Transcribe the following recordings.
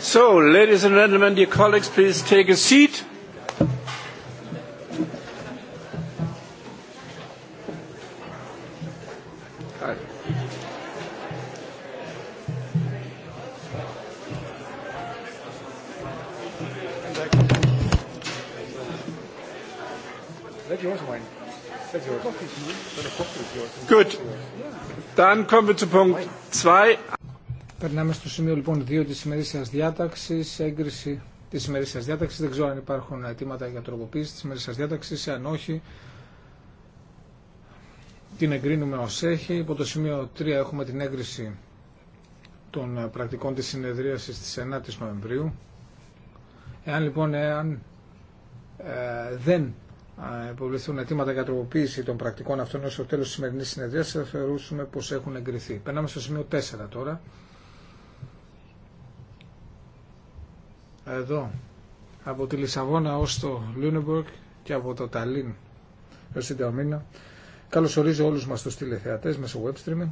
So, ladies and gentlemen, dear colleagues, please take a seat. Good. dann kommen wir zu Punkt 2. Περνάμε στο σημείο λοιπόν 2 τη ημερήσιας διάταξη, έγκριση της ημερήσιας διάταξης. Δεν ξέρω αν υπάρχουν αιτήματα για τροποποίηση της ημερήσιας διάταξη, αν όχι την εγκρίνουμε ω έχει. Υπό το σημείο 3 έχουμε την έγκριση των πρακτικών τη συνεδρίασης της 9 η Νοεμβρίου. Εάν λοιπόν εάν, ε, δεν ε, υποβληθούν αιτήματα για τροποποίηση των πρακτικών αυτών ω το τέλος της σημερινής συνεδρίας, θα θεωρούσουμε πώ έχουν εγκριθεί. Περνάμε στο σημείο 4 τώρα. εδώ από τη Λισαβόνα ως το Λούνεμπορκ και από το Ταλίν έως την Ταμίνα. Καλωσορίζω όλου όλους μας τους τηλεθεατές μέσω web streaming.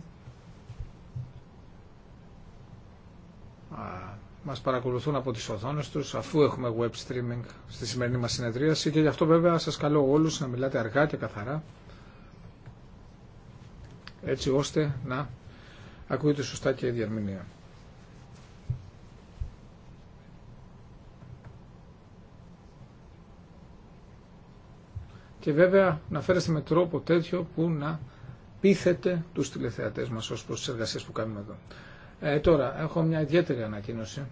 Μας παρακολουθούν από τις οθόνες τους αφού έχουμε web streaming στη σημερινή μα συνεδρίαση και γι' αυτό βέβαια σας καλώ όλους να μιλάτε αργά και καθαρά έτσι ώστε να ακούγεται σωστά και η διαρμηνία. και βέβαια να φέρεστε με τρόπο τέτοιο που να πείθετε τους τηλεθεατές μας ως προς τις εργασίες που κάνουμε εδώ. Ε, τώρα, έχω μια ιδιαίτερη ανακοίνωση.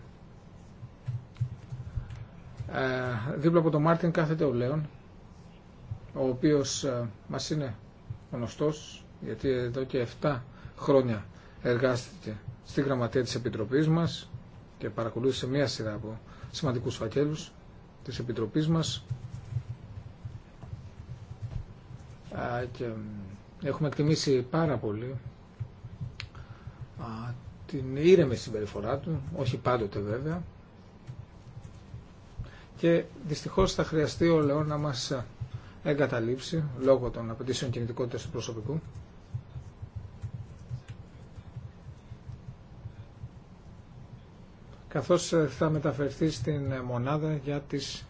Ε, δίπλα από τον Μάρτιν κάθεται ο Λέων, ο οποίος ε, μας είναι γνωστός, γιατί εδώ και 7 χρόνια εργάστηκε στη γραμματεία της Επιτροπής μας και παρακολούθησε μια σειρά από σημαντικούς φακέλους της Επιτροπής μας και έχουμε εκτιμήσει πάρα πολύ την ήρεμη συμπεριφορά του, όχι πάντοτε βέβαια. Και δυστυχώς θα χρειαστεί ο Λεό να μας εγκαταλείψει λόγω των απαιτήσεων κινητικότητας του προσωπικού. καθώς ε, θα μεταφερθεί στην ε, μονάδα για τις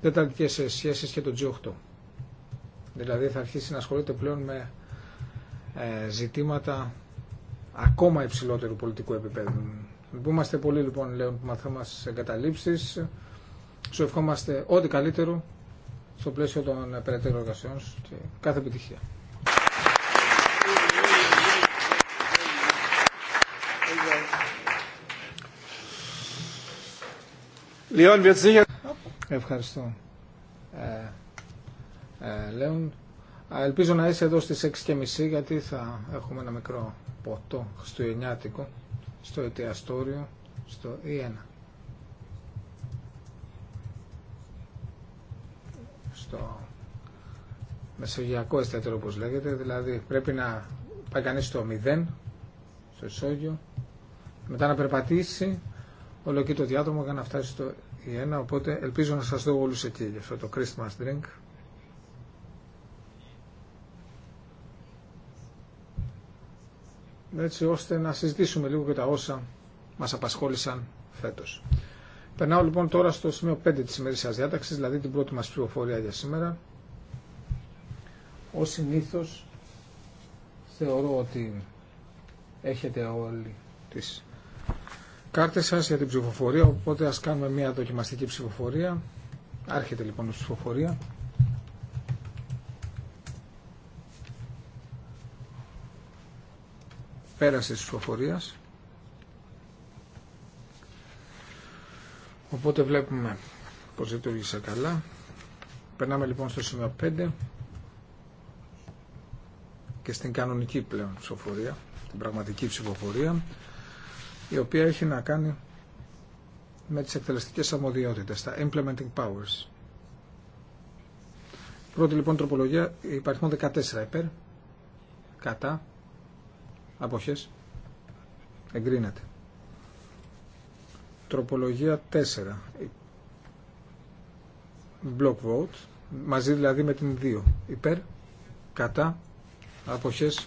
δεταλικές ε, σχέσεις και το G8. Δηλαδή θα αρχίσει να ασχολείται πλέον με ε, ζητήματα ακόμα υψηλότερου πολιτικού επίπεδου. Είμαστε πολύ λοιπόν, Λέων, που μαθαίνουμε στις εγκαταλείψεις. Σου ευχόμαστε ό,τι καλύτερο στο πλαίσιο των ε, περαιτέρω εργασιών και κάθε επιτυχία. Ευχαριστώ. Ε, ε, Λέων. Ελπίζω να είσαι εδώ στις 6.30 γιατί θα έχουμε ένα μικρό ποτό χριστουγεννιάτικο στο εστιαστόριο στο Ιένα. Στο μεσογειακό εστιατόριο όπως λέγεται, δηλαδή πρέπει να πάει κανεί στο 0, στο ισόγειο, μετά να περπατήσει ολοκύτω διάδρομο για να φτάσει στο Ιένα, οπότε ελπίζω να σας δω όλους εκεί για αυτό το Christmas drink. έτσι ώστε να συζητήσουμε λίγο και τα όσα μας απασχόλησαν φέτος. Περνάω λοιπόν τώρα στο σημείο 5 της ημερήσιας διάταξης, δηλαδή την πρώτη μας ψηφοφορία για σήμερα. Ως συνήθως θεωρώ ότι έχετε όλοι τις κάρτες σας για την ψηφοφορία, οπότε ας κάνουμε μια δοκιμαστική ψηφοφορία. Άρχεται λοιπόν η ψηφοφορία. Πέραση της ψηφοφορίας. Οπότε βλέπουμε πως λειτουργήσε καλά. Περνάμε λοιπόν στο σημείο 5 και στην κανονική πλέον ψηφοφορία, την πραγματική ψηφοφορία, η οποία έχει να κάνει με τις εκτελεστικές αμμοδιότητες, τα implementing powers. Πρώτη λοιπόν τροπολογία, υπαριθμό 14 υπέρ, κατά, Αποχές. Εγκρίνεται. Τροπολογία 4. Block vote. Μαζί δηλαδή με την 2. Υπέρ. Κατά. Αποχές.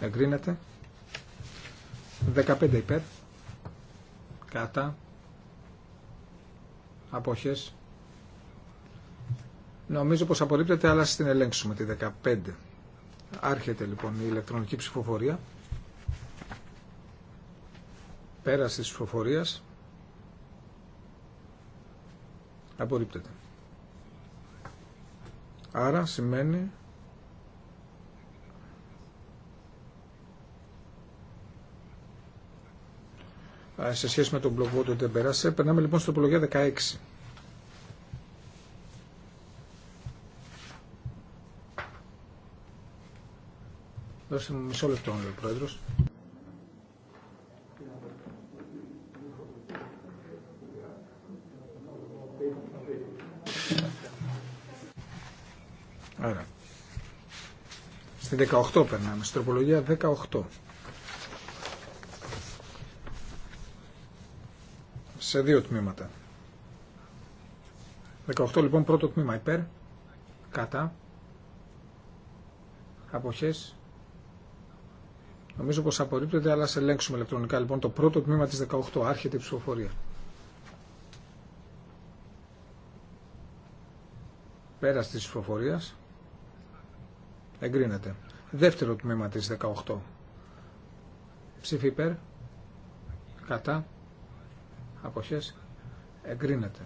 Εγκρίνεται. 15 υπέρ. Κατά. Αποχές. Νομίζω πως απορρίπτεται, αλλά στην ελέγξουμε τη 15. Άρχεται λοιπόν η ηλεκτρονική ψηφοφορία. Πέραση της ψηφοφορίας. Απορρίπτεται. Άρα σημαίνει σε σχέση με τον blog του δεν περάσε. Περνάμε λοιπόν στο πλογιά 16. Δώστε μου μισό λεπτό, Πρόεδρος. 18 περνάμε. Στην τροπολογία 18. Σε δύο τμήματα. 18 λοιπόν πρώτο τμήμα υπέρ, κατά, αποχές. Νομίζω πως απορρίπτεται, αλλά σε ελέγξουμε ηλεκτρονικά λοιπόν το πρώτο τμήμα της 18, άρχεται η ψηφοφορία. Πέρας της ψηφοφορίας εγκρίνεται δεύτερο τμήμα της 18. Ψήφι υπέρ, κατά, αποχές, εγκρίνεται.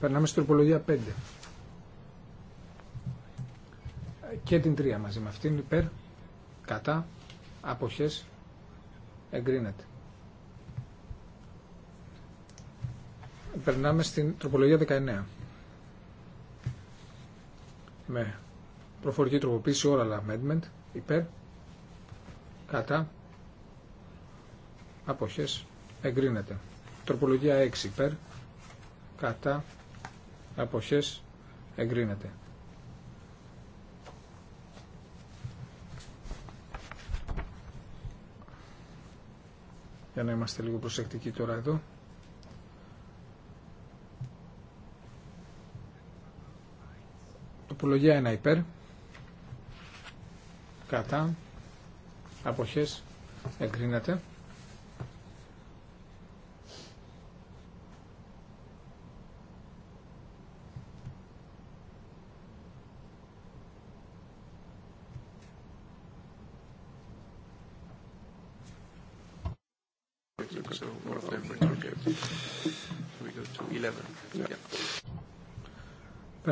Περνάμε στην τροπολογία 5. Και την 3 μαζί με αυτήν υπέρ, κατά, αποχές, εγκρίνεται. περνάμε στην τροπολογία 19. Με προφορική τροποποίηση oral amendment υπέρ κατά αποχές εγκρίνεται. Τροπολογία 6 υπέρ κατά αποχές εγκρίνεται. Για να είμαστε λίγο προσεκτικοί τώρα εδώ. Απολογία 1 υπέρ. Κατά. Αποχές εγκρίνεται.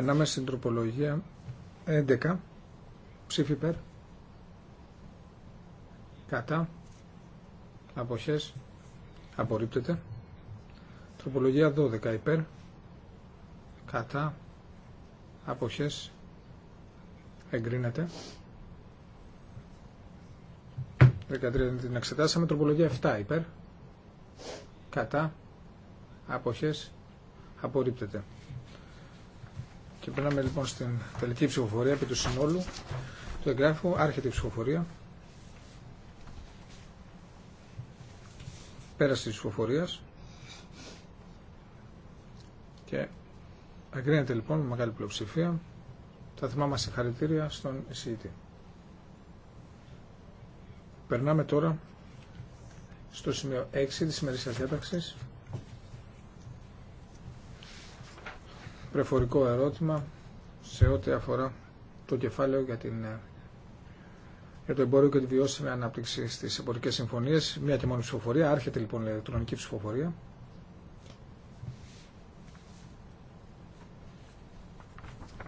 Περνάμε στην τροπολογία 11. Ψήφι υπέρ, Κατά. Αποχές. Απορρίπτεται. Τροπολογία 12 υπέρ. Κατά. Αποχές. Εγκρίνεται. 13 την εξετάσαμε. Τροπολογία 7 υπέρ. Κατά. Αποχές. Απορρίπτεται. Και περνάμε λοιπόν στην τελική ψηφοφορία επί του συνόλου του εγγράφου. Άρχεται η ψηφοφορία. Πέραση τη ψηφοφορία Και εγκρίνεται λοιπόν με μεγάλη πλειοψηφία. Θα θυμάμαι συγχαρητήρια στον εισηγητή. Περνάμε τώρα στο σημείο 6 της σημερινής διάταξης προφορικό ερώτημα σε ό,τι αφορά το κεφάλαιο για, την, ε, για το εμπόριο και τη βιώσιμη ανάπτυξη στις εμπορικές συμφωνίες. Μία και μόνη ψηφοφορία. Άρχεται λοιπόν η ηλεκτρονική ψηφοφορία.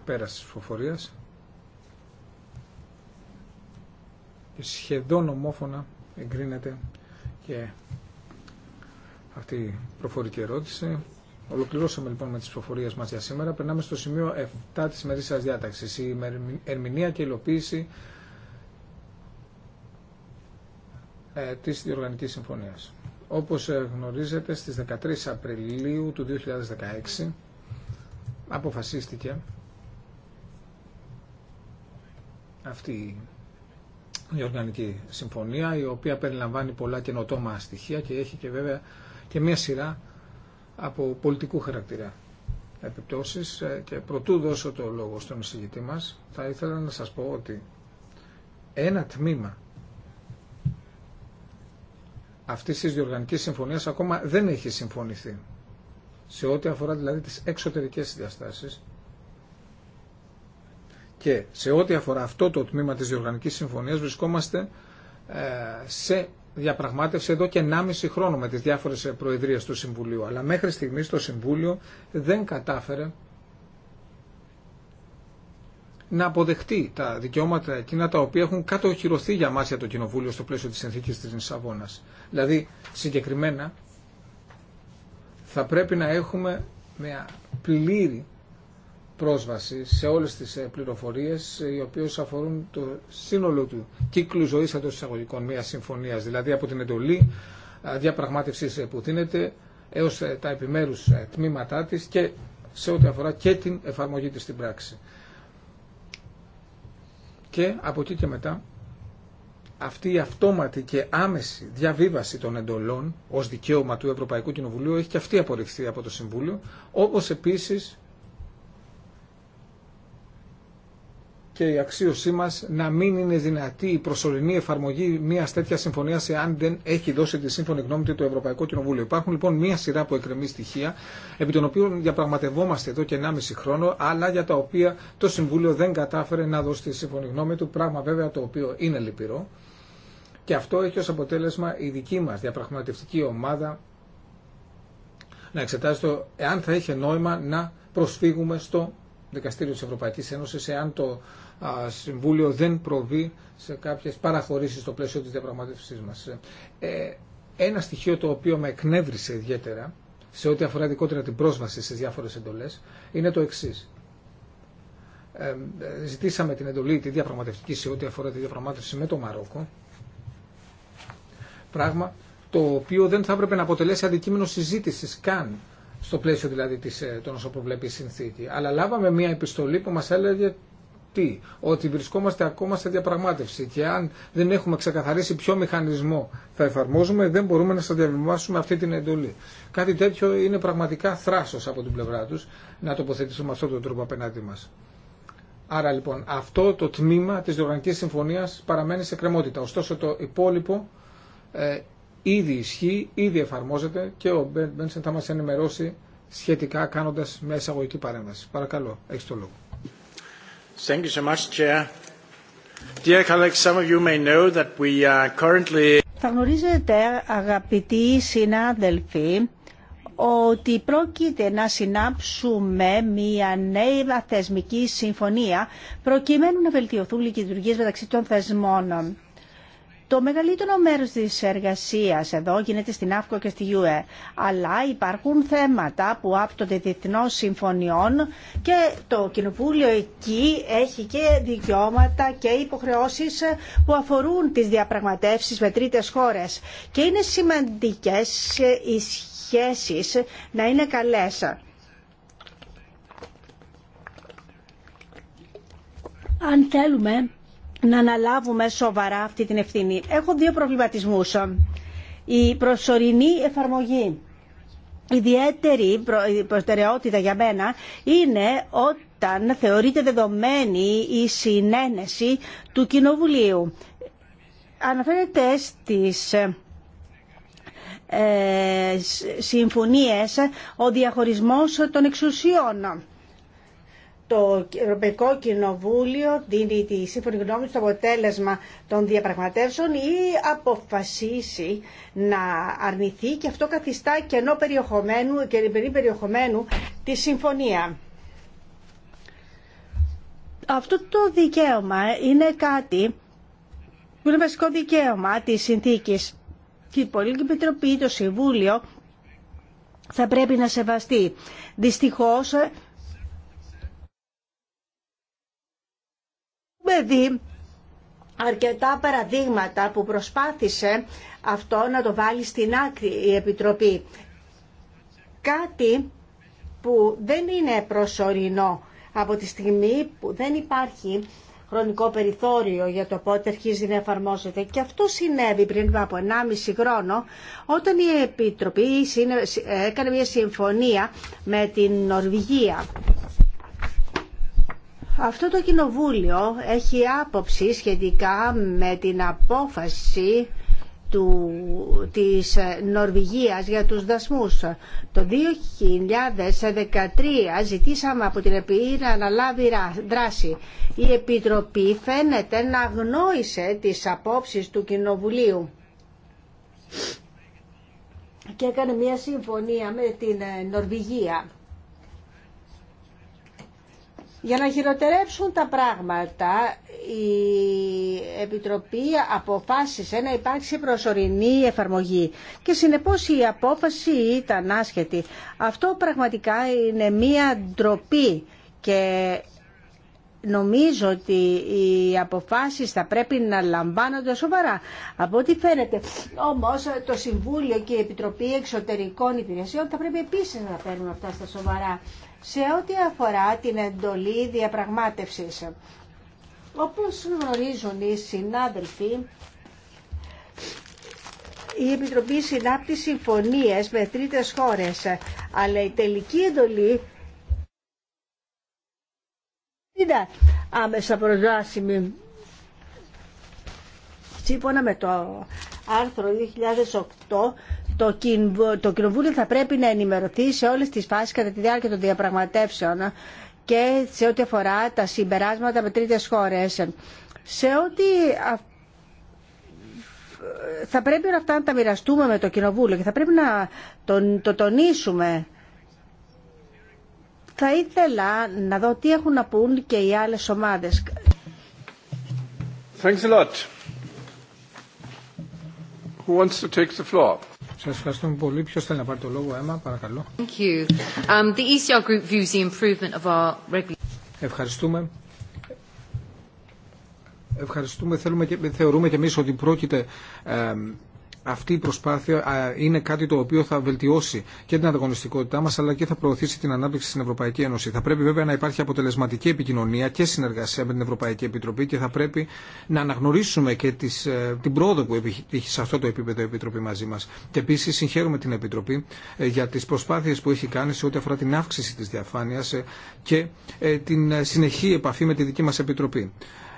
Πέραση της ψηφοφορίας. Και σχεδόν ομόφωνα εγκρίνεται και αυτή η προφορική ερώτηση. Ολοκληρώσαμε λοιπόν με τις προφορίες μας για σήμερα. Περνάμε στο σημείο 7 της μερίσιας διάταξη. Η ερμηνεία και υλοποίηση ε, της Διοργανικής Συμφωνίας. Όπως ε, γνωρίζετε στι 13 Απριλίου του 2016 αποφασίστηκε αυτή η Διοργανική Συμφωνία η οποία περιλαμβάνει πολλά καινοτόμα στοιχεία και έχει και βέβαια και μια σειρά από πολιτικού χαρακτήρα επιπτώσεις ε, και προτού δώσω το λόγο στον εισηγητή μας θα ήθελα να σας πω ότι ένα τμήμα αυτής της διοργανική συμφωνίας ακόμα δεν έχει συμφωνηθεί σε ό,τι αφορά δηλαδή τις εξωτερικές διαστάσεις και σε ό,τι αφορά αυτό το τμήμα της διοργανικής συμφωνίας βρισκόμαστε ε, σε διαπραγμάτευση εδώ και 1,5 χρόνο με τις διάφορες προεδρίες του Συμβουλίου. Αλλά μέχρι στιγμής το Συμβούλιο δεν κατάφερε να αποδεχτεί τα δικαιώματα εκείνα τα οποία έχουν κατοχυρωθεί για μας για το Κοινοβούλιο στο πλαίσιο της συνθήκης της Λισαβόνας. Δηλαδή, συγκεκριμένα, θα πρέπει να έχουμε μια πλήρη πρόσβαση σε όλες τις ε, πληροφορίες ε, οι οποίες αφορούν το σύνολο του κύκλου ζωής εντός εισαγωγικών μιας συμφωνίας, δηλαδή από την εντολή διαπραγμάτευσης ε, που δίνεται έως τα επιμέρους τμήματά της και σε ό,τι αφορά και την εφαρμογή της στην πράξη. Και από εκεί και μετά αυτή η αυτόματη και άμεση διαβίβαση των εντολών ως δικαίωμα του Ευρωπαϊκού Κοινοβουλίου έχει και αυτή απορριφθεί από το Συμβούλιο, όπως επίσης και η αξίωσή μα να μην είναι δυνατή η προσωρινή εφαρμογή μια τέτοια συμφωνία εάν δεν έχει δώσει τη σύμφωνη γνώμη του το Ευρωπαϊκό Κοινοβούλιο. Υπάρχουν λοιπόν μια σειρά από εκκρεμή στοιχεία επί των οποίων διαπραγματευόμαστε εδώ και 1,5 χρόνο αλλά για τα οποία το Συμβούλιο δεν κατάφερε να δώσει τη σύμφωνη γνώμη του πράγμα βέβαια το οποίο είναι λυπηρό και αυτό έχει ως αποτέλεσμα η δική μας διαπραγματευτική ομάδα να εξετάζει το εάν θα είχε νόημα να προσφύγουμε στο Δικαστήριο της Ευρωπαϊκής Ένωσης εάν το Συμβούλιο δεν προβεί σε κάποιες παραχωρήσεις στο πλαίσιο της διαπραγματεύσής μας. Ε, ένα στοιχείο το οποίο με εκνεύρισε ιδιαίτερα σε ό,τι αφορά δικότερα την πρόσβαση στις διάφορες εντολές είναι το εξή. Ε, ζητήσαμε την εντολή τη διαπραγματευτική σε ό,τι αφορά τη διαπραγμάτευση με το Μαρόκο πράγμα το οποίο δεν θα έπρεπε να αποτελέσει αντικείμενο συζήτησης καν στο πλαίσιο δηλαδή της, ε, των όσων προβλέπει η συνθήκη. Αλλά λάβαμε μια επιστολή που μας έλεγε τι, ότι βρισκόμαστε ακόμα σε διαπραγμάτευση και αν δεν έχουμε ξεκαθαρίσει ποιο μηχανισμό θα εφαρμόζουμε, δεν μπορούμε να σα διαβιβάσουμε αυτή την εντολή. Κάτι τέτοιο είναι πραγματικά θράσος από την πλευρά τους να τοποθετήσουμε αυτόν τον τρόπο απέναντί μας. Άρα λοιπόν αυτό το τμήμα της Διοργανικής Συμφωνίας παραμένει σε κρεμότητα. Ωστόσο το υπόλοιπο ε, ήδη ισχύει, ήδη εφαρμόζεται και ο Μπέντσεν θα μας ενημερώσει σχετικά κάνοντας μια εισαγωγική παρέμβαση. Παρακαλώ, έχει το λόγο. Θα γνωρίζετε, αγαπητοί συνάδελφοι, ότι πρόκειται να συνάψουμε μια νέα θεσμική συμφωνία προκειμένου να βελτιωθούν οι λειτουργίε μεταξύ των θεσμών το μεγαλύτερο μέρος της εργασίας εδώ γίνεται στην ΑΦΚΟ και στη ΙΟΕ. Αλλά υπάρχουν θέματα που άπτονται διεθνώ συμφωνιών και το Κοινοβούλιο εκεί έχει και δικαιώματα και υποχρεώσεις που αφορούν τις διαπραγματεύσεις με τρίτες χώρες. Και είναι σημαντικές οι σχέσεις να είναι καλές. Αν θέλουμε να αναλάβουμε σοβαρά αυτή την ευθύνη. Έχω δύο προβληματισμούς. Η προσωρινή εφαρμογή. Η ιδιαίτερη προτεραιότητα για μένα είναι όταν θεωρείται δεδομένη η συνένεση του Κοινοβουλίου. Αναφέρεται στις ε, συμφωνίες ο διαχωρισμός των εξουσιών το Ευρωπαϊκό Κοινοβούλιο δίνει τη σύμφωνη γνώμη στο αποτέλεσμα των διαπραγματεύσεων ή αποφασίσει να αρνηθεί και αυτό καθιστά κενό περιεχομένου και περιεχομένου τη συμφωνία. Αυτό το δικαίωμα είναι κάτι που είναι βασικό δικαίωμα της συνθήκης και η Πολιτική Επιτροπή, το Συμβούλιο θα πρέπει να σεβαστεί. Δυστυχώς Έχουμε δει αρκετά παραδείγματα που προσπάθησε αυτό να το βάλει στην άκρη η Επιτροπή. Κάτι που δεν είναι προσωρινό από τη στιγμή που δεν υπάρχει χρονικό περιθώριο για το πότε αρχίζει να εφαρμόζεται. Και αυτό συνέβη πριν από 1,5 χρόνο όταν η Επιτροπή έκανε μια συμφωνία με την Νορβηγία. Αυτό το κοινοβούλιο έχει άποψη σχετικά με την απόφαση του, της Νορβηγίας για τους δασμούς. Το 2013 ζητήσαμε από την ΕΠΗ να αναλάβει δράση. Η Επιτροπή φαίνεται να γνώρισε τις απόψεις του Κοινοβουλίου και έκανε μια συμφωνία με την Νορβηγία. Για να χειροτερέψουν τα πράγματα, η Επιτροπή αποφάσισε να υπάρξει προσωρινή εφαρμογή και συνεπώς η απόφαση ήταν άσχετη. Αυτό πραγματικά είναι μία ντροπή και νομίζω ότι οι αποφάσεις θα πρέπει να λαμβάνονται σοβαρά. Από ό,τι φαίνεται όμως το Συμβούλιο και η Επιτροπή Εξωτερικών Υπηρεσιών θα πρέπει επίσης να παίρνουν αυτά στα σοβαρά σε ό,τι αφορά την εντολή διαπραγμάτευσης. Όπως γνωρίζουν οι συνάδελφοι, η Επιτροπή συνάπτει συμφωνίες με τρίτες χώρες, αλλά η τελική εντολή είναι άμεσα προσβάσιμη. Σύμφωνα με το άρθρο 2008 το, το Κοινοβούλιο θα πρέπει να ενημερωθεί σε όλες τις φάσεις κατά τη διάρκεια των διαπραγματεύσεων και σε ό,τι αφορά τα συμπεράσματα με τρίτες χώρες. Σε ό,τι θα πρέπει αυτά να τα μοιραστούμε με το Κοινοβούλιο και θα πρέπει να τον, το τονίσουμε. Θα ήθελα να δω τι έχουν να πούν και οι άλλες ομάδες. Thanks a lot. Who wants to take the floor? Σας ευχαριστούμε πολύ. Ποιος θέλει να πάρει το λόγο, Έμα, παρακαλώ. Thank you. Um, the ECR group views the improvement of our Ευχαριστούμε. Ευχαριστούμε. Θέλουμε και, θεωρούμε και εμείς ότι πρόκειται ε, αυτή η προσπάθεια είναι κάτι το οποίο θα βελτιώσει και την ανταγωνιστικότητά μα αλλά και θα προωθήσει την ανάπτυξη στην Ευρωπαϊκή Ένωση. Θα πρέπει βέβαια να υπάρχει αποτελεσματική επικοινωνία και συνεργασία με την Ευρωπαϊκή Επιτροπή και θα πρέπει να αναγνωρίσουμε και τις, ε, την πρόοδο που έχει σε αυτό το επίπεδο η Επιτροπή μαζί μα. Και επίση συγχαίρουμε την Επιτροπή ε, για τι προσπάθειε που έχει κάνει σε ό,τι αφορά την αύξηση τη διαφάνεια ε, και την συνεχή επαφή με τη δική μα Επιτροπή.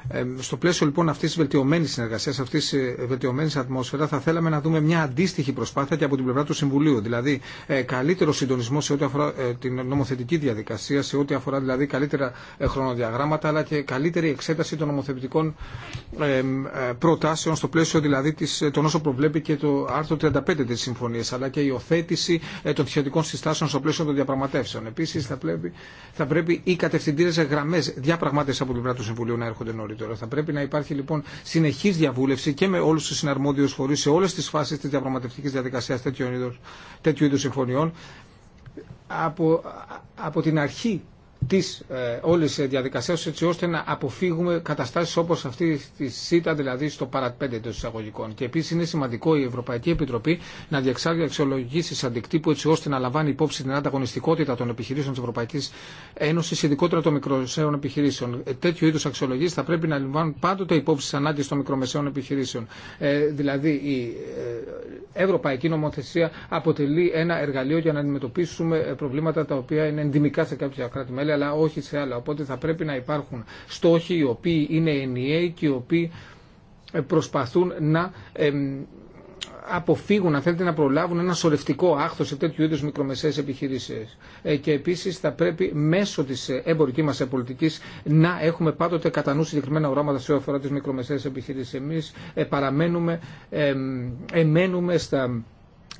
Ε, στο πλαίσιο λοιπόν αυτή τη βελτιωμένη συνεργασία, αυτή τη ε, βελτιωμένη ατμόσφαιρα, θα θέλαμε να δούμε μια αντίστοιχη προσπάθεια και από την πλευρά του Συμβουλίου. Δηλαδή, ε, καλύτερο συντονισμό σε ό,τι αφορά την νομοθετική διαδικασία, σε ό,τι αφορά δηλαδή καλύτερα χρονοδιαγράμματα, αλλά και καλύτερη εξέταση των νομοθετικών προτάσεων, στο πλαίσιο δηλαδή των όσο προβλέπει και το άρθρο 35 τη Συμφωνία, αλλά και η οθέτηση των σχετικών συστάσεων στο πλαίσιο των διαπραγματεύσεων. Επίση, θα, πρέπει, θα πρέπει οι κατευθυντήρε γραμμέ διαπραγμάτευση από την πλευρά του Συμβουλίου να έρχονται τώρα. Θα πρέπει να υπάρχει λοιπόν συνεχή διαβούλευση και με όλου του συναρμόδιου φορεί σε όλε τι φάσει τη διαπραγματευτική διαδικασία τέτοιου είδου συμφωνιών από, από την αρχή Τη ε, όλη διαδικασία έτσι ώστε να αποφύγουμε καταστάσει όπω αυτή τη ΣΥΤΑ δηλαδή στο παραπέντε των εισαγωγικών. Και επίση είναι σημαντικό η Ευρωπαϊκή Επιτροπή να διεξάγει αξιολογήσει αντικτύπου έτσι ώστε να λαμβάνει υπόψη την ανταγωνιστικότητα των επιχειρήσεων τη Ευρωπαϊκή Ένωση, ειδικότερα των μικρομεσαίων επιχειρήσεων. Ε, τέτοιου είδου αξιολογήσει θα πρέπει να λαμβάνουν πάντοτε υπόψη τι ανάγκε των μικρομεσαίων επιχειρήσεων. Ε, δηλαδή η ε, Ευρωπαϊκή Νομοθεσία αποτελεί ένα εργαλείο για να αντιμετωπίσουμε προβλήματα τα οποία είναι ενδυμικά σε κάποια κράτη-μέλη αλλά όχι σε άλλα. Οπότε θα πρέπει να υπάρχουν στόχοι οι οποίοι είναι ενιαίοι και οι οποίοι ε, προσπαθούν να αποφύγουν, αν θέλετε, να προλάβουν ένα σωρευτικό άχθος σε τέτοιου είδους μικρομεσαίες επιχειρήσεις. Ε, και επίσης θα πρέπει μέσω της ε, εμπορικής μας πολιτικής να έχουμε πάντοτε κατά νου συγκεκριμένα οράματα σε αφορά τις μικρομεσαίες επιχειρήσεις. Εμείς παραμένουμε, εμένουμε στα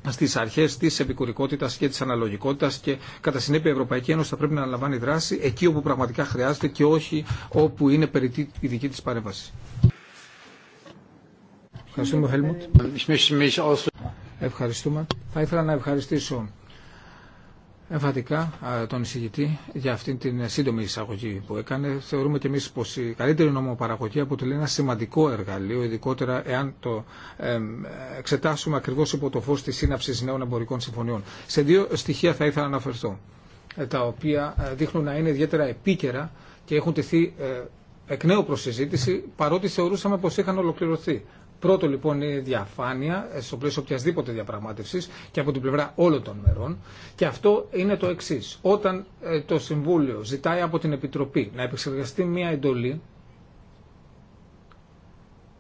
Στι αρχέ, τη επικουρικότητα και τη αναλογικότητα, και κατά συνέπεια η Ευρωπαϊκή Ένωση θα πρέπει να αναλαμβάνει δράση εκεί όπου πραγματικά χρειάζεται και όχι όπου είναι περιττή η δική τη παρέμβαση. Ευχαριστούμε, Χέλμουτ. Ευχαριστούμε. Θα ήθελα να ευχαριστήσω εμφαντικά τον εισηγητή για αυτή την σύντομη εισαγωγή που έκανε. Θεωρούμε και εμείς πως η καλύτερη νομοπαραγωγή αποτελεί ένα σημαντικό εργαλείο, ειδικότερα εάν το εξετάσουμε ακριβώς υπό το φως της σύναψης νέων εμπορικών συμφωνιών. Σε δύο στοιχεία θα ήθελα να αναφερθώ, ε, τα οποία ε, δείχνουν να είναι ιδιαίτερα επίκαιρα και έχουν τεθεί ε, εκ νέου προς παρότι θεωρούσαμε πως είχαν ολοκληρωθεί. Πρώτο λοιπόν είναι η διαφάνεια ε, στο πλαίσιο οποιασδήποτε διαπραγμάτευση και από την πλευρά όλων των μερών. Και αυτό είναι το εξή. Όταν ε, το Συμβούλιο ζητάει από την Επιτροπή να επεξεργαστεί μία εντολή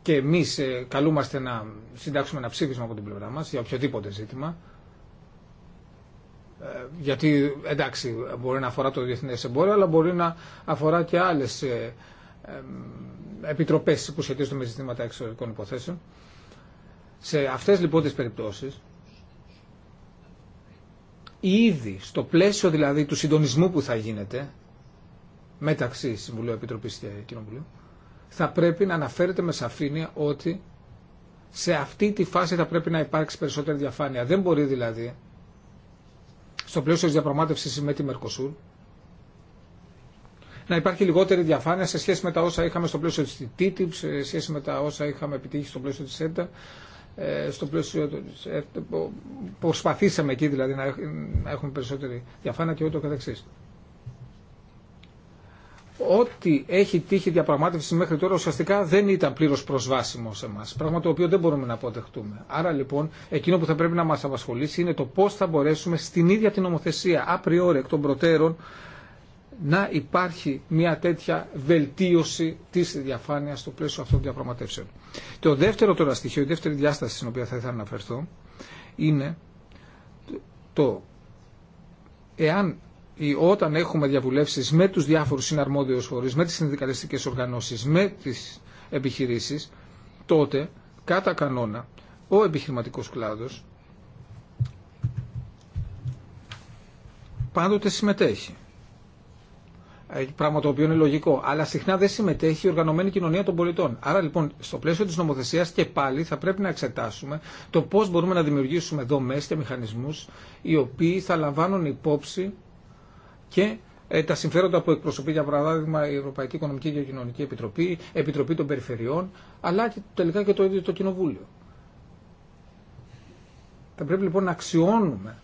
και εμεί ε, καλούμαστε να συντάξουμε ένα ψήφισμα από την πλευρά μα για οποιοδήποτε ζήτημα, γιατί εντάξει μπορεί να αφορά το διεθνέ εμπόριο αλλά μπορεί να αφορά και άλλες επιτροπέ που σχετίζονται με ζητήματα εξωτερικών υποθέσεων. Σε αυτές λοιπόν τις περιπτώσεις, ήδη στο πλαίσιο δηλαδή του συντονισμού που θα γίνεται μεταξύ Συμβουλίου επιτροπή και Κοινοβουλίου, θα πρέπει να αναφέρεται με σαφήνεια ότι σε αυτή τη φάση θα πρέπει να υπάρξει περισσότερη διαφάνεια. Δεν μπορεί δηλαδή στο πλαίσιο τη διαπραγμάτευσης με τη Μερκοσούρ να υπάρχει λιγότερη διαφάνεια σε σχέση με τα όσα είχαμε στο πλαίσιο της TTIP, σε σχέση με τα όσα είχαμε επιτύχει στο πλαίσιο της ΕΝΤΑ ε, στο πλαίσιο προσπαθήσαμε εκεί δηλαδή να έχουμε περισσότερη διαφάνεια και ούτω καθεξής. Ό,τι έχει τύχει διαπραγμάτευση μέχρι τώρα ουσιαστικά δεν ήταν πλήρω προσβάσιμο σε εμά. Πράγμα το οποίο δεν μπορούμε να αποδεχτούμε. Άρα λοιπόν, εκείνο που θα πρέπει να μα απασχολήσει είναι το πώ θα μπορέσουμε στην ίδια την νομοθεσία, απριόρι εκ των προτέρων, να υπάρχει μια τέτοια βελτίωση της διαφάνειας στο πλαίσιο αυτών των διαπραγματεύσεων. Το δεύτερο τώρα στοιχείο, η δεύτερη διάσταση στην οποία θα ήθελα να αναφερθώ είναι το εάν ή όταν έχουμε διαβουλεύσεις με τους διάφορους συναρμόδιους φορείς, με τις συνδικαλιστικές οργανώσεις, με τις επιχειρήσεις, τότε κατά κανόνα ο επιχειρηματικός κλάδος πάντοτε συμμετέχει. Ε, πράγμα το οποίο είναι λογικό, αλλά συχνά δεν συμμετέχει η οργανωμένη κοινωνία των πολιτών. Άρα λοιπόν, στο πλαίσιο τη νομοθεσία και πάλι θα πρέπει να εξετάσουμε το πώ μπορούμε να δημιουργήσουμε δομέ και μηχανισμού οι οποίοι θα λαμβάνουν υπόψη και ε, τα συμφέροντα που εκπροσωπεί, για παράδειγμα, η Ευρωπαϊκή Οικονομική και Κοινωνική Επιτροπή, Επιτροπή των Περιφερειών, αλλά και τελικά και το ίδιο το Κοινοβούλιο. Θα πρέπει λοιπόν να αξιώνουμε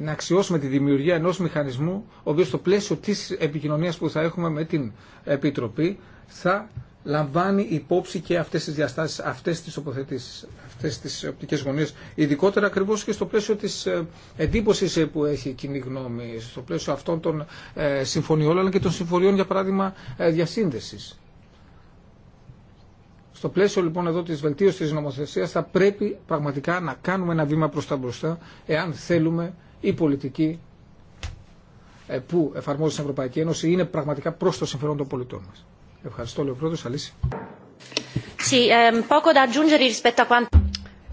να αξιώσουμε τη δημιουργία ενός μηχανισμού ο οποίος στο πλαίσιο της επικοινωνίας που θα έχουμε με την Επιτροπή θα λαμβάνει υπόψη και αυτές τις διαστάσεις, αυτές τις τοποθετήσεις, αυτές τις οπτικές γωνίες, ειδικότερα ακριβώ και στο πλαίσιο της ε, εντύπωση ε, που έχει η κοινή γνώμη, στο πλαίσιο αυτών των ε, συμφωνιών, αλλά και των συμφωνιών, για παράδειγμα, διασύνδεσης. Στο πλαίσιο λοιπόν εδώ της βελτίωσης της νομοθεσίας θα πρέπει πραγματικά να κάνουμε ένα βήμα προς τα μπροστά εάν θέλουμε η πολιτική ε, που εφαρμόζει η Ευρωπαϊκή Ένωση είναι πραγματικά προς το συμφέρον των πολιτών μας. Ευχαριστώ, Λεωπρόεδρο Αλήση. Ε,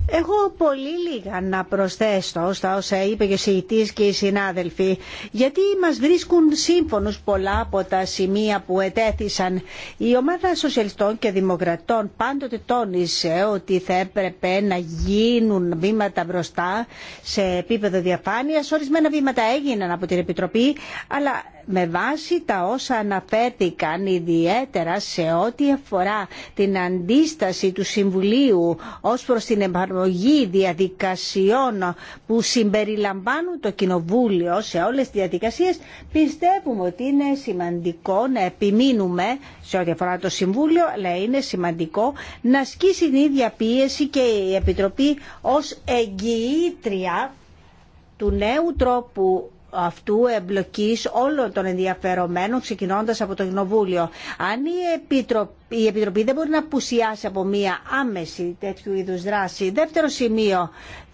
Έχω πολύ λίγα να προσθέσω στα όσα είπε και ο συγητής και οι συνάδελφοι, γιατί μας βρίσκουν σύμφωνος πολλά από τα σημεία που ετέθησαν. Η ομάδα σοσιαλιστών και δημοκρατών πάντοτε τόνισε ότι θα έπρεπε να γίνουν βήματα μπροστά σε επίπεδο διαφάνειας. Ορισμένα βήματα έγιναν από την Επιτροπή, αλλά με βάση τα όσα αναφέρθηκαν ιδιαίτερα σε ό,τι αφορά την αντίσταση του Συμβουλίου ως προς την εφαρμογή διαδικασιών που συμπεριλαμβάνουν το Κοινοβούλιο σε όλες τις διαδικασίες πιστεύουμε ότι είναι σημαντικό να επιμείνουμε σε ό,τι αφορά το Συμβούλιο αλλά είναι σημαντικό να ασκήσει την ίδια πίεση και η Επιτροπή ως εγγυήτρια του νέου τρόπου αυτού εμπλοκή όλων των ενδιαφερομένων ξεκινώντα από το Κοινοβούλιο. Αν η Επιτροπή, δεν μπορεί να απουσιάσει από μία άμεση τέτοιου είδους δράση. Δεύτερο σημείο,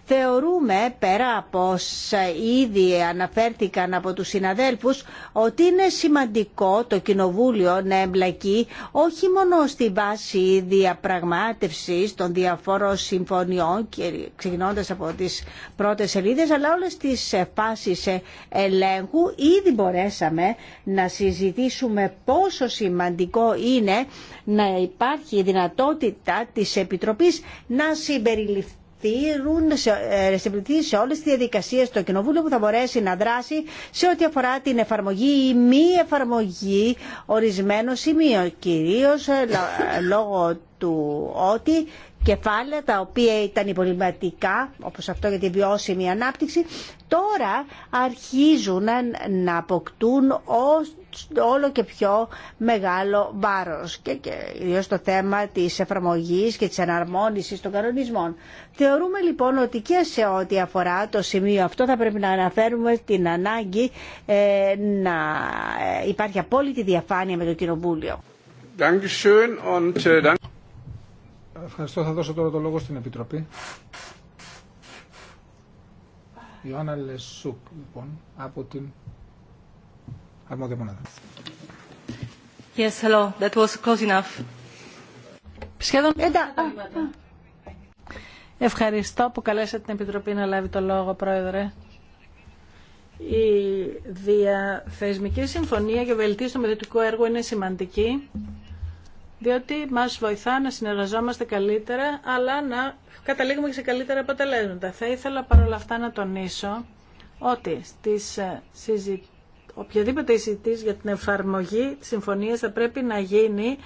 Θεωρούμε, πέρα από όσα ήδη αναφέρθηκαν από τους συναδέλφους, ότι είναι σημαντικό το Κοινοβούλιο να εμπλακεί όχι μόνο στη βάση διαπραγμάτευσης των διαφόρων συμφωνιών, ξεκινώντας από τις πρώτες σελίδες, αλλά όλες τις φάσεις ελέγχου ήδη μπορέσαμε να συζητήσουμε πόσο σημαντικό είναι να υπάρχει η δυνατότητα της Επιτροπής να συμπεριληφθεί παρατηρούν σε, ε, σε όλες τις διαδικασίες το Κοινοβούλιο που θα μπορέσει να δράσει σε ό,τι αφορά την εφαρμογή ή μη εφαρμογή ορισμένων σημείων, κυρίως ε, λόγω του ότι κεφάλαια τα οποία ήταν υπολοιματικά, όπως αυτό για τη βιώσιμη ανάπτυξη, τώρα αρχίζουν να αποκτούν ως όλο και πιο μεγάλο βάρος και, και ιδίως το θέμα της εφαρμογής και της εναρμόνισης των κανονισμών. Θεωρούμε λοιπόν ότι και σε ό,τι αφορά το σημείο αυτό θα πρέπει να αναφέρουμε την ανάγκη ε, να ε, υπάρχει απόλυτη διαφάνεια με το Κοινοβούλιο. Ε, Ευχαριστώ. Θα δώσω τώρα το λόγο στην Επιτροπή. Ιωάννα Λεσούκ, λοιπόν, από την Ευχαριστώ που καλέσατε την Επιτροπή να λάβει το λόγο, Πρόεδρε. Η διαθεσμική συμφωνία για βελτίωση του μελλοντικού έργου είναι σημαντική, διότι μας βοηθά να συνεργαζόμαστε καλύτερα, αλλά να καταλήγουμε και σε καλύτερα αποτελέσματα. Θα ήθελα παρόλα αυτά να τονίσω ότι στις συζητήσεις οποιαδήποτε εισιτής για την εφαρμογή της συμφωνίας θα πρέπει να γίνει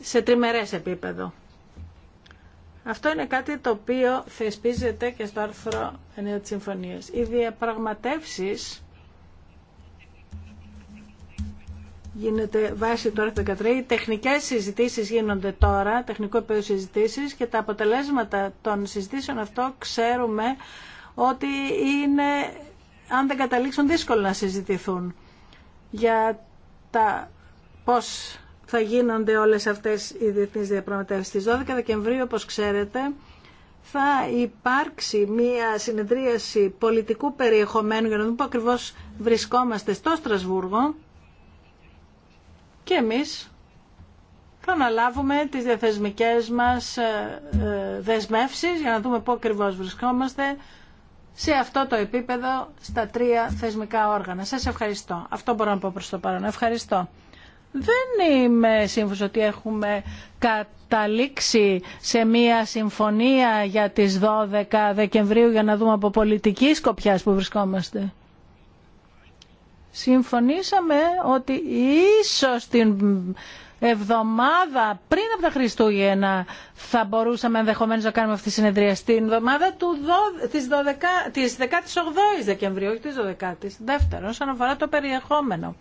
σε τριμερές επίπεδο. Αυτό είναι κάτι το οποίο θεσπίζεται και στο άρθρο 9 της συμφωνίας. Οι διαπραγματεύσεις γίνεται βάσει του άρθρου 13. Οι τεχνικές συζητήσεις γίνονται τώρα, τεχνικό επίπεδο συζητήσεις και τα αποτελέσματα των συζητήσεων αυτό ξέρουμε ότι είναι αν δεν καταλήξουν δύσκολο να συζητηθούν για τα πώς θα γίνονται όλες αυτές οι διεθνείς διαπραγματεύσεις. Στις 12 Δεκεμβρίου, όπως ξέρετε, θα υπάρξει μία συνεδρίαση πολιτικού περιεχομένου για να δούμε που ακριβώς βρισκόμαστε στο Στρασβούργο και εμείς θα αναλάβουμε τις διαθεσμικές μας ε, ε, δεσμεύσεις για να δούμε πού ακριβώς βρισκόμαστε, σε αυτό το επίπεδο στα τρία θεσμικά όργανα. Σας ευχαριστώ. Αυτό μπορώ να πω προς το παρόν. Ευχαριστώ. Δεν είμαι σύμφωνος ότι έχουμε καταλήξει σε μία συμφωνία για τις 12 Δεκεμβρίου για να δούμε από πολιτική σκοπιά που βρισκόμαστε. Συμφωνήσαμε ότι ίσως την εβδομάδα πριν από τα Χριστούγεννα θα μπορούσαμε ενδεχομένως να κάνουμε αυτή τη συνεδρία στην εβδομάδα του 12, της, 12, της 18ης Δεκεμβρίου, όχι της 12ης, δεύτερον, όσον αφορά το περιεχόμενο.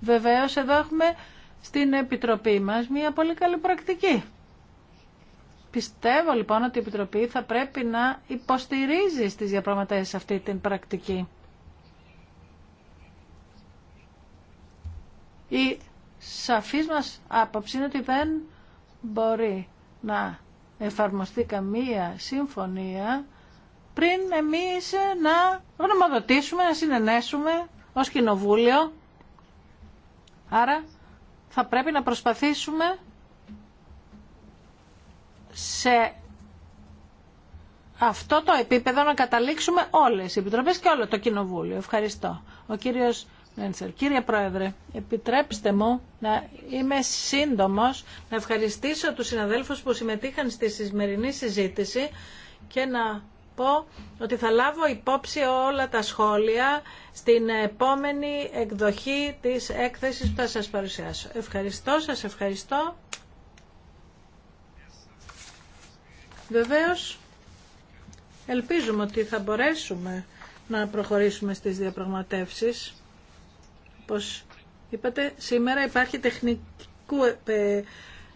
Βεβαίως εδώ έχουμε στην Επιτροπή μας μια πολύ καλή πρακτική. Πιστεύω λοιπόν ότι η Επιτροπή θα πρέπει να υποστηρίζει στις διαπραγματεύσεις αυτή την πρακτική. Η σαφής μας άποψη είναι ότι δεν μπορεί να εφαρμοστεί καμία συμφωνία πριν εμείς να γνωμοδοτήσουμε, να συνενέσουμε ως κοινοβούλιο. Άρα θα πρέπει να προσπαθήσουμε σε αυτό το επίπεδο να καταλήξουμε όλες οι επιτροπές και όλο το κοινοβούλιο. Ευχαριστώ. Ο κύριος Κύριε Πρόεδρε, επιτρέψτε μου να είμαι σύντομος, να ευχαριστήσω τους συναδέλφους που συμμετείχαν στη σημερινή συζήτηση και να πω ότι θα λάβω υπόψη όλα τα σχόλια στην επόμενη εκδοχή της έκθεσης που θα σας παρουσιάσω. Ευχαριστώ, σας ευχαριστώ. Βεβαίως, ελπίζουμε ότι θα μπορέσουμε να προχωρήσουμε στις διαπραγματεύσεις πως είπατε, σήμερα υπάρχει τεχνικού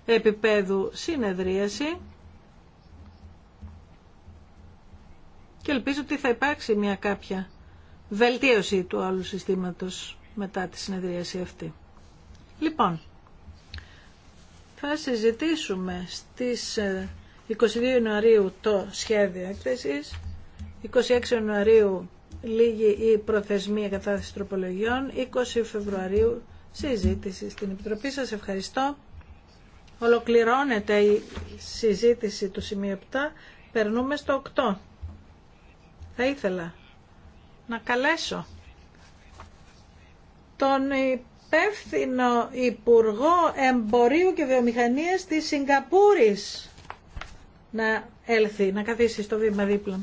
επίπεδου συνεδρίαση και ελπίζω ότι θα υπάρξει μια κάποια βελτίωση του άλλου συστήματος μετά τη συνεδρίαση αυτή. Λοιπόν, θα συζητήσουμε στις 22 ε, Ιανουαρίου το σχέδιο έκθεσης, 26 Ιανουαρίου λίγη η προθεσμία κατάθεση τροπολογιών 20 Φεβρουαρίου συζήτηση στην Επιτροπή σας ευχαριστώ ολοκληρώνεται η συζήτηση του σημείου 7 περνούμε στο 8 θα ήθελα να καλέσω τον υπεύθυνο Υπουργό Εμπορίου και Βιομηχανίας της Σιγκαπούρης να έλθει, να καθίσει στο βήμα δίπλα.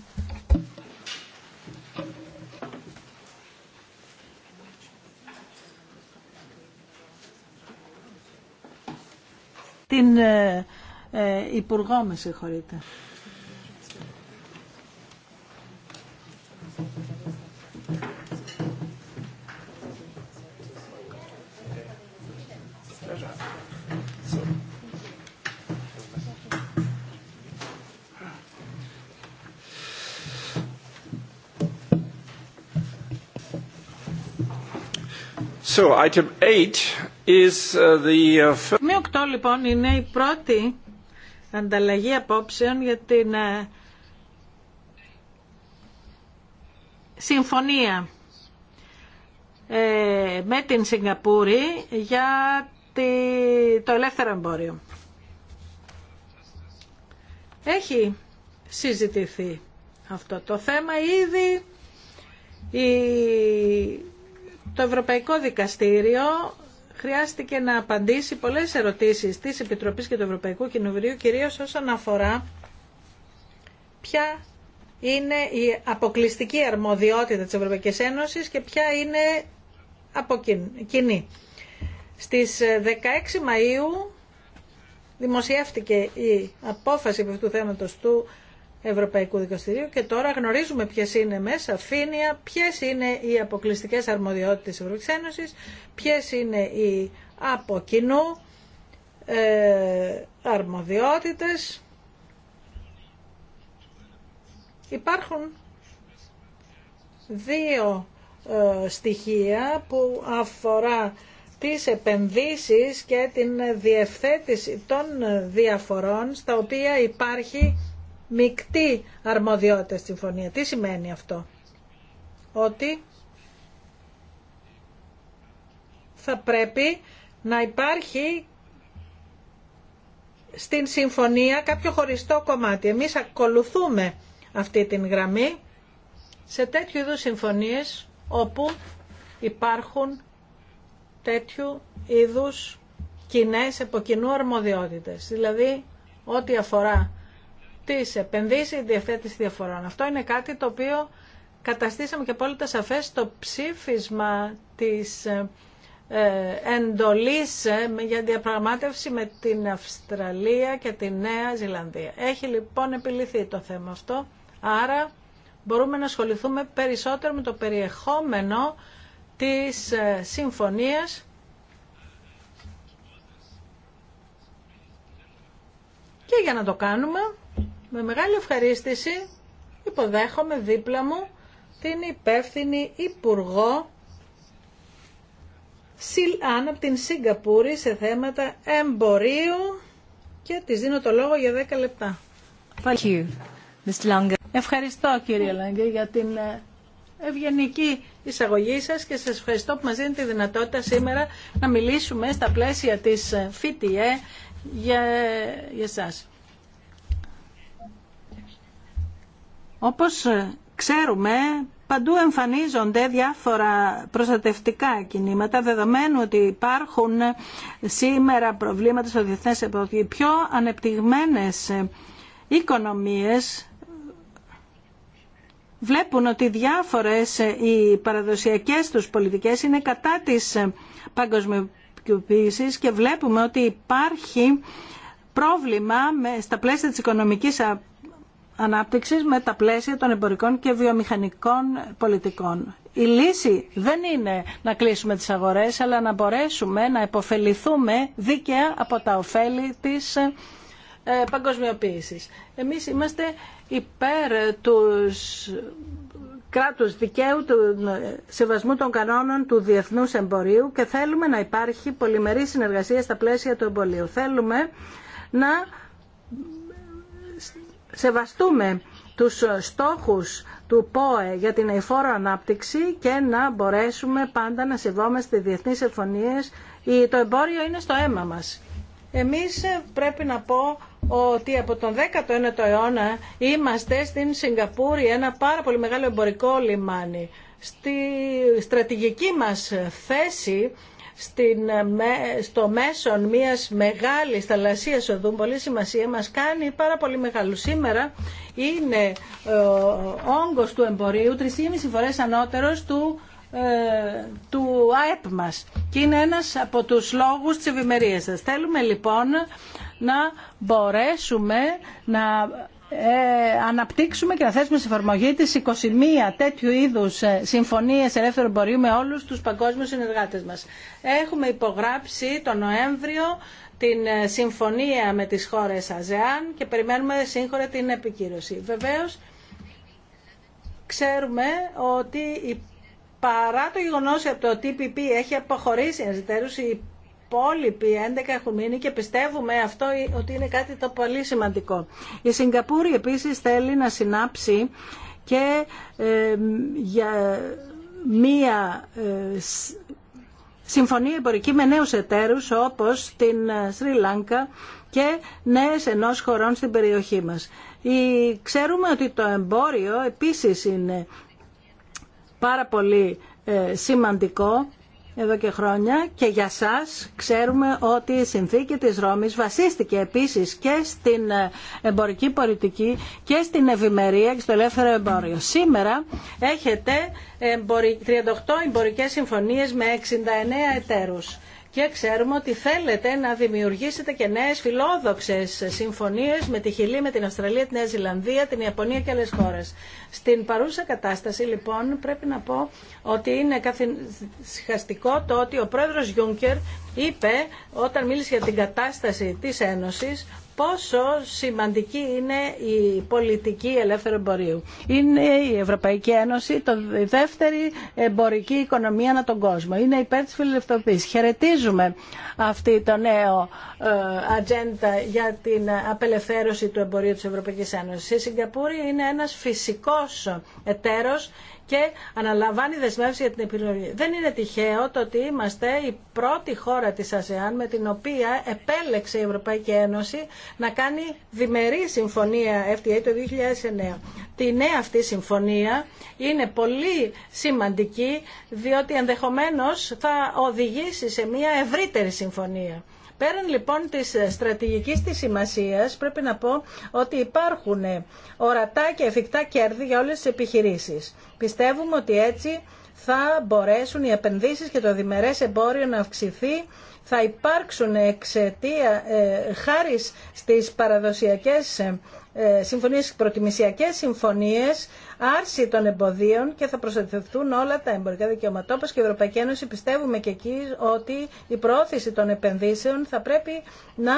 την ε, ε, Υπουργό, με συγχωρείτε. So, item 8 is uh, the... Uh, λοιπόν είναι η πρώτη ανταλλαγή απόψεων για την ε, συμφωνία ε, με την Σιγκαπούρη για το ελεύθερο εμπόριο. Έχει συζητηθεί αυτό το θέμα ήδη. Η... Το Ευρωπαϊκό Δικαστήριο χρειάστηκε να απαντήσει πολλές ερωτήσεις της Επιτροπής και του Ευρωπαϊκού Κοινοβουλίου, κυρίως όσον αφορά ποια είναι η αποκλειστική αρμοδιότητα της Ευρωπαϊκής Ένωσης και ποια είναι από κοινή. Στις 16 Μαΐου δημοσιεύτηκε η απόφαση αυτού του θέματος του Ευρωπαϊκού Δικαστηρίου και τώρα γνωρίζουμε ποιε είναι μέσα αφήνεια, ποιε είναι οι αποκλειστικέ αρμοδιότητες της Ευρωπαϊκή είναι οι από κοινού ε, αρμοδιότητες. Υπάρχουν δύο ε, στοιχεία που αφορά τις επενδύσεις και την διευθέτηση των διαφορών στα οποία υπάρχει μεικτή αρμοδιότητα στην συμφωνία. Τι σημαίνει αυτό. Ότι θα πρέπει να υπάρχει στην συμφωνία κάποιο χωριστό κομμάτι. Εμείς ακολουθούμε αυτή την γραμμή σε τέτοιου είδους συμφωνίες όπου υπάρχουν τέτοιου είδους κοινέ εποκοινού αρμοδιότητες. Δηλαδή, ό,τι αφορά τις επενδύσεις για τη διαφορών. Αυτό είναι κάτι το οποίο καταστήσαμε και απόλυτα σαφές στο ψήφισμα της ε, εντολής ε, για διαπραγμάτευση με την Αυστραλία και τη Νέα Ζηλανδία. Έχει λοιπόν επιληθεί το θέμα αυτό, άρα μπορούμε να ασχοληθούμε περισσότερο με το περιεχόμενο της ε, συμφωνίας και για να το κάνουμε με μεγάλη ευχαρίστηση υποδέχομαι δίπλα μου την υπεύθυνη Υπουργό Σιλάν από την Σιγκαπούρη σε θέματα εμπορίου και της δίνω το λόγο για 10 λεπτά. Thank you, Mr. Ευχαριστώ κύριε Λάγκε για την ε, ευγενική εισαγωγή σας και σας ευχαριστώ που μας δίνετε τη δυνατότητα σήμερα να μιλήσουμε στα πλαίσια της ΦΙΤΙΕ e για, για σας. Όπως ε, ξέρουμε, παντού εμφανίζονται διάφορα προστατευτικά κινήματα, δεδομένου ότι υπάρχουν ε, σήμερα προβλήματα στο διεθνές Οι πιο ανεπτυγμένες ε, οικονομίες βλέπουν ότι διάφορες οι παραδοσιακές τους πολιτικές είναι κατά της παγκοσμιοποίησης και βλέπουμε ότι υπάρχει πρόβλημα στα πλαίσια της οικονομικής ανάπτυξης με τα πλαίσια των εμπορικών και βιομηχανικών πολιτικών. Η λύση δεν είναι να κλείσουμε τις αγορές, αλλά να μπορέσουμε να επωφεληθούμε δίκαια από τα ωφέλη της ε, παγκοσμιοποίησης. Εμείς είμαστε υπέρ του κράτους δικαίου, του ε, σεβασμού των κανόνων του διεθνούς εμπορίου και θέλουμε να υπάρχει πολυμερή συνεργασία στα πλαίσια του εμπορίου. Θέλουμε να σεβαστούμε τους στόχους του ΠΟΕ για την εφόρο ανάπτυξη και να μπορέσουμε πάντα να σεβόμαστε διεθνείς συμφωνίες. Το εμπόριο είναι στο αίμα μας. Εμείς ε, πρέπει να πω ότι από τον 19ο αιώνα είμαστε στην Σιγκαπούρη ένα πάρα πολύ μεγάλο εμπορικό λιμάνι. Στη στρατηγική μας θέση στην, ε, στο μέσον μιας μεγάλης θαλασσίας οδού, πολύ σημασία, μας κάνει πάρα πολύ μεγάλο. Σήμερα είναι ε, ο όγκος του εμπορίου 3,5 φορές ανώτερος του ε, του ΑΕΠ μας και είναι ένας από τους λόγους της ευημερίας σας. Θέλουμε λοιπόν να μπορέσουμε να ε, αναπτύξουμε και να θέσουμε σε εφαρμογή τις 21 τέτοιου είδους ε, συμφωνίες ελεύθερου εμπορίου με όλους τους παγκόσμιους συνεργάτες μας. Έχουμε υπογράψει τον Νοέμβριο την ε, συμφωνία με τις χώρες ΑΖΕΑΝ και περιμένουμε σύγχρονα την επικύρωση. Βεβαίως, ξέρουμε ότι παρά το γεγονός ότι το TPP έχει αποχωρήσει ενζητέρους, η υπόλοιποι 11 έχουν μείνει και πιστεύουμε αυτό ότι είναι κάτι το πολύ σημαντικό. Η Σιγκαπούρη επίσης θέλει να συνάψει και για μία ε, συμφωνία εμπορική με νέους εταίρους όπως την ε, Σρι Λάνκα και νέες ενός χωρών στην περιοχή μας. Ξέρουμε ότι το εμπόριο επίσης είναι πάρα πολύ ε, σημαντικό εδώ και χρόνια και για σας ξέρουμε ότι η συνθήκη της Ρώμης βασίστηκε επίσης και στην εμπορική πολιτική και στην ευημερία και στο ελεύθερο εμπόριο. Σήμερα έχετε 38 εμπορικές συμφωνίες με 69 εταίρους και ξέρουμε ότι θέλετε να δημιουργήσετε και νέε φιλόδοξε συμφωνίε με τη Χιλή, με την Αυστραλία, τη Νέα Ζηλανδία, την Ιαπωνία και άλλε χώρε. Στην παρούσα κατάσταση, λοιπόν, πρέπει να πω ότι είναι καθυσχαστικό το ότι ο πρόεδρο Γιούγκερ είπε, όταν μίλησε για την κατάσταση τη Ένωση, πόσο σημαντική είναι η πολιτική ελεύθερου εμπορίου. Είναι η Ευρωπαϊκή Ένωση το δεύτερη εμπορική οικονομία ανά τον κόσμο. Είναι υπέρ της φιλελευθερωτής. Χαιρετίζουμε αυτή το νέο ε, ατζέντα για την απελευθέρωση του εμπορίου της Ευρωπαϊκής Ένωσης. Η Σιγκαπούρη είναι ένας φυσικός εταίρος και αναλαμβάνει δεσμεύσει για την επιλογή. Δεν είναι τυχαίο το ότι είμαστε η πρώτη χώρα της ΑΣΕΑΝ με την οποία επέλεξε η Ευρωπαϊκή Ένωση να κάνει διμερή συμφωνία FTA το 2009. Τη νέα αυτή συμφωνία είναι πολύ σημαντική διότι ενδεχομένως θα οδηγήσει σε μια ευρύτερη συμφωνία. Πέραν λοιπόν της στρατηγικής της σημασίας πρέπει να πω ότι υπάρχουν ορατά και εφικτά κέρδη για όλες τις επιχειρήσεις. Πιστεύουμε ότι έτσι θα μπορέσουν οι επενδύσεις και το διμερές εμπόριο να αυξηθεί θα υπάρξουν εξαιτία, ε, χάρη στις παραδοσιακές ε, ε, συμφωνίες, προτιμησιακές συμφωνίες, άρση των εμποδίων και θα προστατευτούν όλα τα εμπορικά δικαιώματα. και η Ευρωπαϊκή Ένωση πιστεύουμε και εκεί ότι η προώθηση των επενδύσεων θα πρέπει να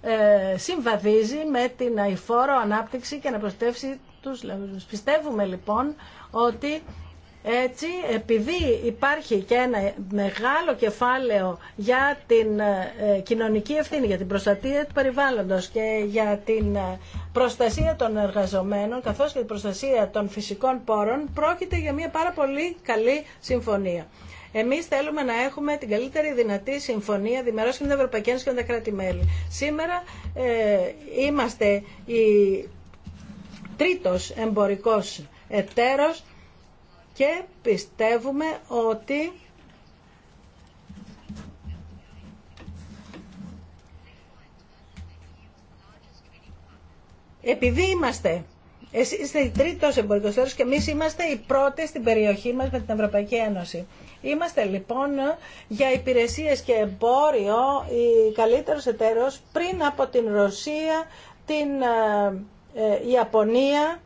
ε, συμβαδίζει με την αηφόρο ανάπτυξη και να προστατεύσει τους λαούς. Πιστεύουμε λοιπόν ότι έτσι, επειδή υπάρχει και ένα μεγάλο κεφάλαιο για την ε, κοινωνική ευθύνη, για την προστασία του περιβάλλοντος και για την ε, προστασία των εργαζομένων, καθώς και την προστασία των φυσικών πόρων, πρόκειται για μια πάρα πολύ καλή συμφωνία. Εμείς θέλουμε να έχουμε την καλύτερη δυνατή συμφωνία διμερώ με την Ευρωπαϊκή Ένωση και τα κράτη-μέλη. Σήμερα ε, είμαστε η τρίτος εμπορικός εταίρος και πιστεύουμε ότι επειδή είμαστε εσείς είστε οι τρίτος εμπορικός και εμείς είμαστε οι πρώτοι στην περιοχή μας με την Ευρωπαϊκή Ένωση. Είμαστε λοιπόν για υπηρεσίες και εμπόριο η καλύτερο εταίρος πριν από την Ρωσία, την ε, ε, Ιαπωνία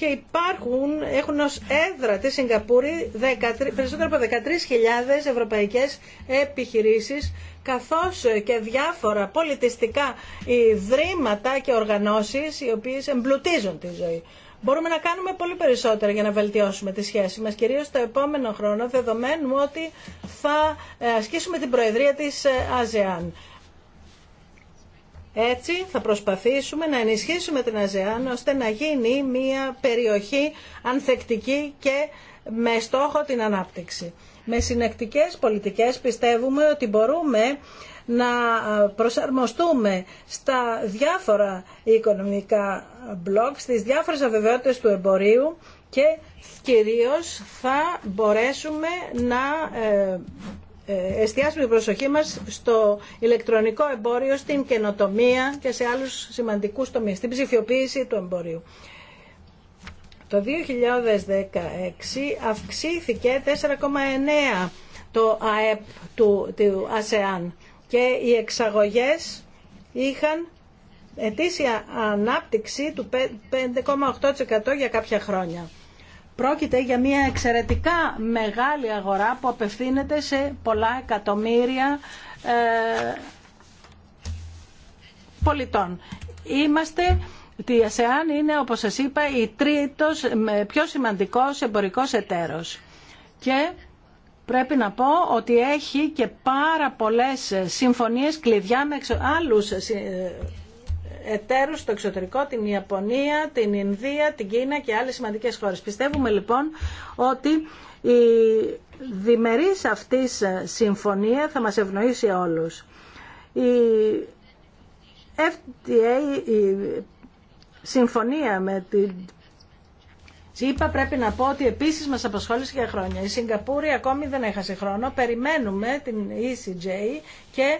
και υπάρχουν, έχουν ως έδρα τη Σιγκαπούρη περισσότερο από 13.000 ευρωπαϊκές επιχειρήσεις καθώς και διάφορα πολιτιστικά ιδρύματα και οργανώσεις οι οποίες εμπλουτίζουν τη ζωή. Μπορούμε να κάνουμε πολύ περισσότερα για να βελτιώσουμε τη σχέση μας, κυρίως το επόμενο χρόνο, δεδομένου ότι θα ε, ασκήσουμε την Προεδρία της ε, ΑΖΕΑΝ. Έτσι θα προσπαθήσουμε να ενισχύσουμε την ΑΖΕΑΝ ώστε να γίνει μια περιοχή ανθεκτική και με στόχο την ανάπτυξη. Με συνεκτικές πολιτικές πιστεύουμε ότι μπορούμε να προσαρμοστούμε στα διάφορα οικονομικά μπλοκ, στις διάφορες αβεβαιότητες του εμπορίου και κυρίως θα μπορέσουμε να ε, ε, εστιάσουμε την προσοχή μας στο ηλεκτρονικό εμπόριο, στην καινοτομία και σε άλλους σημαντικούς τομείς, στην ψηφιοποίηση του εμπορίου. Το 2016 αυξήθηκε 4,9 το ΑΕΠ του, ΑΣΕΑΝ και οι εξαγωγές είχαν ετήσια ανάπτυξη του 5,8% για κάποια χρόνια. Πρόκειται για μια εξαιρετικά μεγάλη αγορά που απευθύνεται σε πολλά εκατομμύρια ε, πολιτών. Είμαστε η ΑΣΕΑΝ είναι, όπως σας είπα, η τρίτος πιο σημαντικός εμπορικός εταίρος. Και πρέπει να πω ότι έχει και πάρα πολλές συμφωνίες κλειδιά με άλλους ε, εταίρου στο εξωτερικό, την Ιαπωνία, την Ινδία, την Κίνα και άλλες σημαντικές χώρες. Πιστεύουμε λοιπόν ότι η διμερής αυτής συμφωνία θα μας ευνοήσει όλους. Η FTA, η συμφωνία με την είπα πρέπει να πω ότι επίσης μας απασχόλησε για χρόνια. Η Σιγκαπούρη ακόμη δεν έχασε χρόνο. Περιμένουμε την ECJ και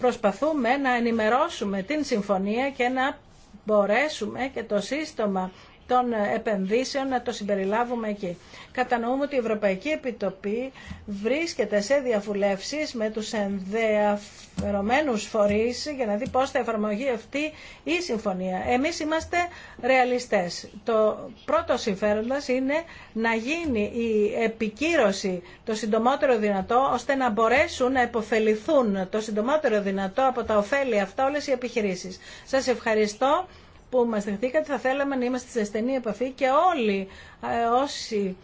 προσπαθούμε να ενημερώσουμε την συμφωνία και να μπορέσουμε και το σύστημα των επενδύσεων να το συμπεριλάβουμε εκεί. Κατανοούμε ότι η Ευρωπαϊκή Επιτροπή βρίσκεται σε διαφουλεύσεις με τους ενδιαφερομένου φορείς για να δει πώς θα εφαρμογεί αυτή η συμφωνία. Εμείς είμαστε ρεαλιστές. Το πρώτο συμφέρον είναι να γίνει η επικύρωση το συντομότερο δυνατό ώστε να μπορέσουν να υποφεληθούν το συντομότερο δυνατό από τα ωφέλη αυτά όλες οι επιχειρήσεις. Σας ευχαριστώ που μας δεχτήκατε. Θα θέλαμε να είμαστε σε στενή επαφή και όλοι ε, όσοι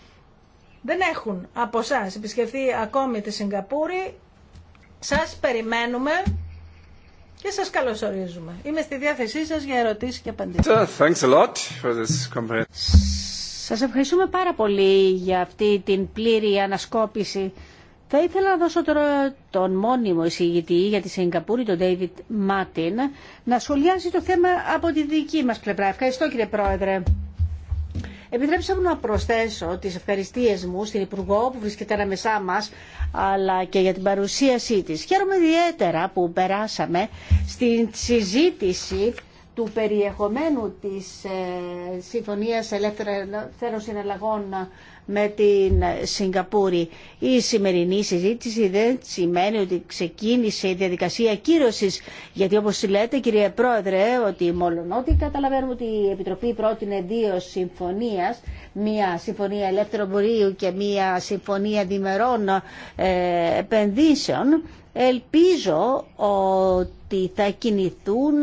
δεν έχουν από εσά επισκεφθεί ακόμη τη Σιγκαπούρη, σας περιμένουμε και σας καλωσορίζουμε. Είμαι στη διάθεσή σας για ερωτήσεις και απαντήσεις. σας ευχαριστούμε πάρα πολύ για αυτή την πλήρη ανασκόπηση θα ήθελα να δώσω τώρα τον μόνιμο εισηγητή για τη Σιγκαπούρη, τον Ντέιβιτ Μάτιν, να σχολιάσει το θέμα από τη δική μας πλευρά. Ευχαριστώ κύριε Πρόεδρε. Επιτρέψτε μου να προσθέσω τις ευχαριστίες μου στην Υπουργό που βρίσκεται ανάμεσά μας, αλλά και για την παρουσίασή της. Χαίρομαι ιδιαίτερα που περάσαμε στην συζήτηση του περιεχομένου της ε, Συμφωνίας Ελεύθερων Συναλλαγών με την Σιγκαπούρη. Η σημερινή συζήτηση δεν σημαίνει ότι ξεκίνησε η διαδικασία κύρωση, γιατί όπω λέτε κύριε Πρόεδρε, ότι ότι καταλαβαίνουμε ότι η Επιτροπή πρότεινε δύο συμφωνίας, μία συμφωνία ελεύθερου μπορείου και μία συμφωνία διμερών ε, επενδύσεων, ελπίζω ότι θα κινηθούν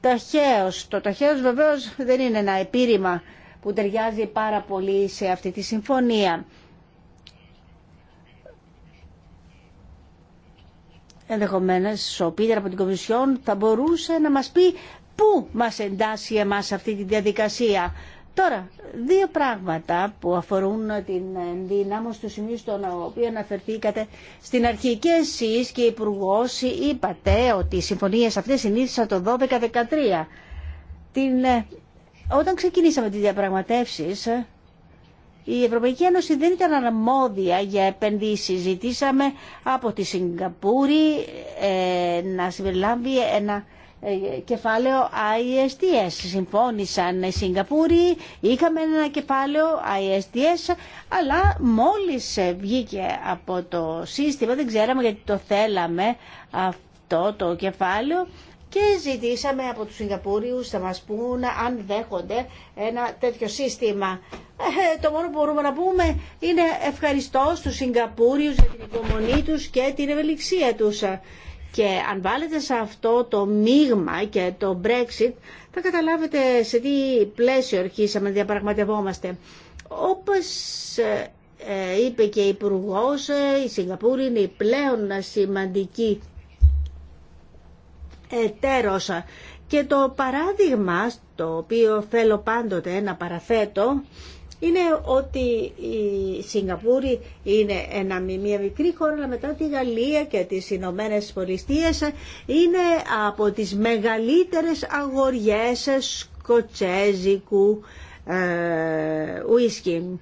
ταχαίως. Το ταχαίως βεβαίως δεν είναι ένα επίρρημα που ταιριάζει πάρα πολύ σε αυτή τη συμφωνία. Ενδεχομένω, ο Πίτερ από την Κομισιόν θα μπορούσε να μας πει πού μας εντάσσει εμάς αυτή τη διαδικασία. Τώρα, δύο πράγματα που αφορούν την ενδυνάμωση του σημείου στον οποίο αναφερθήκατε. Στην αρχή και εσείς και η υπουργό είπατε ότι οι συμφωνίες αυτές συνήθισαν το 12-13. Την ε, όταν ξεκινήσαμε τις διαπραγματεύσεις, η Ευρωπαϊκή Ένωση δεν ήταν αρμόδια για επενδύσεις. Ζητήσαμε από τη Σιγκαπούρη ε, να συμπεριλάμβει ένα ε, κεφάλαιο ISDS. Συμφώνησαν οι Σιγκαπούροι, είχαμε ένα κεφάλαιο ISDS, αλλά μόλις βγήκε από το σύστημα, δεν ξέραμε γιατί το θέλαμε αυτό το κεφάλαιο, και ζητήσαμε από τους Σιγκαπούριους να μας πούν αν δέχονται ένα τέτοιο σύστημα. Ε, το μόνο που μπορούμε να πούμε είναι ευχαριστώ στους Σιγκαπούριους για την υπομονή τους και την ευελιξία τους. Και αν βάλετε σε αυτό το μείγμα και το Brexit θα καταλάβετε σε τι πλαίσιο αρχίσαμε να διαπραγματευόμαστε. Όπως ε, ε, είπε και η Υπουργός, η Σιγκαπούρη είναι η πλέον σημαντική εταίρος. Και το παράδειγμα στο οποίο θέλω πάντοτε να παραθέτω είναι ότι η Σιγκαπούρη είναι ένα, μια μικρή χώρα, αλλά μετά τη Γαλλία και τις Ηνωμένε Πολιτείε είναι από τις μεγαλύτερες αγοριές σκοτσέζικου ε, ουίσκι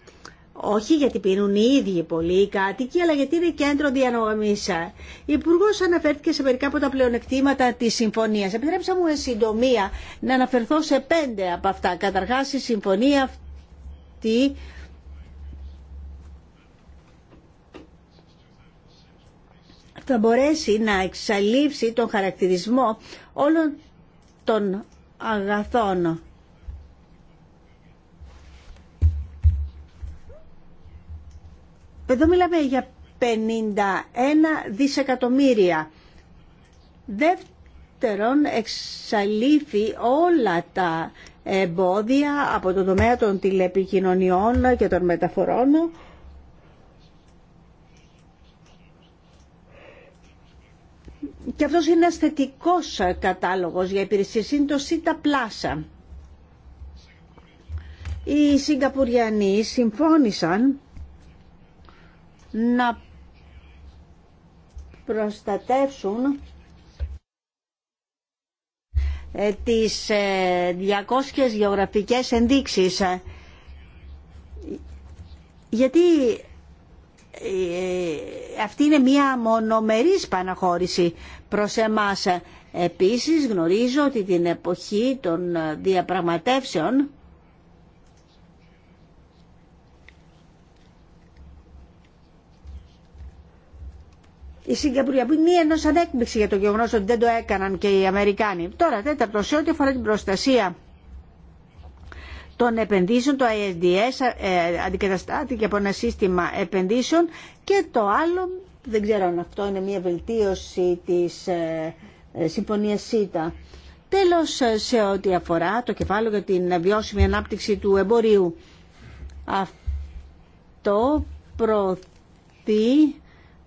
όχι γιατί πίνουν οι ίδιοι πολλοί οι κάτοικοι, αλλά γιατί είναι κέντρο διανομής. Η Υπουργό αναφέρθηκε σε μερικά από τα πλεονεκτήματα τη συμφωνία. Επιτρέψα μου, εν συντομία, να αναφερθώ σε πέντε από αυτά. Καταρχά, η συμφωνία αυτή θα μπορέσει να εξαλείψει τον χαρακτηρισμό όλων των αγαθών Εδώ μιλάμε για 51 δισεκατομμύρια. Δεύτερον, εξαλείφει όλα τα εμπόδια από το τομέα των τηλεπικοινωνιών και των μεταφορών και αυτός είναι ένας θετικός κατάλογος για υπηρεσίες, είναι το ΣΥΤΑ Πλάσα. Οι Σιγκαπουριανοί συμφώνησαν να προστατεύσουν ε, τις 200 ε, γεωγραφικές ενδείξεις. Ε, γιατί αυτή είναι μια μονομερής παναχώρηση προς εμάς. Επίσης γνωρίζω ότι την εποχή των διαπραγματεύσεων η που είναι ενό ανέκπληξη για το γεγονό ότι δεν το έκαναν και οι Αμερικάνοι. Τώρα, τέταρτο, σε ό,τι αφορά την προστασία των επενδύσεων, το ISDS ε, αντικαταστάθηκε από ένα σύστημα επενδύσεων και το άλλο, δεν ξέρω αν αυτό είναι μια βελτίωση της ε, ε, ΣΥΤΑ. Τέλος, ε, σε ό,τι αφορά το κεφάλαιο για την βιώσιμη ανάπτυξη του εμπορίου, αυτό προωθεί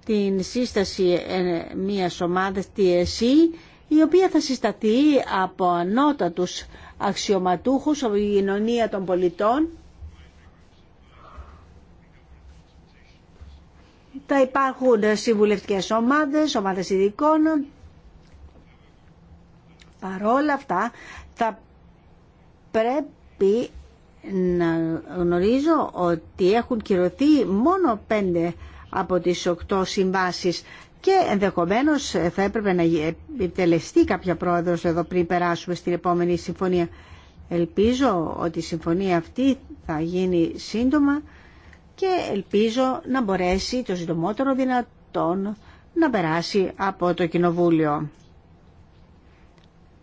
την σύσταση ε, μιας ομάδας TSE η οποία θα συστατεί από ανώτατους αξιωματούχους από η κοινωνία των πολιτών θα υπάρχουν συμβουλευτικές ομάδες, ομάδες ειδικών παρόλα αυτά θα πρέπει να γνωρίζω ότι έχουν κυρωθεί μόνο πέντε από τις 8 συμβάσεις και ενδεχομένως θα έπρεπε να επιτελεστεί κάποια πρόεδρος εδώ πριν περάσουμε στην επόμενη συμφωνία. Ελπίζω ότι η συμφωνία αυτή θα γίνει σύντομα και ελπίζω να μπορέσει το συντομότερο δυνατόν να περάσει από το Κοινοβούλιο.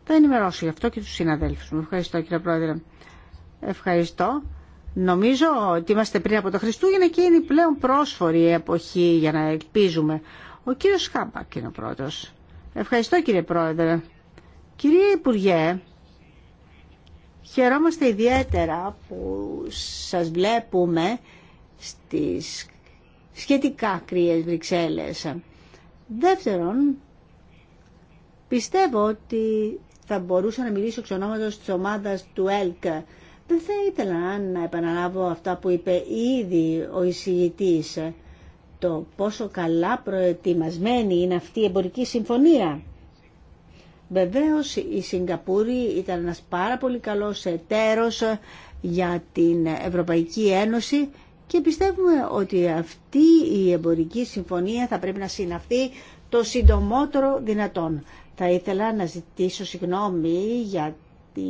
Θα ενημερώσω γι' αυτό και τους συναδέλφους μου. Ευχαριστώ κύριε Πρόεδρε. Ευχαριστώ. Νομίζω ότι είμαστε πριν από το Χριστούγεννα και είναι πλέον πρόσφορη η εποχή για να ελπίζουμε. Ο κύριος Χάμπακ είναι ο πρώτος. Ευχαριστώ κύριε Πρόεδρε. Κύριε Υπουργέ, χαιρόμαστε ιδιαίτερα που σας βλέπουμε στις σχετικά κρύες Βρυξέλλες. Δεύτερον, πιστεύω ότι θα μπορούσα να μιλήσω εξ ονόματος της ομάδας του ΕΛΚ δεν θα ήθελα να επαναλάβω αυτά που είπε ήδη ο εισηγητής, το πόσο καλά προετοιμασμένη είναι αυτή η εμπορική συμφωνία. Βεβαίως η Σιγκαπούρη ήταν ένας πάρα πολύ καλός εταίρος για την Ευρωπαϊκή Ένωση και πιστεύουμε ότι αυτή η εμπορική συμφωνία θα πρέπει να συναυθεί το συντομότερο δυνατόν. Θα ήθελα να ζητήσω συγγνώμη για κάτι,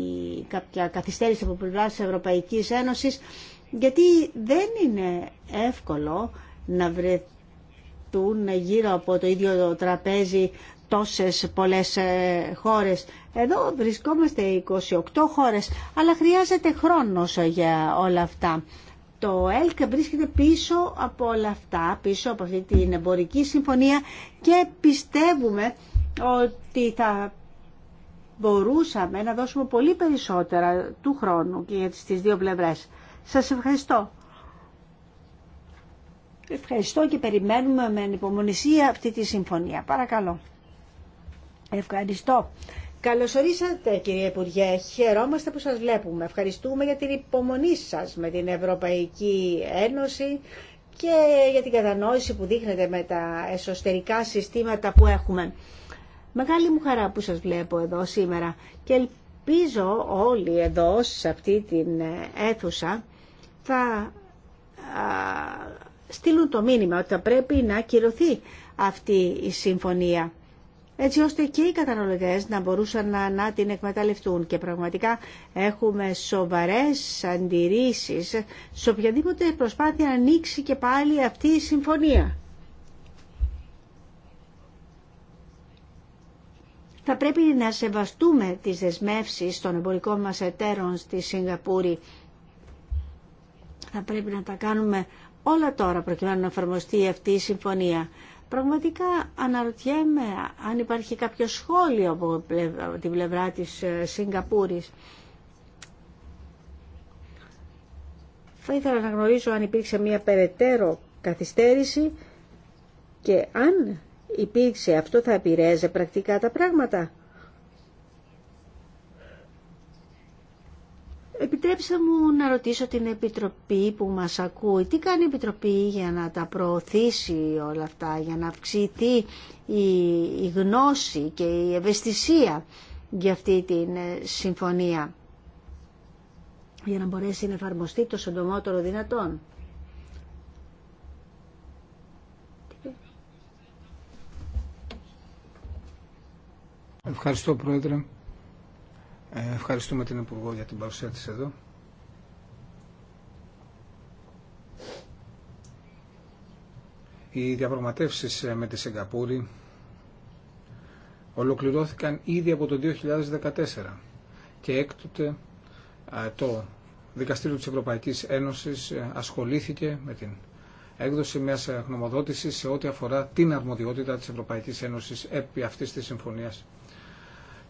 κάποια καθυστέρηση από πλευρά τη ευρωπαϊκή Ένωσης γιατί δεν είναι εύκολο να βρεθούν γύρω από το ίδιο το τραπέζι τόσες πολλές ε, χώρες. Εδώ βρισκόμαστε 28 χώρες, αλλά χρειάζεται χρόνος για όλα αυτά. Το ΕΛΚ βρίσκεται πίσω από όλα αυτά, πίσω από αυτή την εμπορική συμφωνία και πιστεύουμε ότι θα μπορούσαμε να δώσουμε πολύ περισσότερα του χρόνου και στις δύο πλευρές. Σας ευχαριστώ. Ευχαριστώ και περιμένουμε με ανυπομονησία αυτή τη συμφωνία. Παρακαλώ. Ευχαριστώ. Καλώς κύριε Υπουργέ. Χαιρόμαστε που σας βλέπουμε. Ευχαριστούμε για την υπομονή σας με την Ευρωπαϊκή Ένωση και για την κατανόηση που δείχνετε με τα εσωτερικά συστήματα που έχουμε. Μεγάλη μου χαρά που σας βλέπω εδώ σήμερα και ελπίζω όλοι εδώ σε αυτή την ε, αίθουσα θα στείλουν το μήνυμα ότι θα πρέπει να ακυρωθεί αυτή η συμφωνία έτσι ώστε και οι καταναλωτές να μπορούσαν να, να την εκμεταλλευτούν και πραγματικά έχουμε σοβαρές αντιρρήσεις σε οποιαδήποτε προσπάθεια να ανοίξει και πάλι αυτή η συμφωνία. θα πρέπει να σεβαστούμε τις δεσμεύσεις των εμπορικών μας εταίρων στη Σιγκαπούρη. Θα πρέπει να τα κάνουμε όλα τώρα προκειμένου να εφαρμοστεί αυτή η συμφωνία. Πραγματικά αναρωτιέμαι αν υπάρχει κάποιο σχόλιο από την πλευρά της ε, Σιγκαπούρης. Θα ήθελα να γνωρίζω αν υπήρξε μια περαιτέρω καθυστέρηση και αν υπήρξε, αυτό θα επηρέαζε πρακτικά τα πράγματα. Επιτρέψτε μου να ρωτήσω την Επιτροπή που μας ακούει. Τι κάνει η Επιτροπή για να τα προωθήσει όλα αυτά, για να αυξηθεί η γνώση και η ευαισθησία για αυτή την ε, συμφωνία, για να μπορέσει να εφαρμοστεί το συντομότερο δυνατόν. Ευχαριστώ Πρόεδρε. Ε, ευχαριστούμε την Υπουργό για την παρουσία της εδώ. Οι διαπραγματεύσεις ε, με τη Σιγκαπούρη ολοκληρώθηκαν ήδη από το 2014 και έκτοτε ε, το Δικαστήριο της Ευρωπαϊκής Ένωσης ασχολήθηκε με την έκδοση μιας γνωμοδότησης σε ό,τι αφορά την αρμοδιότητα της Ευρωπαϊκής Ένωσης επί αυτής της συμφωνίας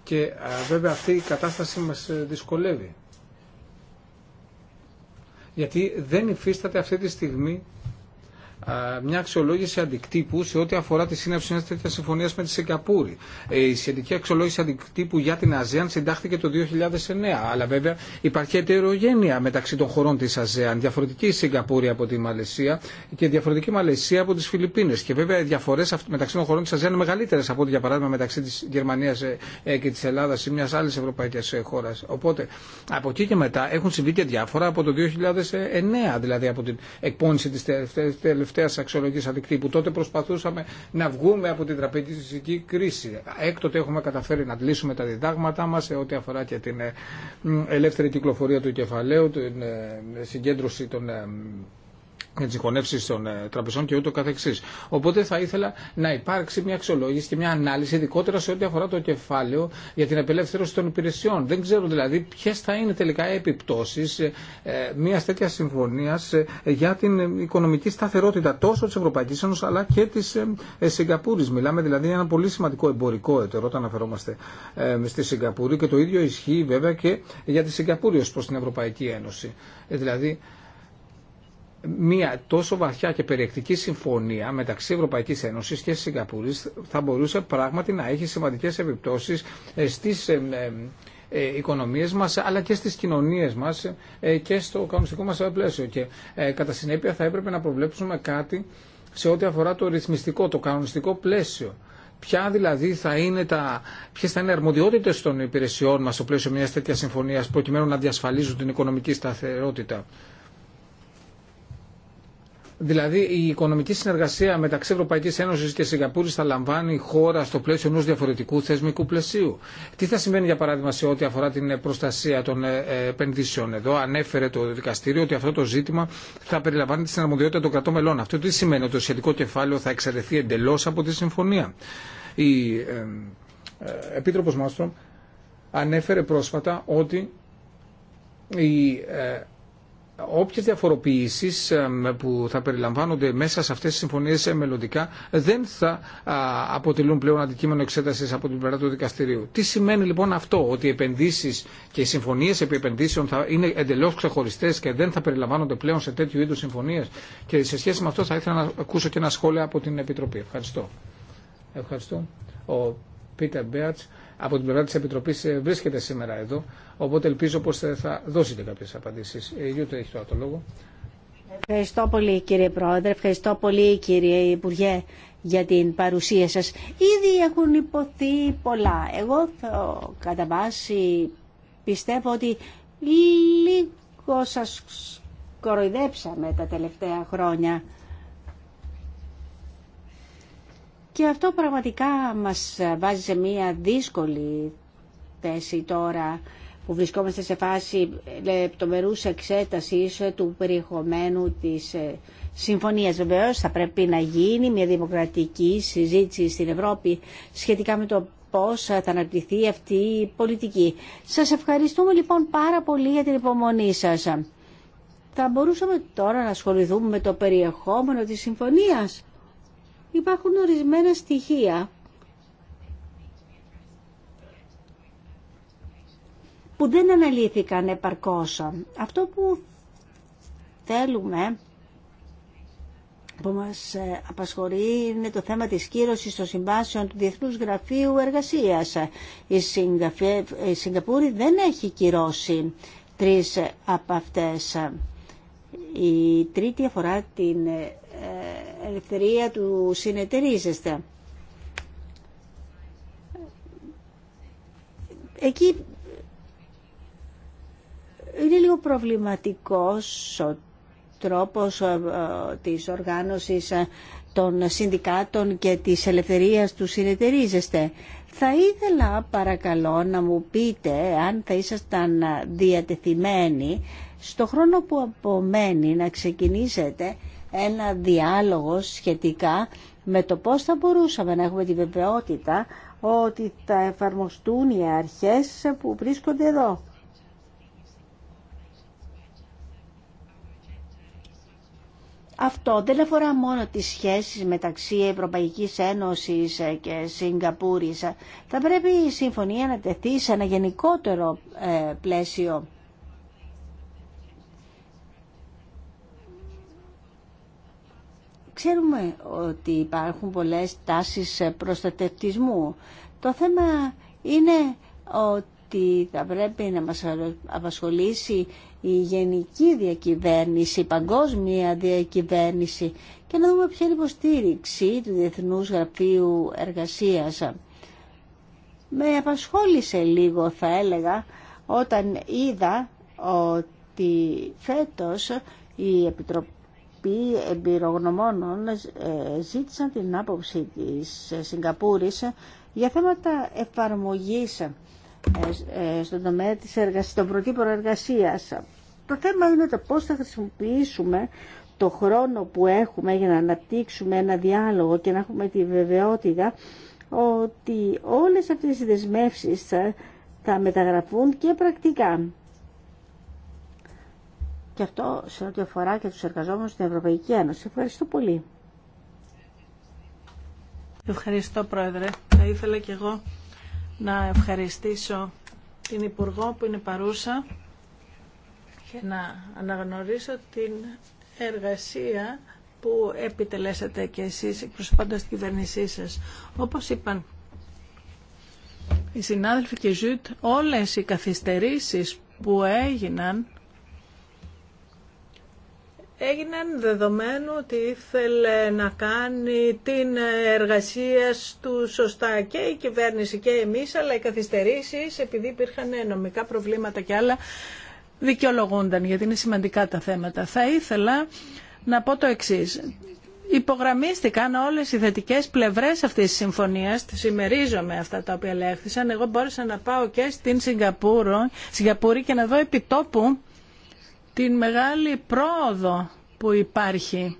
και βέβαια αυτή η κατάσταση μας ε, δυσκολεύει. Γιατί δεν υφίσταται αυτή τη στιγμή μια αξιολόγηση αντικτύπου σε ό,τι αφορά τη σύναψη μια τέτοια συμφωνία με τη Σιγκαπούρη. Ε, η σχετική αξιολόγηση αντικτύπου για την ΑΖΕΑΝ συντάχθηκε το 2009. Αλλά βέβαια υπάρχει ετερογένεια μεταξύ των χωρών τη ΑΖΕΑΝ. Διαφορετική η Σιγκαπούρη από τη Μαλαισία και διαφορετική η Μαλαισία από τι Φιλιππίνε. Και βέβαια οι διαφορέ μεταξύ των χωρών τη ΑΖΕΑΝ είναι μεγαλύτερε από ό,τι για παράδειγμα μεταξύ τη Γερμανία ε, ε, και τη Ελλάδα ή μια άλλη ευρωπαϊκή χώρα. Οπότε από εκεί και μετά έχουν συμβεί και διάφορα από το 2009, δηλαδή από την εκπόνηση τη τελευταία τελευταία αξιολογή που Τότε προσπαθούσαμε να βγούμε από την τραπεζική κρίση. Έκτοτε έχουμε καταφέρει να λύσουμε τα διδάγματά μα σε ό,τι αφορά και την ε, ελεύθερη κυκλοφορία του κεφαλαίου, την ε, συγκέντρωση των ε, για τι συγχωνεύσεις των ε, τραπεζών και ούτω καθεξής. Οπότε θα ήθελα να υπάρξει μια αξιολόγηση και μια ανάλυση ειδικότερα σε ό,τι αφορά το κεφάλαιο για την απελευθέρωση των υπηρεσιών. Δεν ξέρω δηλαδή ποιε θα είναι τελικά οι επιπτώσεις ε, ε, μια τέτοια συμφωνίας για την οικονομική σταθερότητα τόσο τη Ευρωπαϊκή Ένωση, αλλά και της Σιγκαπούρη. Μιλάμε δηλαδή για ένα πολύ σημαντικό εμπορικό εταιρό όταν αναφερόμαστε στη Σιγκαπούρη και το ίδιο ισχύει βέβαια και για τη Σιγκαπούρη ω προ την Ευρωπαϊκή Ένωση. Δηλαδή μια τόσο βαθιά και περιεκτική συμφωνία μεταξύ Ευρωπαϊκής Ένωσης και Σιγκαπούρης θα μπορούσε πράγματι να έχει σημαντικές επιπτώσεις ε, στις ε, ε, οικονομίες μας αλλά και στις κοινωνίες μας και στο κανονιστικό μας πλαίσιο και κατά συνέπεια θα έπρεπε να προβλέψουμε κάτι σε ό,τι αφορά το ρυθμιστικό, το κανονιστικό πλαίσιο ποια δηλαδή θα είναι τα, ποιες θα είναι οι αρμοδιότητες των υπηρεσιών μας στο πλαίσιο μιας τέτοιας συμφωνίας προκειμένου να διασφαλίζουν την οικονομική σταθερότητα Δηλαδή η οικονομική συνεργασία μεταξύ Ευρωπαϊκή Ένωση και Σιγκαπούρη θα λαμβάνει χώρα στο πλαίσιο ενό διαφορετικού θεσμικού πλαισίου. Τι θα συμβαίνει για παράδειγμα σε ό,τι αφορά την ε, προστασία των ε, ε, επενδύσεων. Εδώ ανέφερε το δικαστήριο ότι αυτό το ζήτημα θα περιλαμβάνει τη συναρμοδιότητα των κρατών μελών. Αυτό τι σημαίνει ότι το σχετικό κεφάλαιο θα εξαιρεθεί εντελώ από τη συμφωνία. Η ε, ε, Επίτροπο Μάστρομ ανέφερε πρόσφατα ότι η Όποιε διαφοροποιήσει ε, που θα περιλαμβάνονται μέσα σε αυτές τις συμφωνίες ε, μελλοντικά δεν θα αποτελούν πλέον αντικείμενο εξέταση από την πλευρά του δικαστηρίου. Τι σημαίνει λοιπόν αυτό, ότι οι επενδύσει και οι συμφωνίε επί επενδύσεων θα είναι εντελώ ξεχωριστέ και δεν θα περιλαμβάνονται πλέον σε τέτοιου είδου συμφωνίε. και σε σχέση με αυτό θα ήθελα να ακούσω και ένα σχόλιο από την Επιτροπή. Ευχαριστώ. Ευχαριστώ. Ο Πίτερ από την πλευρά της Επιτροπής ε, βρίσκεται σήμερα εδώ, οπότε ελπίζω πως ε, θα δώσετε κάποιες απαντήσεις. Η ε, Γιούτα έχει το λόγο. Ευχαριστώ πολύ κύριε Πρόεδρε, ευχαριστώ πολύ κύριε Υπουργέ για την παρουσία σας. Ήδη έχουν υποθεί πολλά. Εγώ θα, κατά βάση πιστεύω ότι λίγο σας κοροϊδέψαμε τα τελευταία χρόνια. Και αυτό πραγματικά μας βάζει σε μια δύσκολη θέση τώρα που βρισκόμαστε σε φάση λεπτομερούς εξέτασης του περιεχομένου της ε, συμφωνίας. Βεβαίως θα πρέπει να γίνει μια δημοκρατική συζήτηση στην Ευρώπη σχετικά με το πώς θα αναπτυχθεί αυτή η πολιτική. Σας ευχαριστούμε λοιπόν πάρα πολύ για την υπομονή σας. Θα μπορούσαμε τώρα να ασχοληθούμε με το περιεχόμενο της συμφωνίας υπάρχουν ορισμένα στοιχεία που δεν αναλύθηκαν επαρκώς. Αυτό που θέλουμε που μας ε, απασχολεί είναι το θέμα της κύρωσης των συμβάσεων του Διεθνούς Γραφείου Εργασίας. Η, Συγκαφέ, Σιγκαπούρη δεν έχει κυρώσει τρεις ε, από αυτές. Η τρίτη αφορά την ε, ε, ελευθερία του συνεταιρίζεστε. Εκεί είναι λίγο προβληματικός ο τρόπος ε, ε, της οργάνωσης των συνδικάτων και της ελευθερίας του συνεταιρίζεστε. Θα ήθελα παρακαλώ να μου πείτε αν θα ήσασταν διατεθειμένοι στο χρόνο που απομένει να ξεκινήσετε ένα διάλογο σχετικά με το πώς θα μπορούσαμε να έχουμε τη βεβαιότητα ότι θα εφαρμοστούν οι αρχές που βρίσκονται εδώ. Αυτό δεν αφορά μόνο τις σχέσεις μεταξύ Ευρωπαϊκής Ένωσης και Σιγκαπούρης. Θα πρέπει η συμφωνία να τεθεί σε ένα γενικότερο ε, πλαίσιο. Ξέρουμε ότι υπάρχουν πολλές τάσεις προστατευτισμού. Το θέμα είναι ότι θα πρέπει να μας απασχολήσει η γενική διακυβέρνηση, η παγκόσμια διακυβέρνηση και να δούμε ποια είναι η υποστήριξη του Διεθνούς Γραφείου Εργασίας. Με απασχόλησε λίγο θα έλεγα όταν είδα ότι φέτος η Επιτροπή οποίοι Εμπειρογνωμόνων ε, ζήτησαν την άποψη της Σιγκαπούρης για θέματα εφαρμογής ε, ε, στον τομέα της εργασίας, των προτύπων εργασίας. Το θέμα είναι το πώς θα χρησιμοποιήσουμε το χρόνο που έχουμε για να αναπτύξουμε ένα διάλογο και να έχουμε τη βεβαιότητα ότι όλες αυτές οι δεσμεύσεις θα μεταγραφούν και πρακτικά και αυτό σε ό,τι αφορά και τους εργαζόμενους στην Ευρωπαϊκή Ένωση. Ευχαριστώ πολύ. Ευχαριστώ Πρόεδρε. Θα ήθελα και εγώ να ευχαριστήσω την Υπουργό που είναι παρούσα και να αναγνωρίσω την εργασία που επιτελέσατε και εσείς εκπροσωπώντας την κυβέρνησή σας. Όπως είπαν οι συνάδελφοι και Ζουτ, όλες οι καθυστερήσεις που έγιναν έγιναν δεδομένου ότι ήθελε να κάνει την εργασία του σωστά και η κυβέρνηση και εμείς, αλλά οι καθυστερήσεις επειδή υπήρχαν νομικά προβλήματα και άλλα δικαιολογούνταν γιατί είναι σημαντικά τα θέματα. Θα ήθελα να πω το εξής. Υπογραμμίστηκαν όλες οι θετικές πλευρές αυτής της συμφωνίας, τις ημερίζομαι αυτά τα οποία λέχθησαν. Εγώ μπόρεσα να πάω και στην Σιγκαπούρο, και να δω επιτόπου την μεγάλη πρόοδο που υπάρχει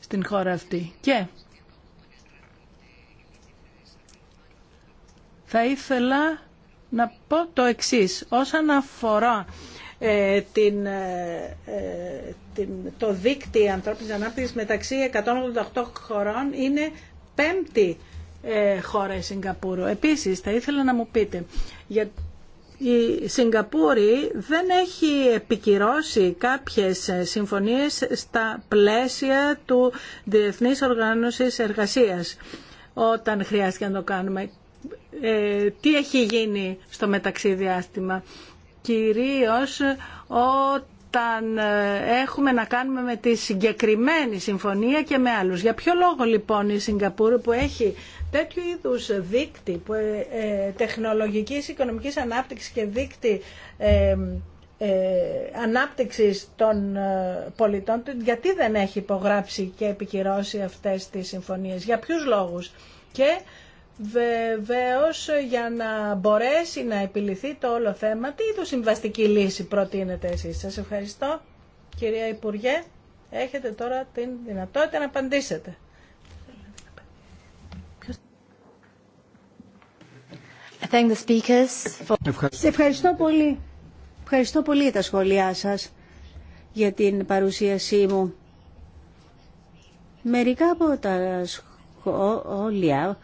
στην χώρα αυτή. Και θα ήθελα να πω το εξής. Όσον αφορά ε, την, ε, ε, την, το δίκτυο ανθρώπινης ανάπτυξης μεταξύ 188 χωρών είναι πέμπτη χώρα η Σιγκαπούρο. Επίσης θα ήθελα να μου πείτε η Σιγκαπούρη δεν έχει επικυρώσει κάποιες συμφωνίες στα πλαίσια του Διεθνής Οργάνωσης Εργασίας όταν χρειάστηκε να το κάνουμε. Ε, τι έχει γίνει στο μεταξύ διάστημα. Κυρίως ο όταν ε, έχουμε να κάνουμε με τη συγκεκριμένη συμφωνία και με άλλους. Για ποιο λόγο λοιπόν η Σιγκαπούρη που έχει τέτοιου είδους δείκτη που, ε, ε, τεχνολογικής οικονομικής ανάπτυξης και δείκτη ε, ανάπτυξης των πολιτών του, γιατί δεν έχει υπογράψει και επικυρώσει αυτές τις συμφωνίες, για ποιους λόγους. Και Βεβαίω για να μπορέσει να επιληθεί το όλο θέμα, τι είδου συμβαστική λύση προτείνετε εσεί. Σα ευχαριστώ κυρία Υπουργέ. Έχετε τώρα την δυνατότητα να απαντήσετε. the speakers ευχαριστώ. πολύ. Ευχαριστώ πολύ τα σχόλιά σας για την παρουσίασή μου. Μερικά από τα σχόλια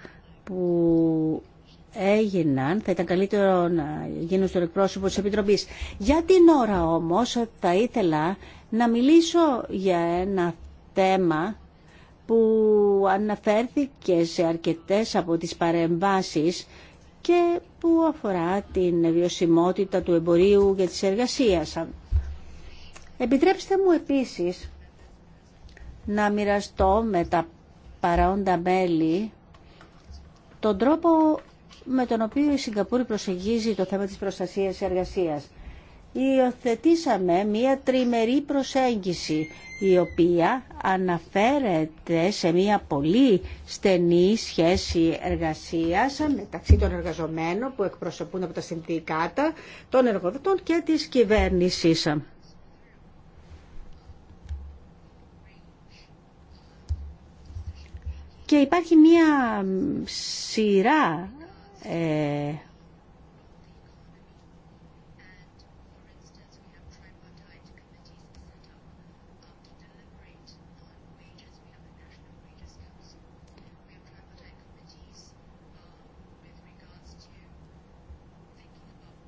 που έγιναν, θα ήταν καλύτερο να γίνουν στον εκπρόσωπο της Επιτροπής. Για την ώρα όμως θα ήθελα να μιλήσω για ένα θέμα που αναφέρθηκε σε αρκετές από τις παρεμβάσεις και που αφορά την βιωσιμότητα του εμπορίου και της εργασίας. Επιτρέψτε μου επίσης να μοιραστώ με τα παραόντα μέλη τον τρόπο με τον οποίο η Σιγκαπούρη προσεγγίζει το θέμα της προστασίας εργασίας. Υιοθετήσαμε μία τριμερή προσέγγιση η οποία αναφέρεται σε μία πολύ στενή σχέση εργασίας μεταξύ των εργαζομένων που εκπροσωπούν από τα συνδικάτα, των εργοδοτών και της κυβέρνησης. Και υπάρχει μία σειρά ε,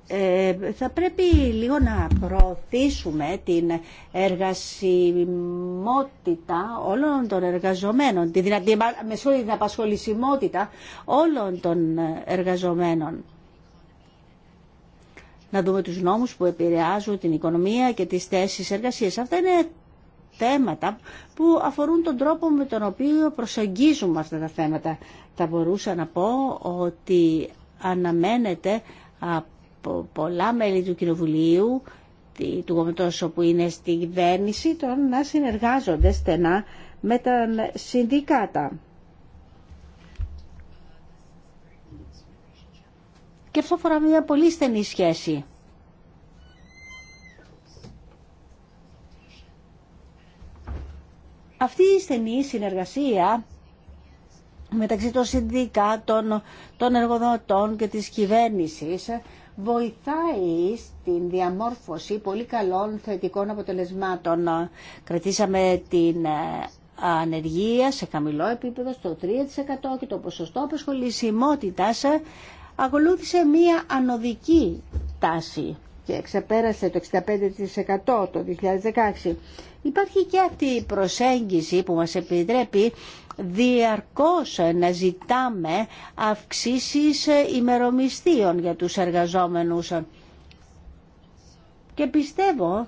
Ε, θα πρέπει λίγο να προωθήσουμε την εργασιμότητα όλων των εργαζομένων, τη δυνατή, την απασχολησιμότητα όλων των εργαζομένων. Να δούμε τους νόμους που επηρεάζουν την οικονομία και τις θέσεις εργασίας. Αυτά είναι θέματα που αφορούν τον τρόπο με τον οποίο προσεγγίζουμε αυτά τα θέματα. Θα μπορούσα να πω ότι αναμένεται πολλά μέλη του Κοινοβουλίου του γομετός όπου είναι στη κυβέρνηση τώρα να συνεργάζονται στενά με τα συνδικάτα. Και αυτό αφορά μια πολύ στενή σχέση. Αυτή η στενή συνεργασία μεταξύ των συνδικάτων, των εργοδοτών και της κυβέρνησης βοηθάει στην διαμόρφωση πολύ καλών θετικών αποτελεσμάτων. Κρατήσαμε την ε, ανεργία σε χαμηλό επίπεδο στο 3% και το ποσοστό απασχολησιμότητας ε, ακολούθησε μία ανωδική τάση και ξεπέρασε το 65% το 2016. Υπάρχει και αυτή η προσέγγιση που μας επιτρέπει διαρκώς να ζητάμε αυξήσεις ημερομισθείων για τους εργαζόμενους. Και πιστεύω,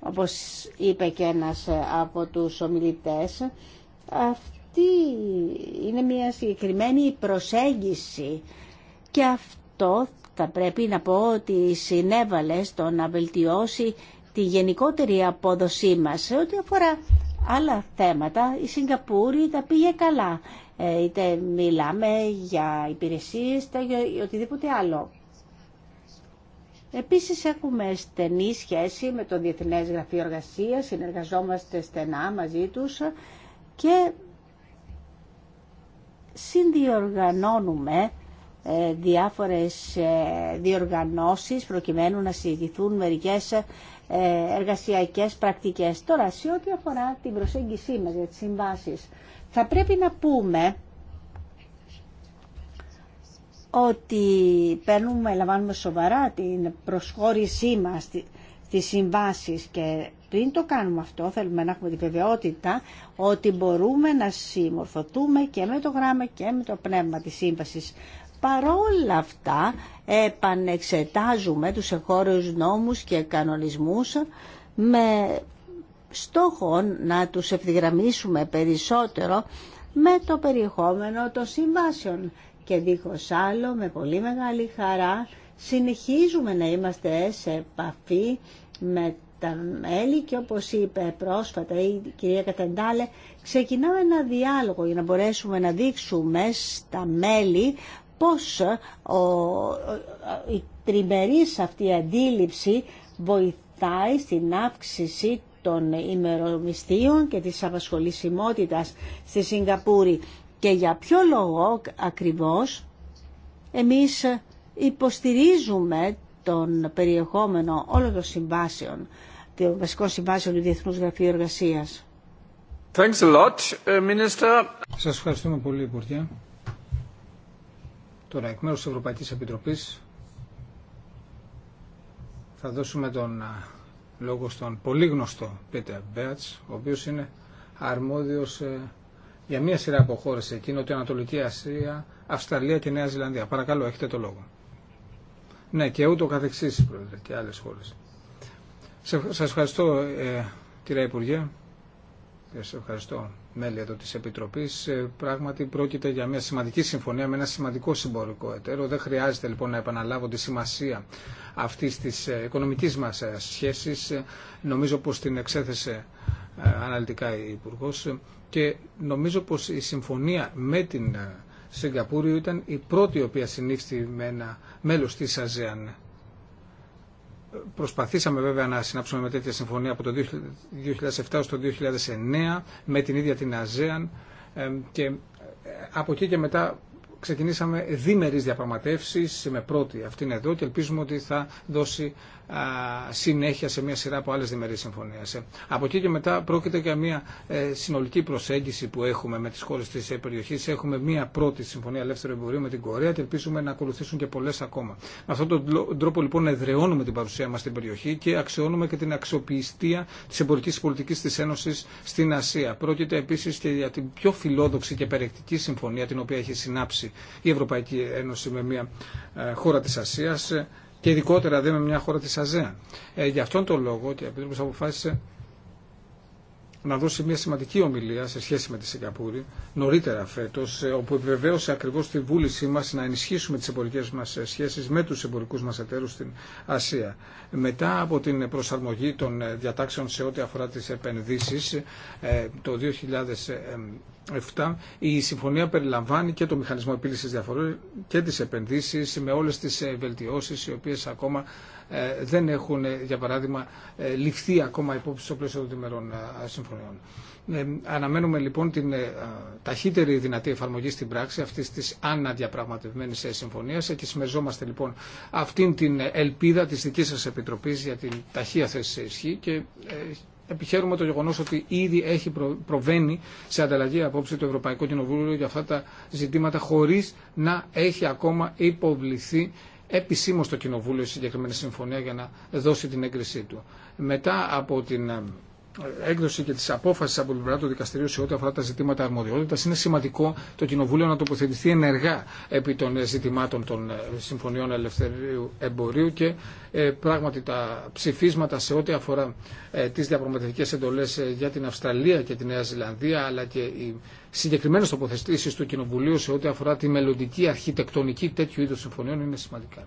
όπως είπε και ένας από τους ομιλητές, αυτή είναι μια συγκεκριμένη προσέγγιση και αυτό θα πρέπει να πω ότι συνέβαλε στο να βελτιώσει τη γενικότερη απόδοσή μας ό,τι αφορά άλλα θέματα. Η Σιγκαπούρη τα πήγε καλά. Ε, είτε μιλάμε για υπηρεσίες, είτε για οτιδήποτε άλλο. Επίσης έχουμε στενή σχέση με το Διεθνές Γραφείο Εργασίας, συνεργαζόμαστε στενά μαζί τους και συνδιοργανώνουμε ε, διάφορες ε, διοργανώσεις προκειμένου να συζητηθούν μερικές ε, εργασιακές πρακτικές. Τώρα, σε ό,τι αφορά την προσέγγισή μας για τις συμβάσεις, θα πρέπει να πούμε ότι παίρνουμε, λαμβάνουμε σοβαρά την προσχώρησή μας στις συμβάσεις και πριν το κάνουμε αυτό θέλουμε να έχουμε τη βεβαιότητα ότι μπορούμε να συμμορφωθούμε και με το γράμμα και με το πνεύμα της σύμβασης. Παρόλα αυτά επανεξετάζουμε τους εγχώριους νόμους και κανονισμούς με στόχο να τους ευθυγραμμίσουμε περισσότερο με το περιεχόμενο των συμβάσεων. Και δίχως άλλο, με πολύ μεγάλη χαρά, συνεχίζουμε να είμαστε σε επαφή με τα μέλη και όπως είπε πρόσφατα η κυρία Κατεντάλε, ξεκινάμε ένα διάλογο για να μπορέσουμε να δείξουμε στα μέλη πώς ε, η τριμερής αυτή αντίληψη βοηθάει στην αύξηση των ημερομυστίων και της απασχολησιμότητας στη Σιγκαπούρη. Και για ποιο λόγο ακριβώς εμείς υποστηρίζουμε τον περιεχόμενο όλων των συμβάσεων, των βασικών συμβάσεων του Διεθνούς Γραφείου Εργασίας. Thanks a lot, ε, Σας ευχαριστούμε πολύ, Υπουργέ. Τώρα, εκ μέρους της Ευρωπαϊκής Επιτροπής θα δώσουμε τον λόγο στον πολύ γνωστό Πίτερ Μπέατς, ο οποίος είναι αρμόδιος ε, για μία σειρά από χώρες εκεί, Νοτιοανατολική Ασία, Αυστραλία και Νέα Ζηλανδία. Παρακαλώ, έχετε το λόγο. Ναι, και ούτω καθεξής, Πρόεδρε, και άλλες χώρες. Σας ευχαριστώ, ε, κύριε Υπουργέ. Σας ευχαριστώ μέλη εδώ της Επιτροπής. Ε, πράγματι πρόκειται για μια σημαντική συμφωνία με ένα σημαντικό συμπορικό εταίρο. Δεν χρειάζεται λοιπόν να επαναλάβω τη σημασία αυτής της ε, οικονομικής μας ε, σχέσης. Νομίζω πως την εξέθεσε αναλυτικά η υπουργό και νομίζω πως η συμφωνία με την Σιγκαπούριο ήταν η πρώτη η οποία συνήφθη με ένα μέλος της ΑΖΕΑΝ Προσπαθήσαμε βέβαια να συνάψουμε με τέτοια συμφωνία από το 2007 έως το 2009 με την ίδια την ΑΖΕΑΝ και ε, από εκεί και μετά ξεκινήσαμε δίμερες διαπραγματεύσεις με πρώτη αυτήν εδώ και ελπίζουμε ότι θα δώσει συνέχεια σε μια σειρά από άλλες διμερείς συμφωνίες. Ε. Από εκεί και μετά πρόκειται για μια ε, συνολική προσέγγιση που έχουμε με τις χώρες της ε, περιοχής. Έχουμε μια πρώτη συμφωνία ελεύθερου εμπορίου με την Κορέα και ελπίζουμε να ακολουθήσουν και πολλές ακόμα. Με αυτόν τον τρόπο λοιπόν εδραιώνουμε την παρουσία μας στην περιοχή και αξιώνουμε και την αξιοπιστία της εμπορικής πολιτικής της Ένωσης στην Ασία. Πρόκειται επίσης και για την πιο φιλόδοξη και περιεκτική συμφωνία την οποία έχει συνάψει η Ευρωπαϊκή Ένωση με μια χώρα της Ασίας και ειδικότερα δε με μια χώρα της ΑΖΕΑ. Ε, γι' αυτόν τον λόγο και η Επίτροπος αποφάσισε να δώσει μια σημαντική ομιλία σε σχέση με τη Σιγκαπούρη νωρίτερα φέτο, ε, όπου επιβεβαίωσε ακριβώ τη βούλησή μα να ενισχύσουμε τι εμπορικέ μα ε, σχέσει με του εμπορικού μα εταίρου στην Ασία. Μετά από την προσαρμογή των ε, διατάξεων σε ό,τι αφορά τι επενδύσει το 7 η συμφωνία περιλαμβάνει και το μηχανισμό επίλυση διαφορών και τι επενδύσει με όλε τι ε, βελτιώσει, οι οποίε ακόμα ε, δεν έχουν ε, για παράδειγμα ληφθεί ακόμα υπόψη στο πλαίσιο των διμερών συμφωνιών. Αναμένουμε λοιπόν την ταχύτερη δυνατή εφαρμογή στην πράξη αυτής της αναδιαπραγματευμένης συμφωνία. και συμμεριζόμαστε λοιπόν αυτήν την ελπίδα τη δική σα επιτροπή για την ταχεία θέση σε ισχύ και επιχαίρουμε το γεγονός ότι ήδη έχει προβαίνει σε ανταλλαγή απόψε το Ευρωπαϊκό Κοινοβούλιο για αυτά τα ζητήματα χωρίς να έχει ακόμα υποβληθεί επισήμω το Κοινοβούλιο συγκεκριμένη συμφωνία για να δώσει την έγκρισή του. Μετά από την έκδοση και τη απόφαση από την πλευρά του δικαστηρίου σε ό,τι αφορά τα ζητήματα αρμοδιότητα, είναι σημαντικό το Κοινοβούλιο να τοποθετηθεί ενεργά επί των ζητημάτων των ε, Συμφωνιών Ελευθερίου Εμπορίου και ε, πράγματι τα ψηφίσματα σε ό,τι αφορά ε, τι διαπραγματευτικέ εντολέ για την Αυστραλία και τη Νέα Ζηλανδία, αλλά και οι συγκεκριμένε τοποθετήσει του Κοινοβουλίου σε ό,τι αφορά τη μελλοντική αρχιτεκτονική τέτοιου είδου συμφωνιών είναι σημαντικά.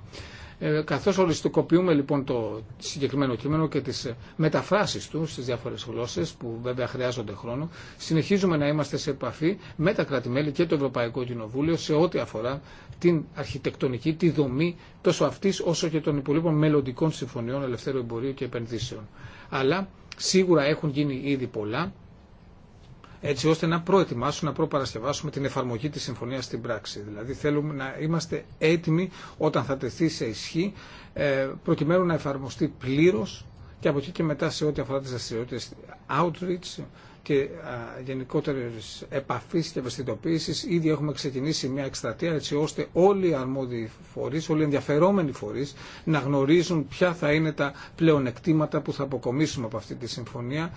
Ε, καθώς οριστικοποιούμε λοιπόν το συγκεκριμένο κείμενο και τις ε, μεταφράσεις του στις διάφορες γλώσσες που βέβαια χρειάζονται χρόνο, συνεχίζουμε να είμαστε σε επαφή με τα κρατη και το Ευρωπαϊκό Κοινοβούλιο σε ό,τι αφορά την αρχιτεκτονική, τη δομή τόσο αυτής όσο και των υπολείπων μελλοντικών συμφωνιών ελευθέρου εμπορίου και επενδύσεων. Αλλά σίγουρα έχουν γίνει ήδη πολλά έτσι ώστε να προετοιμάσουμε, να προπαρασκευάσουμε την εφαρμογή της συμφωνίας στην πράξη. Δηλαδή θέλουμε να είμαστε έτοιμοι όταν θα τεθεί σε ισχύ ε, προκειμένου να εφαρμοστεί πλήρως και από εκεί και μετά σε ό,τι αφορά τις δραστηριότητε outreach και γενικότερη επαφή και ευαισθητοποίηση. Ήδη έχουμε ξεκινήσει μια εκστρατεία έτσι ώστε όλοι οι αρμόδιοι φορεί, όλοι οι ενδιαφερόμενοι φορεί να γνωρίζουν ποια θα είναι τα πλεονεκτήματα που θα αποκομίσουμε από αυτή τη συμφωνία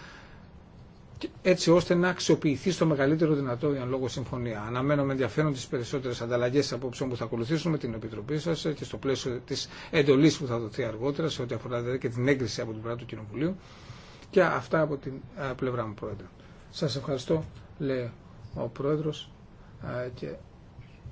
έτσι ώστε να αξιοποιηθεί στο μεγαλύτερο δυνατό για λόγο συμφωνία. Αναμένω με ενδιαφέρον τι περισσότερε ανταλλαγέ απόψεων που θα ακολουθήσουν με την Επιτροπή σα και στο πλαίσιο τη εντολή που θα δοθεί αργότερα σε ό,τι αφορά δηλαδή, και την έγκριση από την πλευρά του Κοινοβουλίου. Και αυτά από την ε, πλευρά μου, Πρόεδρε. Σα ευχαριστώ, λέει ο Πρόεδρο. Ε, και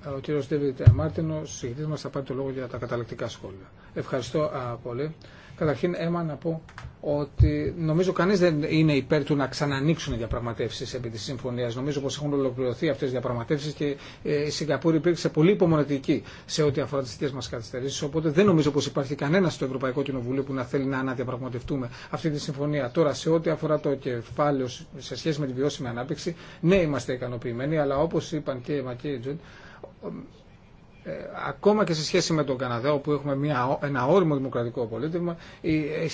ε, ο κύριο Ντέβιτ Μάρτινο, ο μα, θα πάρει το λόγο για τα καταλακτικά σχόλια. Ευχαριστώ πολύ. Καταρχήν, Έμα, να πω ότι νομίζω κανεί δεν είναι υπέρ του να ξανανοίξουν οι διαπραγματεύσει επί τη συμφωνία. Νομίζω πω έχουν ολοκληρωθεί αυτέ οι διαπραγματεύσει και ε, η Σιγκαπούρη υπήρξε πολύ υπομονετική σε ό,τι αφορά τι δικέ μα καθυστερήσει. Οπότε δεν νομίζω πω υπάρχει κανένα στο Ευρωπαϊκό Κοινοβούλιο που να θέλει να αναδιαπραγματευτούμε αυτή τη συμφωνία. Τώρα, σε ό,τι αφορά το κεφάλαιο σε σχέση με τη βιώσιμη ανάπτυξη, ναι, είμαστε ικανοποιημένοι, αλλά όπω είπαν και οι ε, ακόμα και σε σχέση με τον Καναδά, όπου έχουμε μια, ένα όριμο δημοκρατικό ε,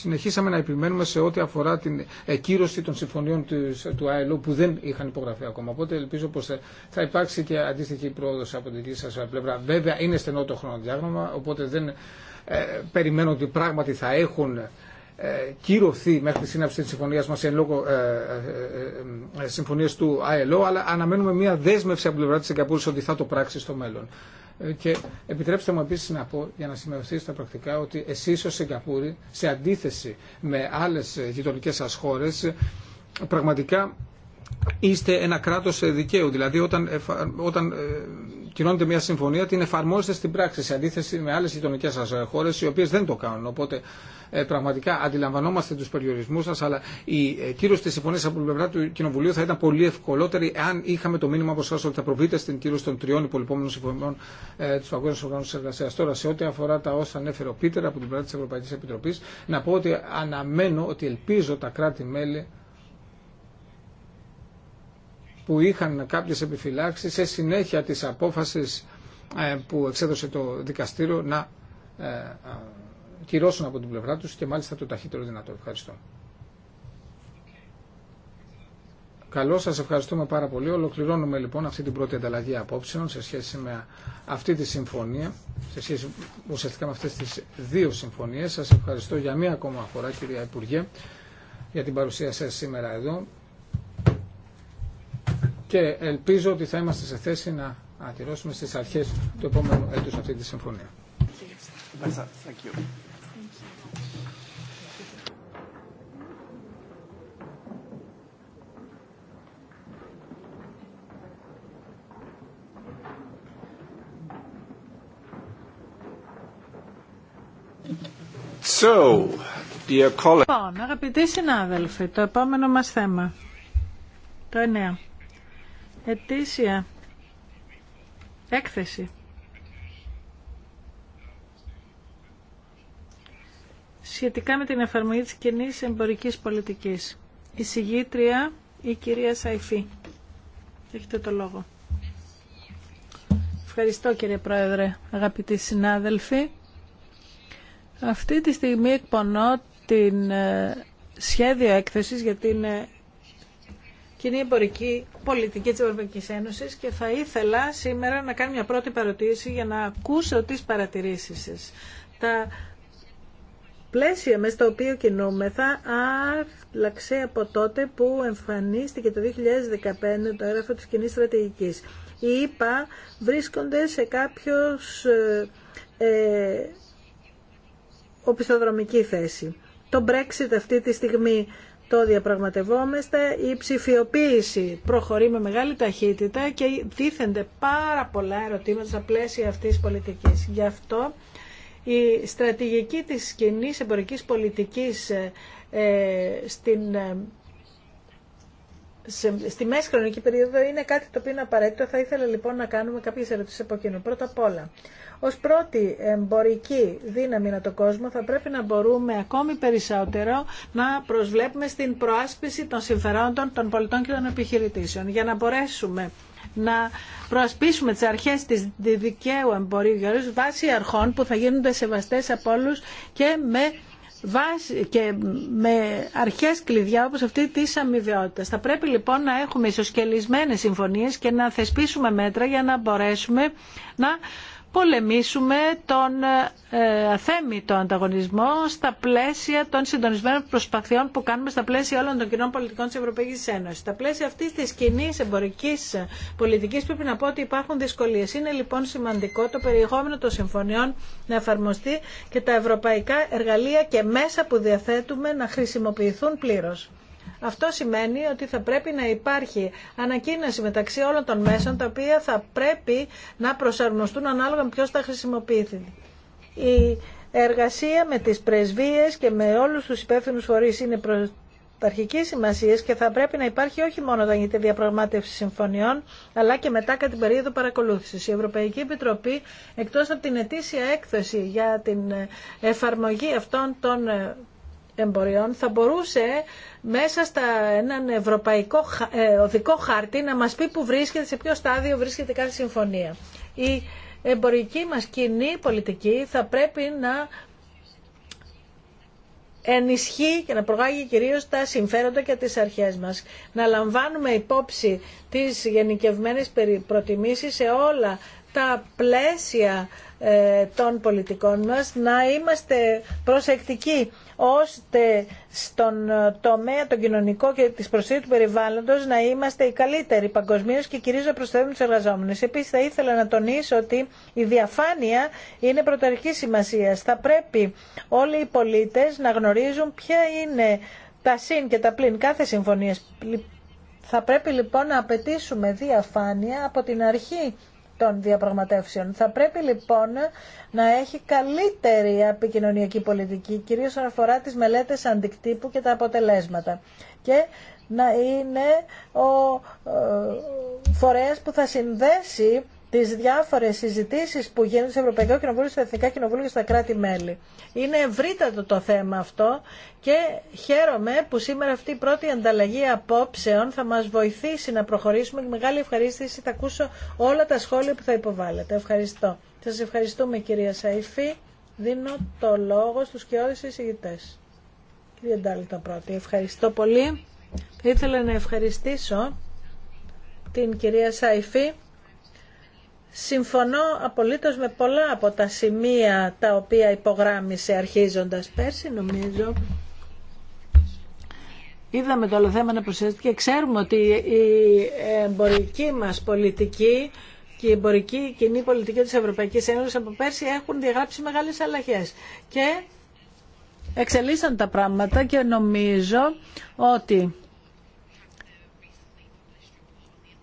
συνεχίσαμε να επιμένουμε σε ό,τι αφορά την εκύρωση των συμφωνιών του ΆΕΛΟ που δεν είχαν υπογραφεί ακόμα. Οπότε ελπίζω πω ε, θα υπάρξει και αντίστοιχη πρόοδο από την δική σα πλευρά. Βέβαια, είναι στενό το χρονοδιάγραμμα, οπότε δεν ε, περιμένω ότι πράγματι θα έχουν ε, κυρωθεί μέχρι τη σύναψη της συμφωνίας μας εν λόγω ε, ε, συμφωνίες του ΑΕΛΟ, αλλά αναμένουμε μια δέσμευση από την πλευρά της Σιγκαπούρης ότι θα το πράξει στο μέλλον. Και επιτρέψτε μου επίση να πω, για να σημειωθεί στα πρακτικά, ότι εσεί ως Σιγκαπούρη, σε αντίθεση με άλλε γειτονικέ σα χώρε, πραγματικά είστε ένα κράτο δικαίου. Δηλαδή, όταν, όταν κυρώνεται μια συμφωνία την εφαρμόζετε στην πράξη σε αντίθεση με άλλε γειτονικέ σα ε, χώρε οι οποίε δεν το κάνουν. Οπότε ε, πραγματικά αντιλαμβανόμαστε του περιορισμού σα, αλλά η ε, κύρωση τη συμφωνία από την πλευρά του Κοινοβουλίου θα ήταν πολύ ευκολότερη αν είχαμε το μήνυμα από εσά ότι θα προβείτε στην κύρωση των τριών υπολοιπόμενων συμφωνιών ε, τη Παγκόσμια Οργάνωση Εργασία. Τώρα, σε ό,τι αφορά τα όσα ανέφερε ο Πίτερ από την πλευρά τη Ευρωπαϊκή Επιτροπή, να πω ότι αναμένω ότι ελπίζω τα κράτη-μέλη που είχαν κάποιες επιφυλάξεις σε συνέχεια της απόφασης ε, που εξέδωσε το δικαστήριο να ε, κυρώσουν από την πλευρά τους και μάλιστα το ταχύτερο δυνατό. Ευχαριστώ. Καλώς, σας ευχαριστούμε πάρα πολύ. Ολοκληρώνουμε λοιπόν αυτή την πρώτη ανταλλαγή απόψεων σε σχέση με αυτή τη συμφωνία, σε σχέση ουσιαστικά με αυτές τις δύο συμφωνίες. Σας ευχαριστώ για μία ακόμα φορά κυρία Υπουργέ για την παρουσία σας σήμερα εδώ και ελπίζω ότι θα είμαστε σε θέση να ατηρώσουμε στις αρχές του επόμενου έτους αυτή τη συμφωνία. So, dear Λοιπόν, αγαπητοί συνάδελφοι, το επόμενο μας θέμα, το 9 ετήσια έκθεση σχετικά με την εφαρμογή της κοινή εμπορικής πολιτικής. Η συγγήτρια, η κυρία Σαϊφή. Έχετε το λόγο. Ευχαριστώ κύριε Πρόεδρε, αγαπητοί συνάδελφοι. Αυτή τη στιγμή εκπονώ την ε, σχέδιο έκθεσης για την ε, κοινή εμπορική πολιτική της Ευρωπαϊκής Ένωσης και θα ήθελα σήμερα να κάνω μια πρώτη παρατήρηση για να ακούσω τις παρατηρήσεις σας. Τα πλαίσια με στο οποίο κινούμεθα άλλαξε από τότε που εμφανίστηκε το 2015 το έγγραφο της κοινή στρατηγικής. Οι ΙΠΑ βρίσκονται σε κάποιος ε, ε, οπισθοδρομική θέση. Το Brexit αυτή τη στιγμή το διαπραγματευόμαστε. Η ψηφιοποίηση προχωρεί με μεγάλη ταχύτητα και δίθενται πάρα πολλά ερωτήματα στα πλαίσια αυτής της πολιτικής. Γι' αυτό η στρατηγική της κοινή εμπορικής πολιτικής ε, ε, στην, ε, στη μέση χρονική περίοδο είναι κάτι το οποίο είναι απαραίτητο. Θα ήθελα λοιπόν να κάνουμε κάποιες ερωτήσεις από κοινού. Πρώτα απ' όλα, ως πρώτη εμπορική δύναμη να το κόσμο θα πρέπει να μπορούμε ακόμη περισσότερο να προσβλέπουμε στην προάσπιση των συμφερόντων των πολιτών και των επιχειρητήσεων για να μπορέσουμε να προασπίσουμε τις αρχές της δικαίου εμπορίου βάσει αρχών που θα γίνονται σεβαστές από όλους και με και με αρχές κλειδιά όπως αυτή της αμοιβαιότητα. Θα πρέπει λοιπόν να έχουμε ισοσκελισμένες συμφωνίες και να θεσπίσουμε μέτρα για να μπορέσουμε να πολεμήσουμε τον ε, αθέμητο ανταγωνισμό στα πλαίσια των συντονισμένων προσπαθειών που κάνουμε στα πλαίσια όλων των κοινών πολιτικών της Ευρωπαϊκής Ένωσης. Στα πλαίσια αυτής της κοινή εμπορικής πολιτικής πρέπει να πω ότι υπάρχουν δυσκολίες. Είναι λοιπόν σημαντικό το περιεχόμενο των συμφωνιών να εφαρμοστεί και τα ευρωπαϊκά εργαλεία και μέσα που διαθέτουμε να χρησιμοποιηθούν πλήρως. Αυτό σημαίνει ότι θα πρέπει να υπάρχει ανακοίνωση μεταξύ όλων των μέσων τα οποία θα πρέπει να προσαρμοστούν ανάλογα με ποιος θα χρησιμοποιηθεί. Η εργασία με τις πρεσβείες και με όλους τους υπεύθυνου φορείς είναι προ... Αρχική σημασία και θα πρέπει να υπάρχει όχι μόνο όταν γίνεται διαπραγμάτευση συμφωνιών, αλλά και μετά κατά την περίοδο παρακολούθηση. Η Ευρωπαϊκή Επιτροπή, εκτό από την ετήσια έκθεση για την εφαρμογή αυτών των ε, εμποριών θα μπορούσε μέσα στα έναν ευρωπαϊκό ε, οδικό χάρτη να μας πει που βρίσκεται, σε ποιο στάδιο βρίσκεται κάθε συμφωνία. Η εμπορική μας κοινή πολιτική θα πρέπει να ενισχύει και να προγάγει κυρίως τα συμφέροντα και τις αρχές μας. Να λαμβάνουμε υπόψη τις γενικευμένες προτιμήσεις σε όλα τα πλαίσια ε, των πολιτικών μας να είμαστε προσεκτικοί ώστε στον ε, τομέα τον κοινωνικό και της προσοχής του περιβάλλοντος να είμαστε οι καλύτεροι παγκοσμίω και κυρίως να προσθέτουμε τους εργαζόμενους. Επίσης θα ήθελα να τονίσω ότι η διαφάνεια είναι πρωταρχική σημασία. Θα πρέπει όλοι οι πολίτες να γνωρίζουν ποια είναι τα συν και τα πλην κάθε συμφωνία. Θα πρέπει λοιπόν να απαιτήσουμε διαφάνεια από την αρχή των διαπραγματεύσεων. Θα πρέπει λοιπόν να έχει καλύτερη επικοινωνιακή πολιτική, κυρίως όσον αφορά τις μελέτες αντικτύπου και τα αποτελέσματα. Και να είναι ο ε, φορέας που θα συνδέσει τι διάφορε συζητήσει που γίνονται στο Ευρωπαϊκό Κοινοβούλιο, στα Εθνικά Κοινοβούλια και στα κράτη-μέλη. Είναι ευρύτατο το θέμα αυτό και χαίρομαι που σήμερα αυτή η πρώτη ανταλλαγή απόψεων θα μα βοηθήσει να προχωρήσουμε και μεγάλη ευχαρίστηση θα ακούσω όλα τα σχόλια που θα υποβάλλετε. Ευχαριστώ. Σα ευχαριστούμε κυρία Σαϊφή. Δίνω το λόγο στους κοιόδης εισηγητές. Κύριε Ντάλητα πρώτη, ευχαριστώ πολύ. Θα ήθελα να ευχαριστήσω την κυρία Σαϊφή Συμφωνώ απολύτως με πολλά από τα σημεία τα οποία υπογράμμισε αρχίζοντας πέρσι, νομίζω. Είδαμε το άλλο θέμα να και ξέρουμε ότι η εμπορική μας πολιτική και η εμπορική η κοινή πολιτική της Ευρωπαϊκής Ένωσης από πέρσι έχουν διαγράψει μεγάλες αλλαγές. Και εξελίσσαν τα πράγματα και νομίζω ότι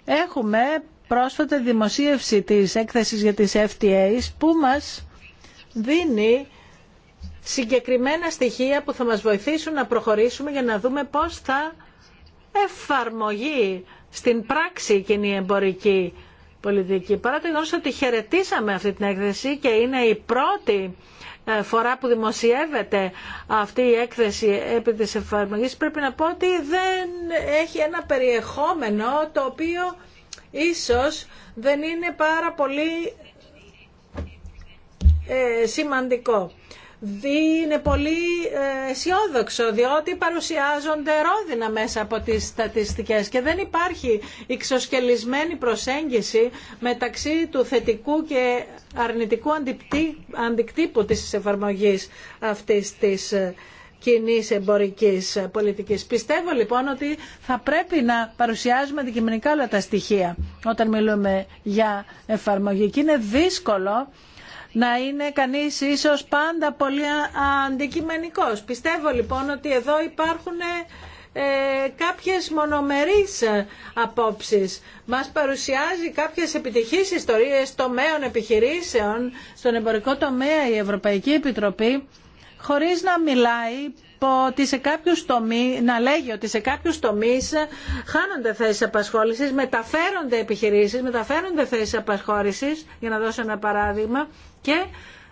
έχουμε πρόσφατα δημοσίευση της έκθεσης για τις FTAs που μας δίνει συγκεκριμένα στοιχεία που θα μας βοηθήσουν να προχωρήσουμε για να δούμε πώς θα εφαρμογεί στην πράξη η κοινή εμπορική πολιτική. Παρά το γεγονός ότι χαιρετήσαμε αυτή την έκθεση και είναι η πρώτη ε, φορά που δημοσιεύεται αυτή η έκθεση επί της εφαρμογής πρέπει να πω ότι δεν έχει ένα περιεχόμενο το οποίο ίσως δεν είναι πάρα πολύ ε, σημαντικό. Είναι πολύ ε, αισιόδοξο διότι παρουσιάζονται ρόδινα μέσα από τις στατιστικές και δεν υπάρχει εξοσκελισμένη προσέγγιση μεταξύ του θετικού και αρνητικού αντικτύπου της εφαρμογής αυτής της ε, κοινή εμπορική πολιτική. Πιστεύω λοιπόν ότι θα πρέπει να παρουσιάζουμε αντικειμενικά όλα τα στοιχεία όταν μιλούμε για εφαρμογή. Και είναι δύσκολο να είναι κανείς ίσως πάντα πολύ αντικειμενικός. Πιστεύω λοιπόν ότι εδώ υπάρχουν ε, κάποιες μονομερείς απόψεις. Μας παρουσιάζει κάποιες επιτυχείς ιστορίες τομέων επιχειρήσεων. Στον εμπορικό τομέα η Ευρωπαϊκή Επιτροπή χωρίς να μιλάει ότι σε κάποιους τομείς, να λέγει ότι σε κάποιους τομείς χάνονται θέσεις απασχόλησης, μεταφέρονται επιχειρήσεις, μεταφέρονται θέσεις απασχόλησης, για να δώσω ένα παράδειγμα, και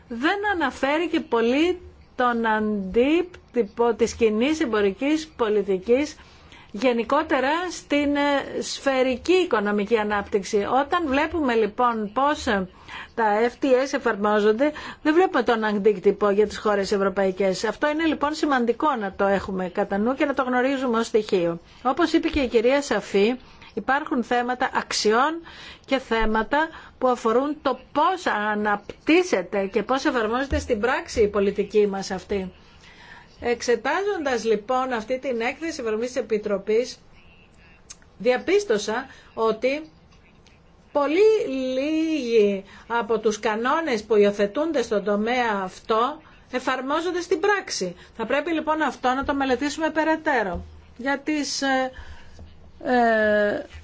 δεν αναφέρει και πολύ τον αντίπτυπο της κοινή εμπορικής πολιτικής γενικότερα στην ε, σφαιρική οικονομική ανάπτυξη. Όταν βλέπουμε λοιπόν πώς ε, τα FTS εφαρμόζονται, δεν βλέπουμε τον αντίκτυπο για τις χώρες ευρωπαϊκές. Αυτό είναι λοιπόν σημαντικό να το έχουμε κατά νου και να το γνωρίζουμε ως στοιχείο. Όπως είπε και η κυρία Σαφή, υπάρχουν θέματα αξιών και θέματα που αφορούν το πώς αναπτύσσεται και πώς εφαρμόζεται στην πράξη η πολιτική μας αυτή. Εξετάζοντας λοιπόν αυτή την έκθεση Ευρωπαϊκής Επιτροπής, διαπίστωσα ότι πολύ λίγοι από τους κανόνες που υιοθετούνται στον τομέα αυτό εφαρμόζονται στην πράξη. Θα πρέπει λοιπόν αυτό να το μελετήσουμε περαιτέρω. Για τις ε, ε,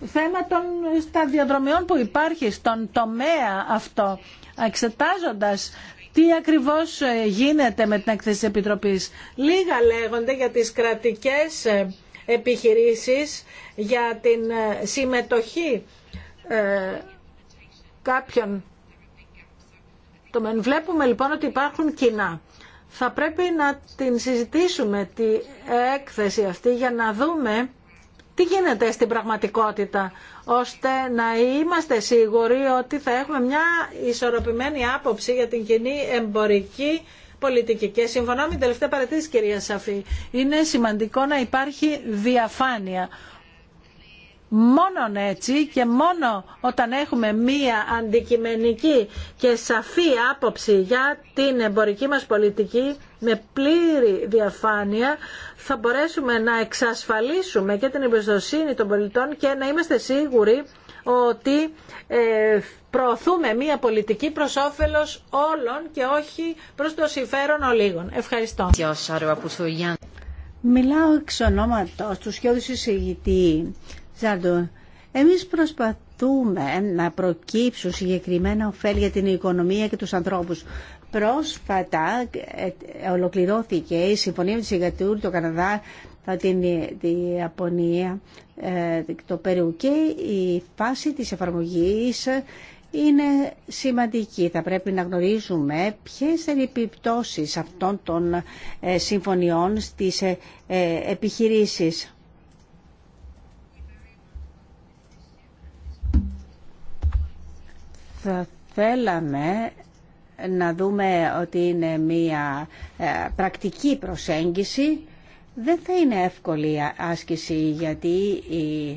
θέματα στα θέμα σταδιοδρομιών που υπάρχει στον τομέα αυτό, εξετάζοντας τι ακριβώς ε, γίνεται με την έκθεση της Επιτροπής. Λίγα λέγονται για τις κρατικές ε, επιχειρήσεις, για την ε, συμμετοχή κάποιων μεν Βλέπουμε λοιπόν ότι υπάρχουν κοινά. Θα πρέπει να την συζητήσουμε τη έκθεση αυτή για να δούμε τι γίνεται στην πραγματικότητα, ώστε να είμαστε σίγουροι ότι θα έχουμε μια ισορροπημένη άποψη για την κοινή εμπορική πολιτική. Και συμφωνώ με την τελευταία παρατήρηση κυρία Σαφή. Είναι σημαντικό να υπάρχει διαφάνεια Μόνον έτσι και μόνο όταν έχουμε μία αντικειμενική και σαφή άποψη για την εμπορική μας πολιτική με πλήρη διαφάνεια θα μπορέσουμε να εξασφαλίσουμε και την εμπιστοσύνη των πολιτών και να είμαστε σίγουροι ότι ε, προωθούμε μία πολιτική προς όφελος όλων και όχι προς το συμφέρον ολίγων. Ευχαριστώ. Μιλάω εξ ονόματος του σχεδίου εισηγητή Ζάντο, εμείς προσπαθούμε να προκύψουν συγκεκριμένα ωφέλη για την οικονομία και τους ανθρώπους. Πρόσφατα ε, ολοκληρώθηκε η Συμφωνία με τη το Καναδά, την, την Ιαπωνία, ε, το Περού και η φάση της εφαρμογής είναι σημαντική. Θα πρέπει να γνωρίζουμε ποιες είναι οι επιπτώσεις αυτών των ε, συμφωνιών στις επιχειρήσεις. θα θέλαμε να δούμε ότι είναι μία ε, πρακτική προσέγγιση. Δεν θα είναι εύκολη άσκηση γιατί η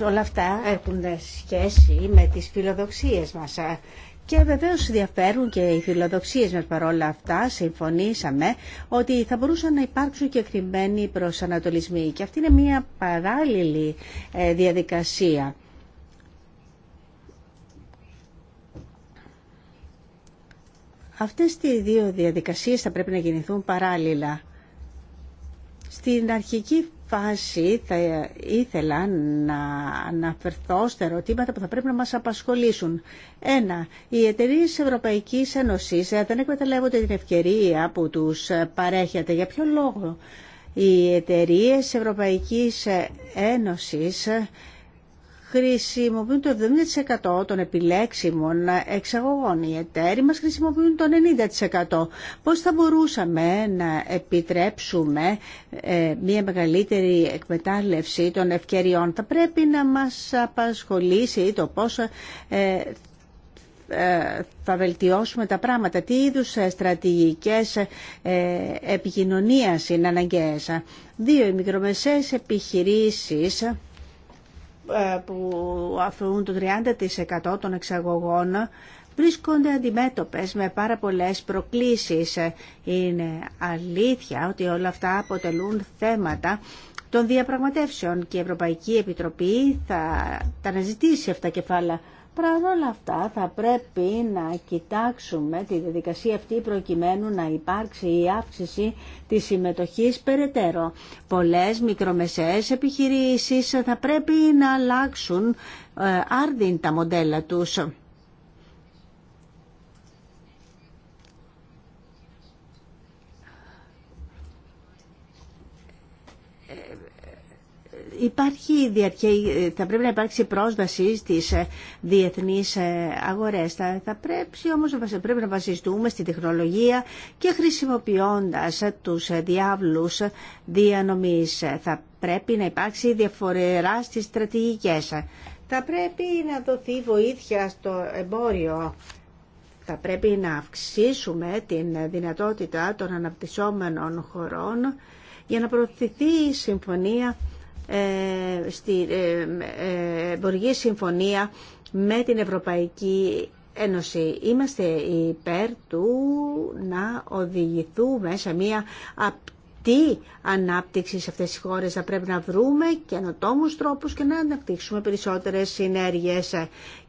ε, όλα αυτά έχουν σχέση με τις φιλοδοξίες μας. Ε, και βεβαίως διαφέρουν και οι φιλοδοξίες μας παρόλα αυτά. Συμφωνήσαμε ότι θα μπορούσαν να υπάρξουν και συγκεκριμένοι προσανατολισμοί. Και αυτή είναι μια παράλληλη διαδικασία. Αυτές οι δύο διαδικασίες θα πρέπει να γεννηθούν παράλληλα. Στην αρχική φάση θα ήθελα να αναφερθώ στα ερωτήματα που θα πρέπει να μας απασχολήσουν. Ένα, οι εταιρείε Ευρωπαϊκής Ένωσης ε, δεν εκμεταλλεύονται την ευκαιρία που τους παρέχεται. Για ποιο λόγο οι εταιρείε Ευρωπαϊκής Ένωσης χρησιμοποιούν το 70% των επιλέξιμων εξαγωγών. Οι εταίροι μας χρησιμοποιούν το 90%. Πώς θα μπορούσαμε να επιτρέψουμε ε, μια μεγαλύτερη εκμετάλλευση των ευκαιριών. Θα πρέπει να μας απασχολήσει το πώς ε, ε, θα βελτιώσουμε τα πράγματα. Τι είδους στρατηγικές επικοινωνίας είναι αναγκαίες. Δύο, οι μικρομεσαίες επιχειρήσεις ε, που αφορούν το 30% των εξαγωγών βρίσκονται αντιμέτωπες με πάρα πολλές προκλήσεις. Είναι αλήθεια ότι όλα αυτά αποτελούν θέματα των διαπραγματεύσεων και η Ευρωπαϊκή Επιτροπή θα τα αναζητήσει αυτά κεφάλαια Παρ' όλα αυτά θα πρέπει να κοιτάξουμε τη διαδικασία αυτή προκειμένου να υπάρξει η αύξηση της συμμετοχής περαιτέρω. Πολλές μικρομεσαίες επιχειρήσεις θα πρέπει να αλλάξουν ε, άρδιν τα μοντέλα τους. υπάρχει θα πρέπει να υπάρξει πρόσβαση στις ε, διεθνείς ε, αγορές. Θα, πρέπει όμως πρέπει να βασιστούμε στη τεχνολογία και χρησιμοποιώντας τους ε, διάβλους διανομής. Θα πρέπει να υπάρξει διαφορερά στις στρατηγικές. Θα πρέπει να δοθεί βοήθεια στο εμπόριο θα πρέπει να αυξήσουμε την δυνατότητα των αναπτυσσόμενων χωρών για να προωθηθεί η συμφωνία ε, στη ε, ε, εμπορική συμφωνία με την Ευρωπαϊκή Ένωση. Είμαστε υπέρ του να οδηγηθούμε σε μια απτή ανάπτυξη σε αυτές τις χώρες. Θα πρέπει να βρούμε καινοτόμους τρόπους και να αναπτύξουμε περισσότερες συνέργειες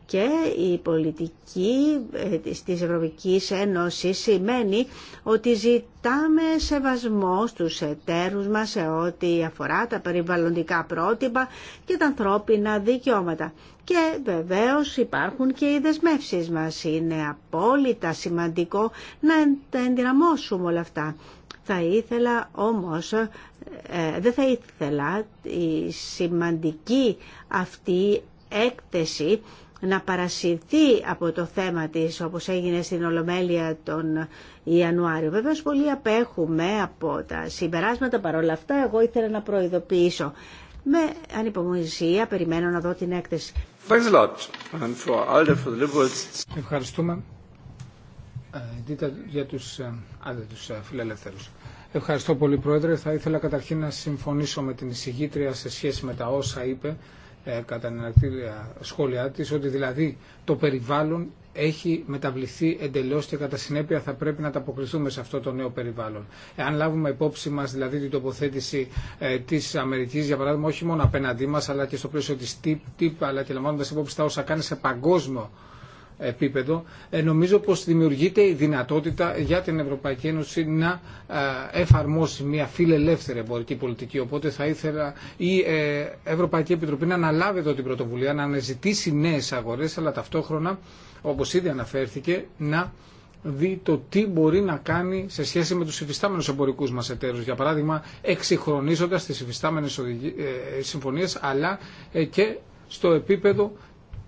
και η πολιτική ε, της Ευρωπαϊκής Ένωσης σημαίνει ότι ζητάμε σεβασμό στους εταίρους μας σε ό,τι αφορά τα περιβαλλοντικά πρότυπα και τα ανθρώπινα δικαιώματα. Και βεβαίως υπάρχουν και οι δεσμεύσεις μας. Είναι απόλυτα σημαντικό να ενδυναμώσουμε όλα αυτά. Θα ήθελα όμως, ε, δεν θα ήθελα η σημαντική αυτή έκθεση να παρασυρθεί από το θέμα της όπως έγινε στην Ολομέλεια τον Ιανουάριο. Βέβαια πολύ απέχουμε από τα συμπεράσματα παρόλα αυτά εγώ ήθελα να προειδοποιήσω. Με ανυπομονησία περιμένω να δω την έκθεση. Ευχαριστούμε ε, για τους, ε, τους ε, φιλελεύθερους. Ευχαριστώ πολύ Πρόεδρε. Θα ήθελα καταρχήν να συμφωνήσω με την εισηγήτρια σε σχέση με τα όσα είπε ε, κατά την σχόλιά της ότι δηλαδή το περιβάλλον έχει μεταβληθεί εντελώς και κατά συνέπεια θα πρέπει να τα αποκριθούμε σε αυτό το νέο περιβάλλον. Εάν λάβουμε υπόψη μας δηλαδή την τοποθέτηση ε, της Αμερικής για παράδειγμα όχι μόνο απέναντί μας αλλά και στο πλαίσιο της TIP, αλλά και λαμβάνοντας υπόψη τα όσα κάνει σε παγκόσμιο επίπεδο, ε, νομίζω πως δημιουργείται η δυνατότητα για την Ευρωπαϊκή Ένωση να ε, εφαρμόσει μια φιλελεύθερη εμπορική πολιτική. Οπότε θα ήθελα η ε, Ευρωπαϊκή Επιτροπή να αναλάβει εδώ την πρωτοβουλία, να αναζητήσει νέες αγορές, αλλά ταυτόχρονα, όπως ήδη αναφέρθηκε, να δει το τι μπορεί να κάνει σε σχέση με τους υφιστάμενους εμπορικούς μας εταίρους. Για παράδειγμα, εξυγχρονίζοντας τις υφιστάμενες συμφωνίες, αλλά και στο επίπεδο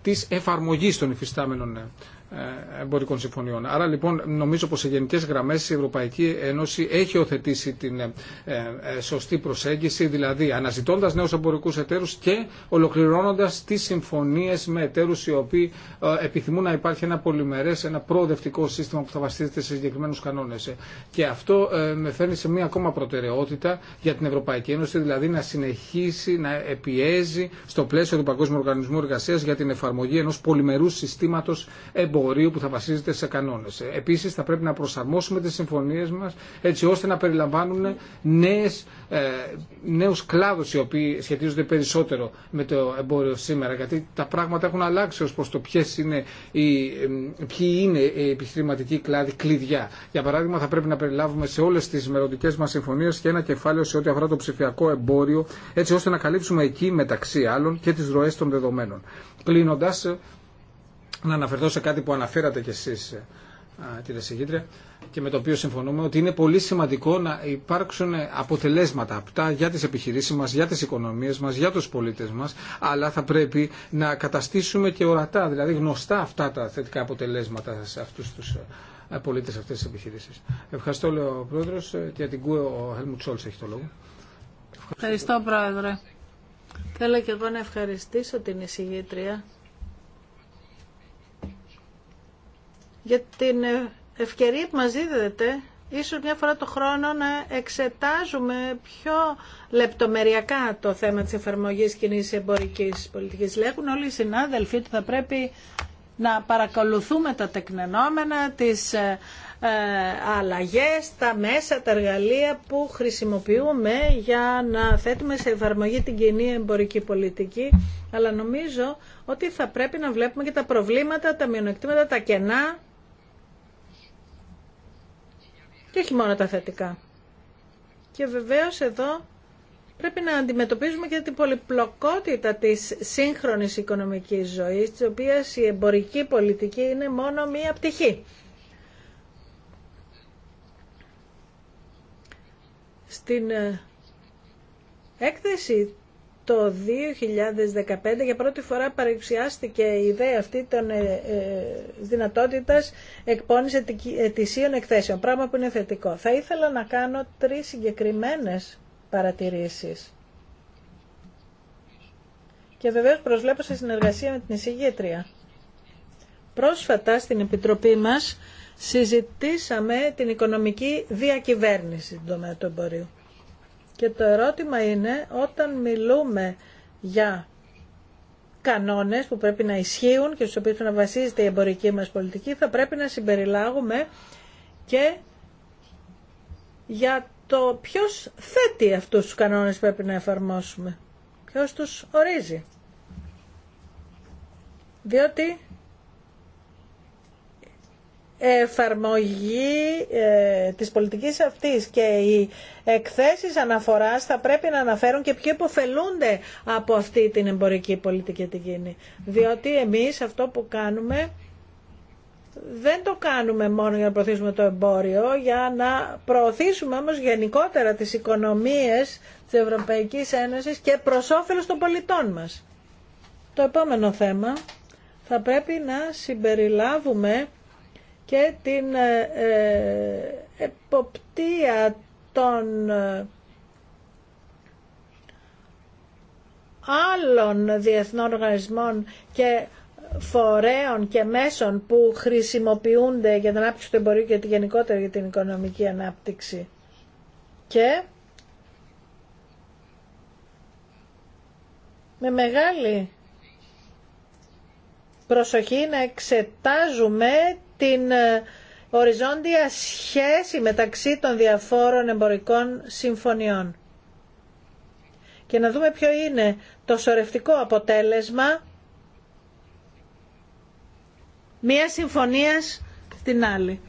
της εφαρμογής των υφιστάμενων ε, ε, εμπορικών συμφωνιών. Άρα λοιπόν νομίζω πως σε γενικές γραμμές η Ευρωπαϊκή Ένωση έχει οθετήσει την ε, ε, σωστή προσέγγιση, δηλαδή αναζητώντας νέους εμπορικούς εταίρους και ολοκληρώνοντας τις συμφωνίες με εταίρους οι οποίοι επιθυμούν να υπάρχει ένα πολυμερές, ένα προοδευτικό σύστημα που θα βασίζεται σε συγκεκριμένου κανόνες. Και αυτό με φέρνει σε μια ακόμα προτεραιότητα για την Ευρωπαϊκή Ένωση, δηλαδή να συνεχίσει να επιέζει στο πλαίσιο του Παγκόσμιου Οργανισμού Εργασίας για την εφαρμογή ενός πολυμερού συστήματος εμπορικών ορίο που θα βασίζεται σε κανόνε. Επίση, θα πρέπει να προσαρμόσουμε τι συμφωνίε μα έτσι ώστε να περιλαμβάνουν ε, νέου κλάδου οι οποίοι σχετίζονται περισσότερο με το εμπόριο σήμερα. Γιατί τα πράγματα έχουν αλλάξει ω προ το ποιες είναι οι, ποιοι είναι οι επιχειρηματικοί κλάδοι κλειδιά. Για παράδειγμα, θα πρέπει να περιλάβουμε σε όλε τι μελλοντικέ μα συμφωνίε και ένα κεφάλαιο σε ό,τι αφορά το ψηφιακό εμπόριο, έτσι ώστε να καλύψουμε εκεί μεταξύ άλλων και τι ροέ των δεδομένων. Κλείνοντα, να αναφερθώ σε κάτι που αναφέρατε κι εσείς ε, κύριε Συγήτρια και με το οποίο συμφωνούμε ότι είναι πολύ σημαντικό να υπάρξουν αποτελέσματα αυτά για τις επιχειρήσεις μας, για τις οικονομίες μας, για τους πολίτες μας αλλά θα πρέπει να καταστήσουμε και ορατά, δηλαδή γνωστά αυτά τα θετικά αποτελέσματα σε αυτούς τους ε, πολίτες αυτές τις επιχειρήσεις. Ευχαριστώ, λέει ο Πρόεδρος ε, και την ο Helmut Scholz έχει το λόγο. Ευχαριστώ, Πρόεδρε. Θέλω και εγώ να ευχαριστήσω την εισηγήτρια για την ευκαιρία που μας δίδεται ίσως μια φορά το χρόνο να εξετάζουμε πιο λεπτομεριακά το θέμα της εφαρμογής κοινή εμπορικής πολιτικής. Λέγουν όλοι οι συνάδελφοι ότι θα πρέπει να παρακολουθούμε τα τεκνενόμενα, τις ε, ε, αλλαγές, τα μέσα, τα εργαλεία που χρησιμοποιούμε για να θέτουμε σε εφαρμογή την κοινή εμπορική πολιτική. Αλλά νομίζω ότι θα πρέπει να βλέπουμε και τα προβλήματα, τα μειονεκτήματα, τα κενά και όχι μόνο τα θετικά. Και βεβαίως εδώ πρέπει να αντιμετωπίζουμε και την πολυπλοκότητα της σύγχρονης οικονομικής ζωής, της οποίας η εμπορική πολιτική είναι μόνο μία πτυχή. Στην ε, έκθεση το 2015 για πρώτη φορά παρουσιάστηκε η ιδέα αυτή των ε, ε δυνατότητας εκπόνηση ετησίων εκθέσεων, πράγμα που είναι θετικό. Θα ήθελα να κάνω τρεις συγκεκριμένες παρατηρήσεις. Και βεβαίως προσβλέπω σε συνεργασία με την εισηγήτρια. Πρόσφατα στην Επιτροπή μας συζητήσαμε την οικονομική διακυβέρνηση του τομέα του εμπορίου. Και το ερώτημα είναι όταν μιλούμε για κανόνες που πρέπει να ισχύουν και στους οποίους να βασίζεται η εμπορική μας πολιτική θα πρέπει να συμπεριλάγουμε και για το ποιος θέτει αυτούς τους κανόνες που πρέπει να εφαρμόσουμε. Ποιος τους ορίζει. Διότι εφαρμογή ε, της πολιτικής αυτής και οι εκθέσεις αναφοράς θα πρέπει να αναφέρουν και ποιοι υποφελούνται από αυτή την εμπορική πολιτική την κίνη. Διότι εμείς αυτό που κάνουμε δεν το κάνουμε μόνο για να προωθήσουμε το εμπόριο, για να προωθήσουμε όμως γενικότερα τις οικονομίες της Ευρωπαϊκής Ένωσης και προς όφελος των πολιτών μας. Το επόμενο θέμα θα πρέπει να συμπεριλάβουμε και την ε, ε, εποπτεία των ε, άλλων διεθνών οργανισμών και φορέων και μέσων που χρησιμοποιούνται για την ανάπτυξη του εμπορίου και γενικότερα για την οικονομική ανάπτυξη. Και με μεγάλη προσοχή να εξετάζουμε την ε, οριζόντια σχέση μεταξύ των διαφόρων εμπορικών συμφωνιών και να δούμε ποιο είναι το σορευτικό αποτέλεσμα μία συμφωνίας στην άλλη.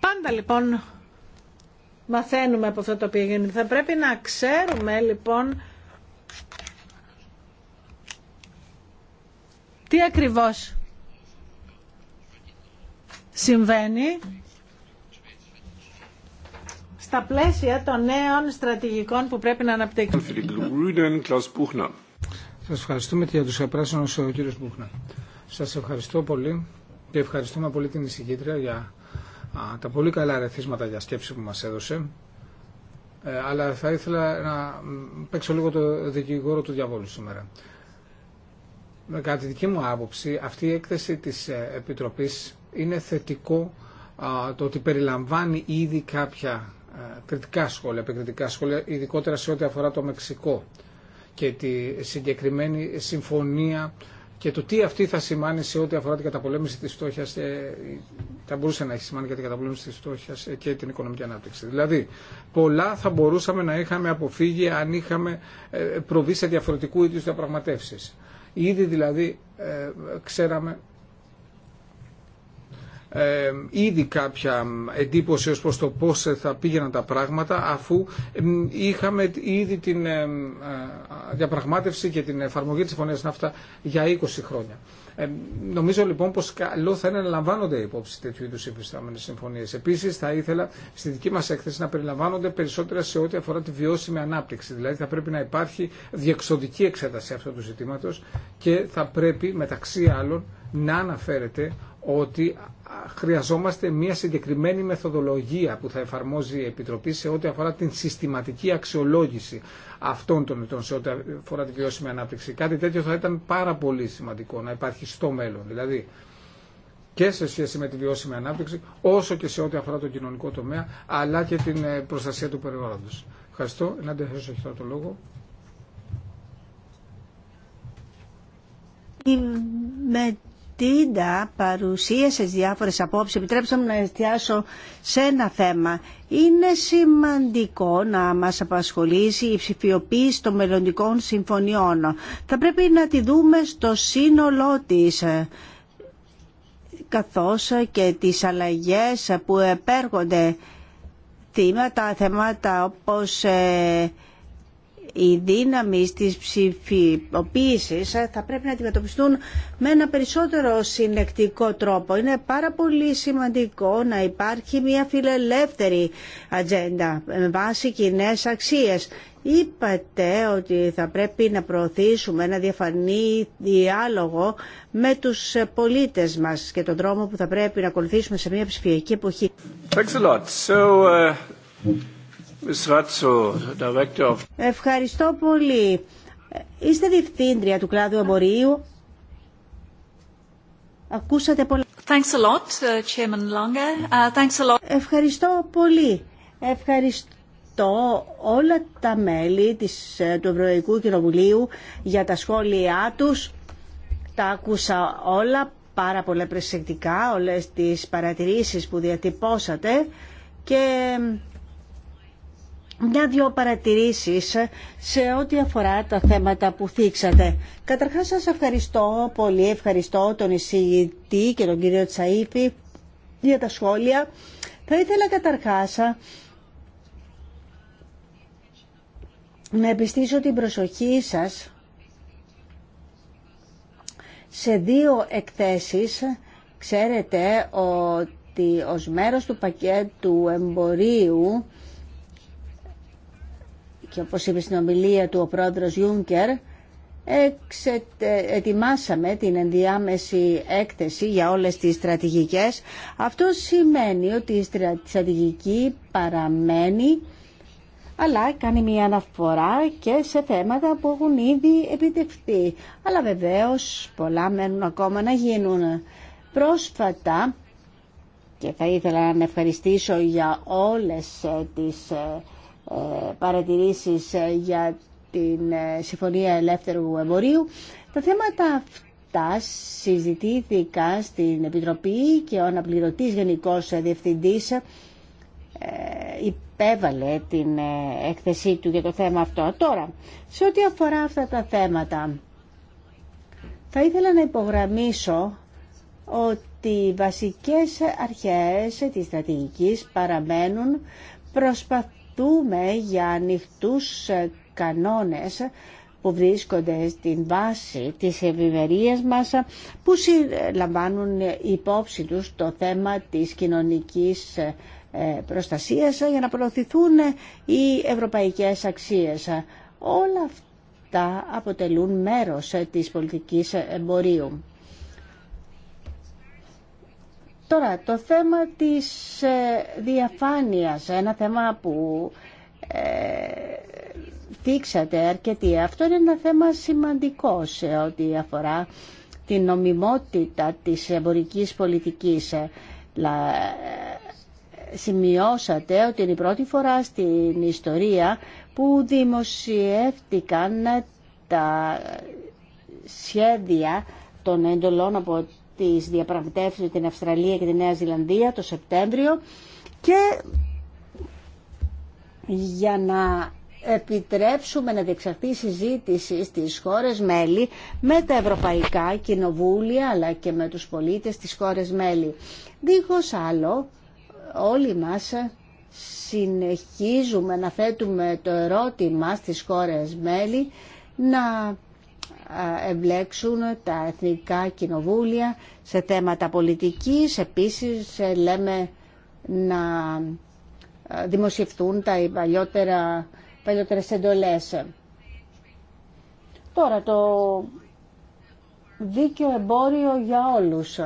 Πάντα λοιπόν μαθαίνουμε από αυτό το οποίο γίνεται. Θα πρέπει να ξέρουμε λοιπόν Τι ακριβώς συμβαίνει στα πλαίσια των νέων στρατηγικών που πρέπει να αναπτύξουν. Σας ευχαριστούμε και για τους απράσινους ο κύριος Μπούχνα. Σας ευχαριστώ πολύ και ευχαριστούμε πολύ την εισηγήτρια για τα πολύ καλά ρεθίσματα για σκέψη που μας έδωσε. Ε, αλλά θα ήθελα να παίξω λίγο το δικηγόρο του διαβόλου σήμερα κατά τη δική μου άποψη αυτή η έκθεση της ε, Επιτροπής είναι θετικό το ότι περιλαμβάνει ήδη κάποια ε, κριτικά σχόλια, επικριτικά σχόλια, ειδικότερα σε ό,τι αφορά το Μεξικό και τη συγκεκριμένη συμφωνία και το τι αυτή θα σημάνει σε ό,τι αφορά την καταπολέμηση της φτώχεια, ε, θα μπορούσε να έχει σημάνει την καταπολέμηση της φτώχειας και την οικονομική ανάπτυξη. Δηλαδή, πολλά θα μπορούσαμε να είχαμε αποφύγει αν είχαμε προβεί σε διαφορετικού είδους διαπραγματεύσεις. Ήδη δηλαδή ε, ξέραμε ε, ήδη κάποια εντύπωση ως προς το πώς θα πήγαιναν τα πράγματα αφού είχαμε ήδη την ε, ε, διαπραγμάτευση και την εφαρμογή της Συμφωνίας Ναύτα για 20 χρόνια. Ε, νομίζω λοιπόν πως καλό θα είναι να λαμβάνονται υπόψη τέτοιου είδου υφιστάμενε συμφωνίες. Επίσης θα ήθελα στη δική μας έκθεση να περιλαμβάνονται περισσότερα σε ό,τι αφορά τη βιώσιμη ανάπτυξη. Δηλαδή θα πρέπει να υπάρχει διεξοδική εξέταση αυτού του ζητήματος και θα πρέπει μεταξύ άλλων να αναφέρεται ότι χρειαζόμαστε μια συγκεκριμένη μεθοδολογία που θα εφαρμόζει η Επιτροπή σε ό,τι αφορά την συστηματική αξιολόγηση αυτών των ετών σε ό,τι αφορά τη βιώσιμη ανάπτυξη. Κάτι τέτοιο θα ήταν πάρα πολύ σημαντικό να υπάρχει στο μέλλον. Δηλαδή και σε σχέση με τη βιώσιμη ανάπτυξη, όσο και σε ό,τι αφορά το κοινωνικό τομέα, αλλά και την ε, προστασία του περιβάλλοντος. Ευχαριστώ. το λόγο παρουσίασε διάφορες απόψεις. Επιτρέψτε μου να εστιάσω σε ένα θέμα. Είναι σημαντικό να μας απασχολήσει η ψηφιοποίηση των μελλοντικών συμφωνιών. Θα πρέπει να τη δούμε στο σύνολό της καθώς και τις αλλαγές που επέρχονται, θύματα, θέματα όπως ε, οι δύναμη της ψηφιοποίηση θα πρέπει να αντιμετωπιστούν με ένα περισσότερο συνεκτικό τρόπο. Είναι πάρα πολύ σημαντικό να υπάρχει μια φιλελεύθερη ατζέντα με βάση κοινέ αξίες. Είπατε ότι θα πρέπει να προωθήσουμε ένα διαφανή διάλογο με τους πολίτες μας και τον δρόμο που θα πρέπει να ακολουθήσουμε σε μια ψηφιακή εποχή. Uh, Ευχαριστώ πολύ. Είστε διευθύντρια του κλάδου εμπορίου. Ακούσατε πολλά. Thanks a lot, uh, Chairman Lange. Uh, thanks a lot. Ευχαριστώ πολύ. Ευχαριστώ όλα τα μέλη της, ε, του Ευρωπαϊκού Κοινοβουλίου για τα σχόλιά τους. Τα ακούσα όλα πάρα πολύ προσεκτικά, όλες τις παρατηρήσεις που διατυπώσατε και μια-δυο παρατηρήσεις σε ό,τι αφορά τα θέματα που θίξατε. Καταρχάς σας ευχαριστώ πολύ, ευχαριστώ τον εισηγητή και τον κύριο Τσαΐφη για τα σχόλια. Θα ήθελα καταρχάς να επιστήσω την προσοχή σας σε δύο εκθέσεις. Ξέρετε ότι ως μέρος του πακέτου εμπορίου και όπως είπε στην ομιλία του ο πρόεδρος Γιούνκερ, ετοιμάσαμε την ενδιάμεση έκθεση για όλες τις στρατηγικές. Αυτό σημαίνει ότι η στρατηγική παραμένει αλλά κάνει μια αναφορά και σε θέματα που έχουν ήδη επιτευχθεί. Αλλά βεβαίως πολλά μένουν ακόμα να γίνουν. Πρόσφατα, και θα ήθελα να ευχαριστήσω για όλες ε, τις ε, ε, παρατηρήσεις ε, για την ε, Συμφωνία Ελεύθερου Εμπορίου. Τα θέματα αυτά συζητήθηκαν στην Επιτροπή και ο αναπληρωτής Γενικός Διευθυντής υπέβαλε την έκθεσή του για το θέμα αυτό. Τώρα, σε ό,τι αφορά αυτά τα θέματα, θα ήθελα να υπογραμμίσω ότι οι βασικές αρχές της στρατηγικής παραμένουν προσπαθούν Ευχαριστούμε για ανοιχτού κανόνες που βρίσκονται στην βάση της ευημερίας μας που συλλαμβάνουν υπόψη τους το θέμα της κοινωνικής ε, προστασίας για να προωθηθούν οι ευρωπαϊκές αξίες. Όλα αυτά αποτελούν μέρος ε, της πολιτικής εμπορίου. Τώρα, το θέμα της ε, διαφάνειας, ένα θέμα που δείξατε αρκετή. Αυτό είναι ένα θέμα σημαντικό σε ό,τι αφορά την νομιμότητα της εμπορικής πολιτικής. Ε, σημειώσατε ότι είναι η πρώτη φορά στην ιστορία που δημοσιεύτηκαν τα σχέδια των εντολών από τις διαπραγματεύσεις με την Αυστραλία και τη Νέα Ζηλανδία το Σεπτέμβριο και για να επιτρέψουμε να διεξαχθεί συζήτηση στις χώρες μέλη με τα ευρωπαϊκά κοινοβούλια αλλά και με τους πολίτες της χώρες μέλη. Δίχως άλλο, όλοι μας συνεχίζουμε να θέτουμε το ερώτημα στις χώρες μέλη να εμπλέξουν τα εθνικά κοινοβούλια σε θέματα πολιτικής. Επίσης ε, λέμε να ε, δημοσιευτούν τα παλιότερα, παλιότερες εντολές. Τώρα το δίκαιο εμπόριο για όλους.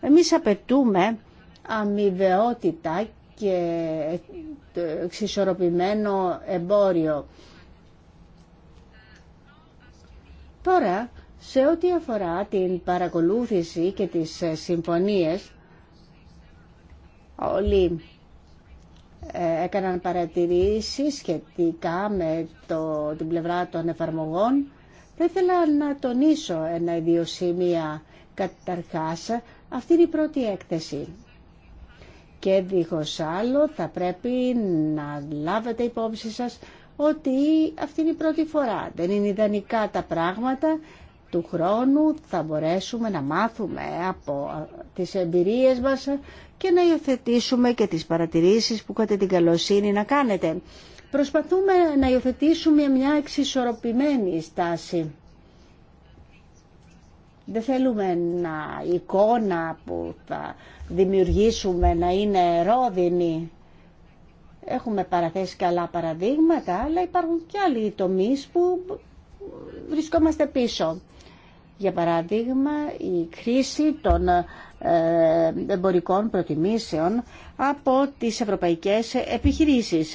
Εμείς απαιτούμε αμοιβαιότητα και ε, εξισορροπημένο εμπόριο. Τώρα, σε ό,τι αφορά την παρακολούθηση και τις ε, συμφωνίες, όλοι ε, έκαναν παρατηρήσεις σχετικά με το, την πλευρά των εφαρμογών. Θα ήθελα να τονίσω ένα ή δύο σημεία. Καταρχάς, αυτή είναι η πρώτη έκθεση. Και δίχως άλλο θα πρέπει να λάβετε υπόψη σας ότι αυτή είναι η πρώτη φορά. Δεν είναι ιδανικά τα πράγματα του χρόνου θα μπορέσουμε να μάθουμε από τις εμπειρίες μας και να υιοθετήσουμε και τις παρατηρήσεις που έχετε την καλοσύνη να κάνετε. Προσπαθούμε να υιοθετήσουμε μια εξισορροπημένη στάση δεν θέλουμε να εικόνα που θα δημιουργήσουμε να είναι ρόδινη. Έχουμε παραθέσει καλά παραδείγματα, αλλά υπάρχουν και άλλοι τομεί που βρισκόμαστε πίσω. Για παράδειγμα, η κρίση των ε, εμπορικών προτιμήσεων από τις ευρωπαϊκές επιχειρήσεις.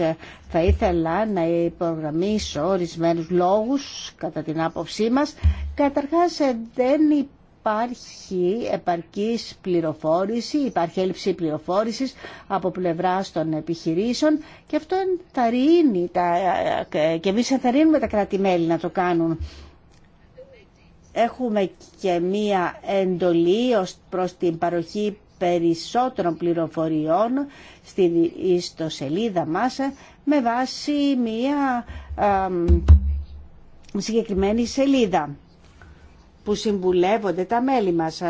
Θα ήθελα να υπογραμμίσω ορισμένους λόγους κατά την άποψή μας. Καταρχάς ε, δεν υπάρχει επαρκής πληροφόρηση, υπάρχει έλλειψη πληροφόρησης από πλευράς των επιχειρήσεων και αυτό ενθαρρύνει τα, ε, και εμείς ενθαρρύνουμε τα κράτη-μέλη να το κάνουν έχουμε και μία εντολή ως προς την παροχή περισσότερων πληροφοριών στην ιστοσελίδα μας με βάση μία συγκεκριμένη σελίδα που συμβουλεύονται τα μέλη μας.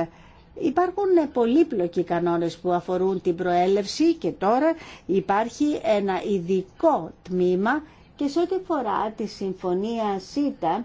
Υπάρχουν πολύπλοκοι κανόνες που αφορούν την προέλευση και τώρα υπάρχει ένα ειδικό τμήμα και σε ό,τι φορά τη Συμφωνία ΣΥΤΑ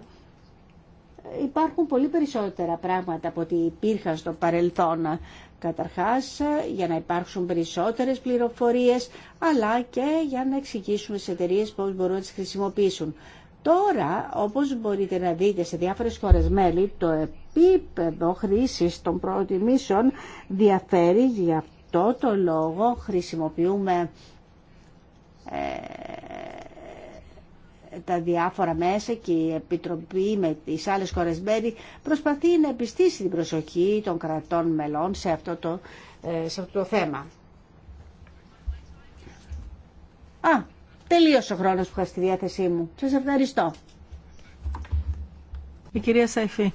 υπάρχουν πολύ περισσότερα πράγματα από ό,τι υπήρχαν στο παρελθόν. Καταρχάς για να υπάρξουν περισσότερες πληροφορίες αλλά και για να εξηγήσουμε στις εταιρείε πώς μπορούν να τις χρησιμοποιήσουν. Τώρα, όπως μπορείτε να δείτε σε διάφορες χώρες μέλη, το επίπεδο χρήσης των προτιμήσεων διαφέρει. Γι' αυτό το λόγο χρησιμοποιούμε ε, τα διάφορα μέσα και η Επιτροπή με τις άλλες χώρες μέρη προσπαθεί να επιστήσει την προσοχή των κρατών μελών σε αυτό το, ε, σε αυτό το θέμα. Α, τελείωσε ο χρόνος που είχα στη διάθεσή μου. Σας ευχαριστώ. Η κυρία Σαϊφή.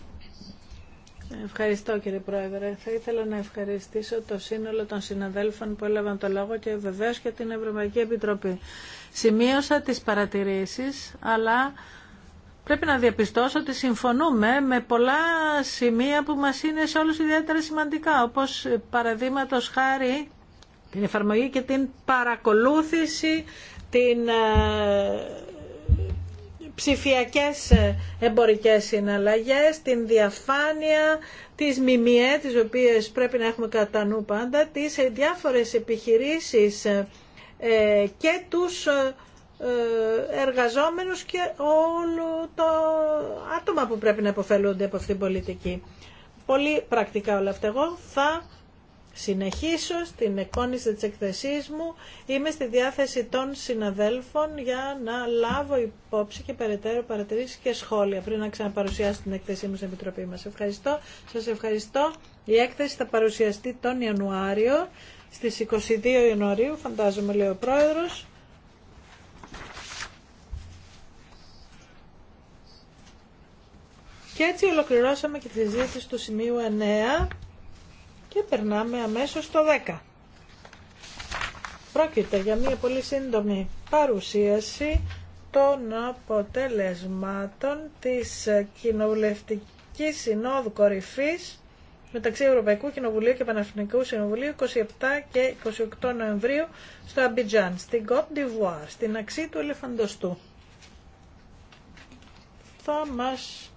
Ευχαριστώ κύριε Πρόεδρε. Θα ήθελα να ευχαριστήσω το σύνολο των συναδέλφων που έλαβαν το λόγο και βεβαίως και την Ευρωπαϊκή Επιτροπή. Σημείωσα τις παρατηρήσεις, αλλά πρέπει να διαπιστώσω ότι συμφωνούμε με πολλά σημεία που μας είναι σε όλους ιδιαίτερα σημαντικά, όπως παραδείγματο χάρη την εφαρμογή και την παρακολούθηση, την ε, ψηφιακές ε, εμπορικές συναλλαγές, την διαφάνεια, τις μιμιέ, τις οποίες πρέπει να έχουμε κατά νου πάντα, τις ε, διάφορες επιχειρήσεις ε, και τους ε, ε, εργαζόμενους και όλο το άτομα που πρέπει να υποφελούνται από αυτήν την πολιτική. Πολύ πρακτικά όλα αυτά. Εγώ θα συνεχίσω στην εκπόνηση της εκθεσής μου. Είμαι στη διάθεση των συναδέλφων για να λάβω υπόψη και περαιτέρω παρατηρήσεις και σχόλια πριν να ξαναπαρουσιάσω την εκθεσή μου στην Επιτροπή μας. Ευχαριστώ. Σας ευχαριστώ. Η έκθεση θα παρουσιαστεί τον Ιανουάριο στις 22 Ιανουαρίου, φαντάζομαι λέει ο Πρόεδρος. Και έτσι ολοκληρώσαμε και τη συζήτηση του σημείου 9 και περνάμε αμέσως στο 10. Πρόκειται για μια πολύ σύντομη παρουσίαση των αποτελεσμάτων της Κοινοβουλευτικής Συνόδου Κορυφής μεταξύ Ευρωπαϊκού Κοινοβουλίου και Παναθηνικού Συνοβουλίου 27 και 28 Νοεμβρίου στο Αμπιτζάν, στην Côte d'Ivoire, στην αξία του Ελεφαντοστού. Θα μας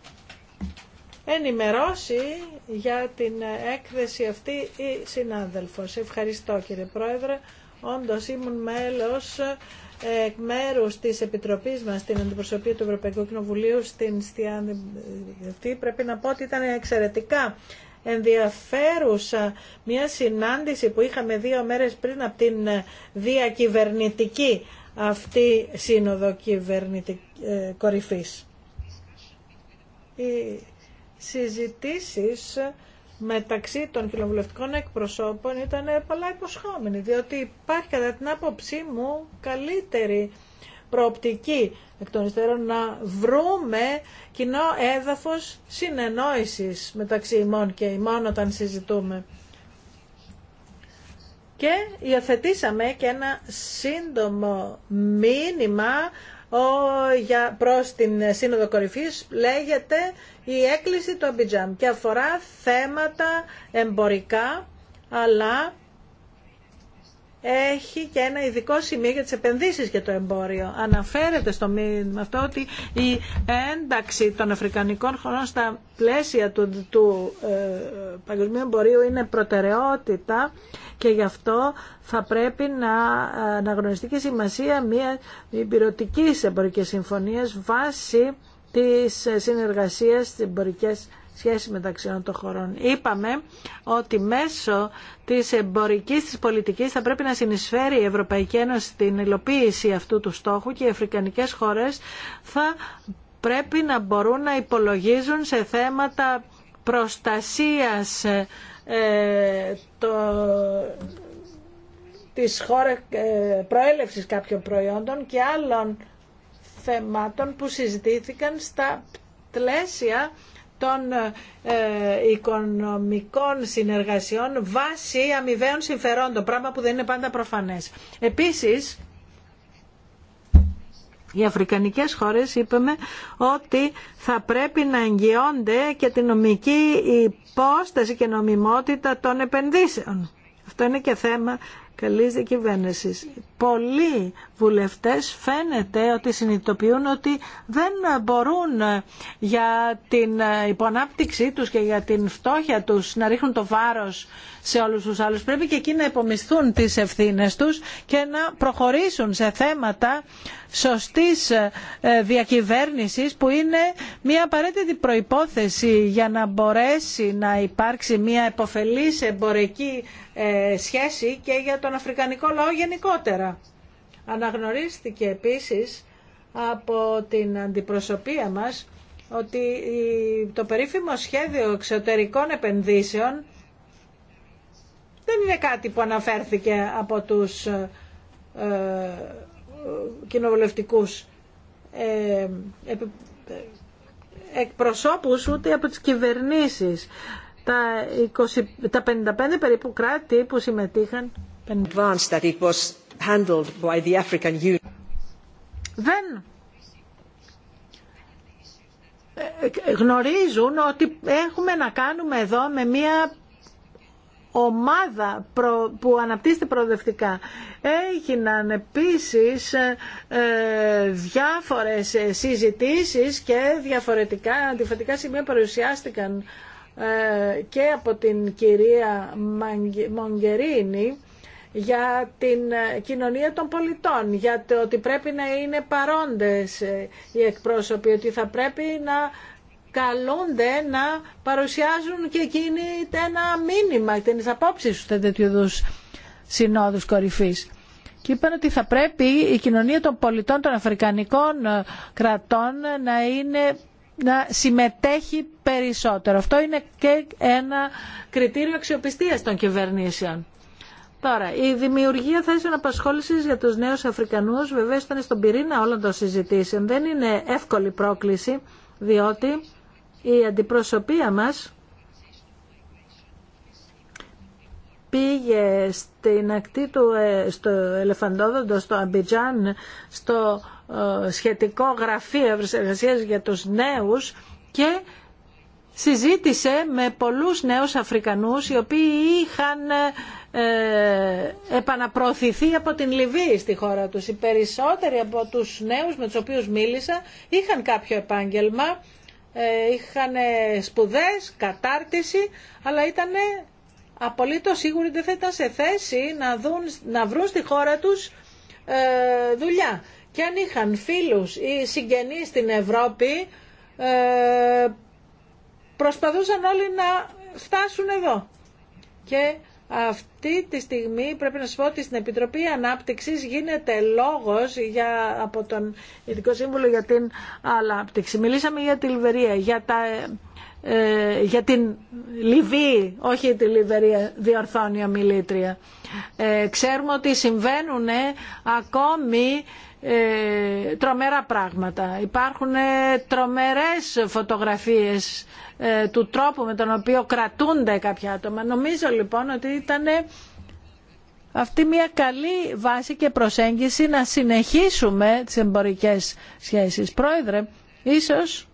ενημερώσει για την έκθεση αυτή η συνάδελφος. Ευχαριστώ κύριε Πρόεδρε. Όντως ήμουν μέλος ε, εκ μέρου τη Επιτροπή μα στην Αντιπροσωπεία του Ευρωπαϊκού Κοινοβουλίου στην Στιάνδη. Πρέπει να πω ότι ήταν εξαιρετικά ενδιαφέρουσα μια συνάντηση που είχαμε δύο μέρες πριν από την διακυβερνητική αυτή σύνοδο κυβερνητική, ε, κορυφής. Οι συζητήσεις μεταξύ των κοινοβουλευτικών εκπροσώπων ήταν πολλά υποσχόμενοι, διότι υπάρχει κατά την άποψή μου καλύτερη προοπτική εκ των υστέρων να βρούμε κοινό έδαφος συνεννόησης μεταξύ ημών και ημών όταν συζητούμε. Και υιοθετήσαμε και ένα σύντομο μήνυμα για, προς την Σύνοδο Κορυφής λέγεται η έκκληση του Αμπιτζάμ και αφορά θέματα εμπορικά αλλά έχει και ένα ειδικό σημείο για τις επενδύσεις και το εμπόριο. Αναφέρεται στο μήνυμα αυτό ότι η ένταξη των αφρικανικών χωρών στα πλαίσια του, του ε, παγκοσμίου εμπορίου είναι προτεραιότητα και γι' αυτό θα πρέπει να αναγνωριστεί και σημασία μια υπηρετική εμπορική συμφωνία βάσει της συνεργασίας στις εμπορικές σχέση μεταξύ των χωρών. Είπαμε ότι μέσω της εμπορικής της πολιτικής θα πρέπει να συνεισφέρει η Ευρωπαϊκή Ένωση στην υλοποίηση αυτού του στόχου και οι αφρικανικές χώρες θα πρέπει να μπορούν να υπολογίζουν σε θέματα προστασίας ε, το, της ε, προέλευσης κάποιων προϊόντων και άλλων θεμάτων που συζητήθηκαν στα πλαίσια των ε, οικονομικών συνεργασιών βάσει αμοιβαίων συμφερόντων, πράγμα που δεν είναι πάντα προφανές. Επίσης, οι αφρικανικές χώρες είπαμε ότι θα πρέπει να εγγυώνται και την νομική υπόσταση και νομιμότητα των επενδύσεων. Αυτό είναι και θέμα καλής διακυβέρνησης. Πολύ βουλευτές φαίνεται ότι συνειδητοποιούν ότι δεν μπορούν για την υπονάπτυξη τους και για την φτώχεια τους να ρίχνουν το βάρος σε όλους τους άλλους. Πρέπει και εκεί να υπομισθούν τις ευθύνες τους και να προχωρήσουν σε θέματα σωστής ε, διακυβέρνησης που είναι μια απαραίτητη προϋπόθεση για να μπορέσει να υπάρξει μια εποφελής εμπορική ε, σχέση και για τον αφρικανικό λαό γενικότερα. Αναγνωρίστηκε επίσης από την αντιπροσωπεία μας ότι το περίφημο σχέδιο εξωτερικών επενδύσεων δεν είναι κάτι που αναφέρθηκε από τους ε, ε κοινοβουλευτικούς ε, ε, εκπροσώπους ούτε από τις κυβερνήσεις. Τα, 20, τα 55 περίπου κράτη που συμμετείχαν handled by Δεν γνωρίζουν ότι έχουμε να κάνουμε εδώ με μια ομάδα που αναπτύσσεται προοδευτικά. Έγιναν επίσης ε, διάφορες συζητήσεις και διαφορετικά αντιφατικά σημεία παρουσιάστηκαν ε, και από την κυρία Μογκερίνη για την ε, κοινωνία των πολιτών, για το ότι πρέπει να είναι παρόντες ε, οι εκπρόσωποι, ότι θα πρέπει να καλούνται να παρουσιάζουν και εκείνοι ένα μήνυμα την απόψη του τέτοιου είδου συνόδου κορυφή. Και είπαν ότι θα πρέπει η κοινωνία των πολιτών των Αφρικανικών ε, κρατών να, είναι, να συμμετέχει περισσότερο. Αυτό είναι και ένα κριτήριο αξιοπιστίας των κυβερνήσεων. Τώρα, η δημιουργία θέσεων απασχόληση για του νέου Αφρικανού βεβαίω ήταν στον πυρήνα όλων των συζητήσεων. Δεν είναι εύκολη πρόκληση, διότι η αντιπροσωπεία μα πήγε στην ακτή του, ε, στο Ελεφαντόδοντο, στο Αμπιτζάν, στο ε, σχετικό γραφείο Εργασία για τους νέους και συζήτησε με πολλούς νέους Αφρικανούς οι οποίοι είχαν ε, ε, επαναπροωθηθεί από την Λιβύη στη χώρα τους. Οι περισσότεροι από τους νέους με τους οποίους μίλησα είχαν κάποιο επάγγελμα, ε, είχαν σπουδές, κατάρτιση, αλλά ήταν απολύτως σίγουροι ότι δεν θα ήταν σε θέση να, δουν, να βρουν στη χώρα τους ε, δουλειά. Και αν είχαν φίλους ή συγγενείς στην Ευρώπη, προσπαθούσαν όλοι να φτάσουν εδώ. Και αυτή τη στιγμή πρέπει να σας πω ότι στην Επιτροπή Ανάπτυξης γίνεται λόγος για, από τον Ειδικό Σύμβουλο για την Ανάπτυξη. Μιλήσαμε για τη Λιβερία, για τα ε, για την Λιβύη, όχι τη Λιβερία, διορθώνει ομιλήτρια. Ε, ξέρουμε ότι συμβαίνουν ακόμη ε, τρομερά πράγματα. Υπάρχουν τρομερές φωτογραφίες του τρόπου με τον οποίο κρατούνται κάποια άτομα. Νομίζω λοιπόν ότι ήταν αυτή μια καλή βάση και προσέγγιση να συνεχίσουμε τις εμπορικές σχέσεις. Πρόεδρε, ίσως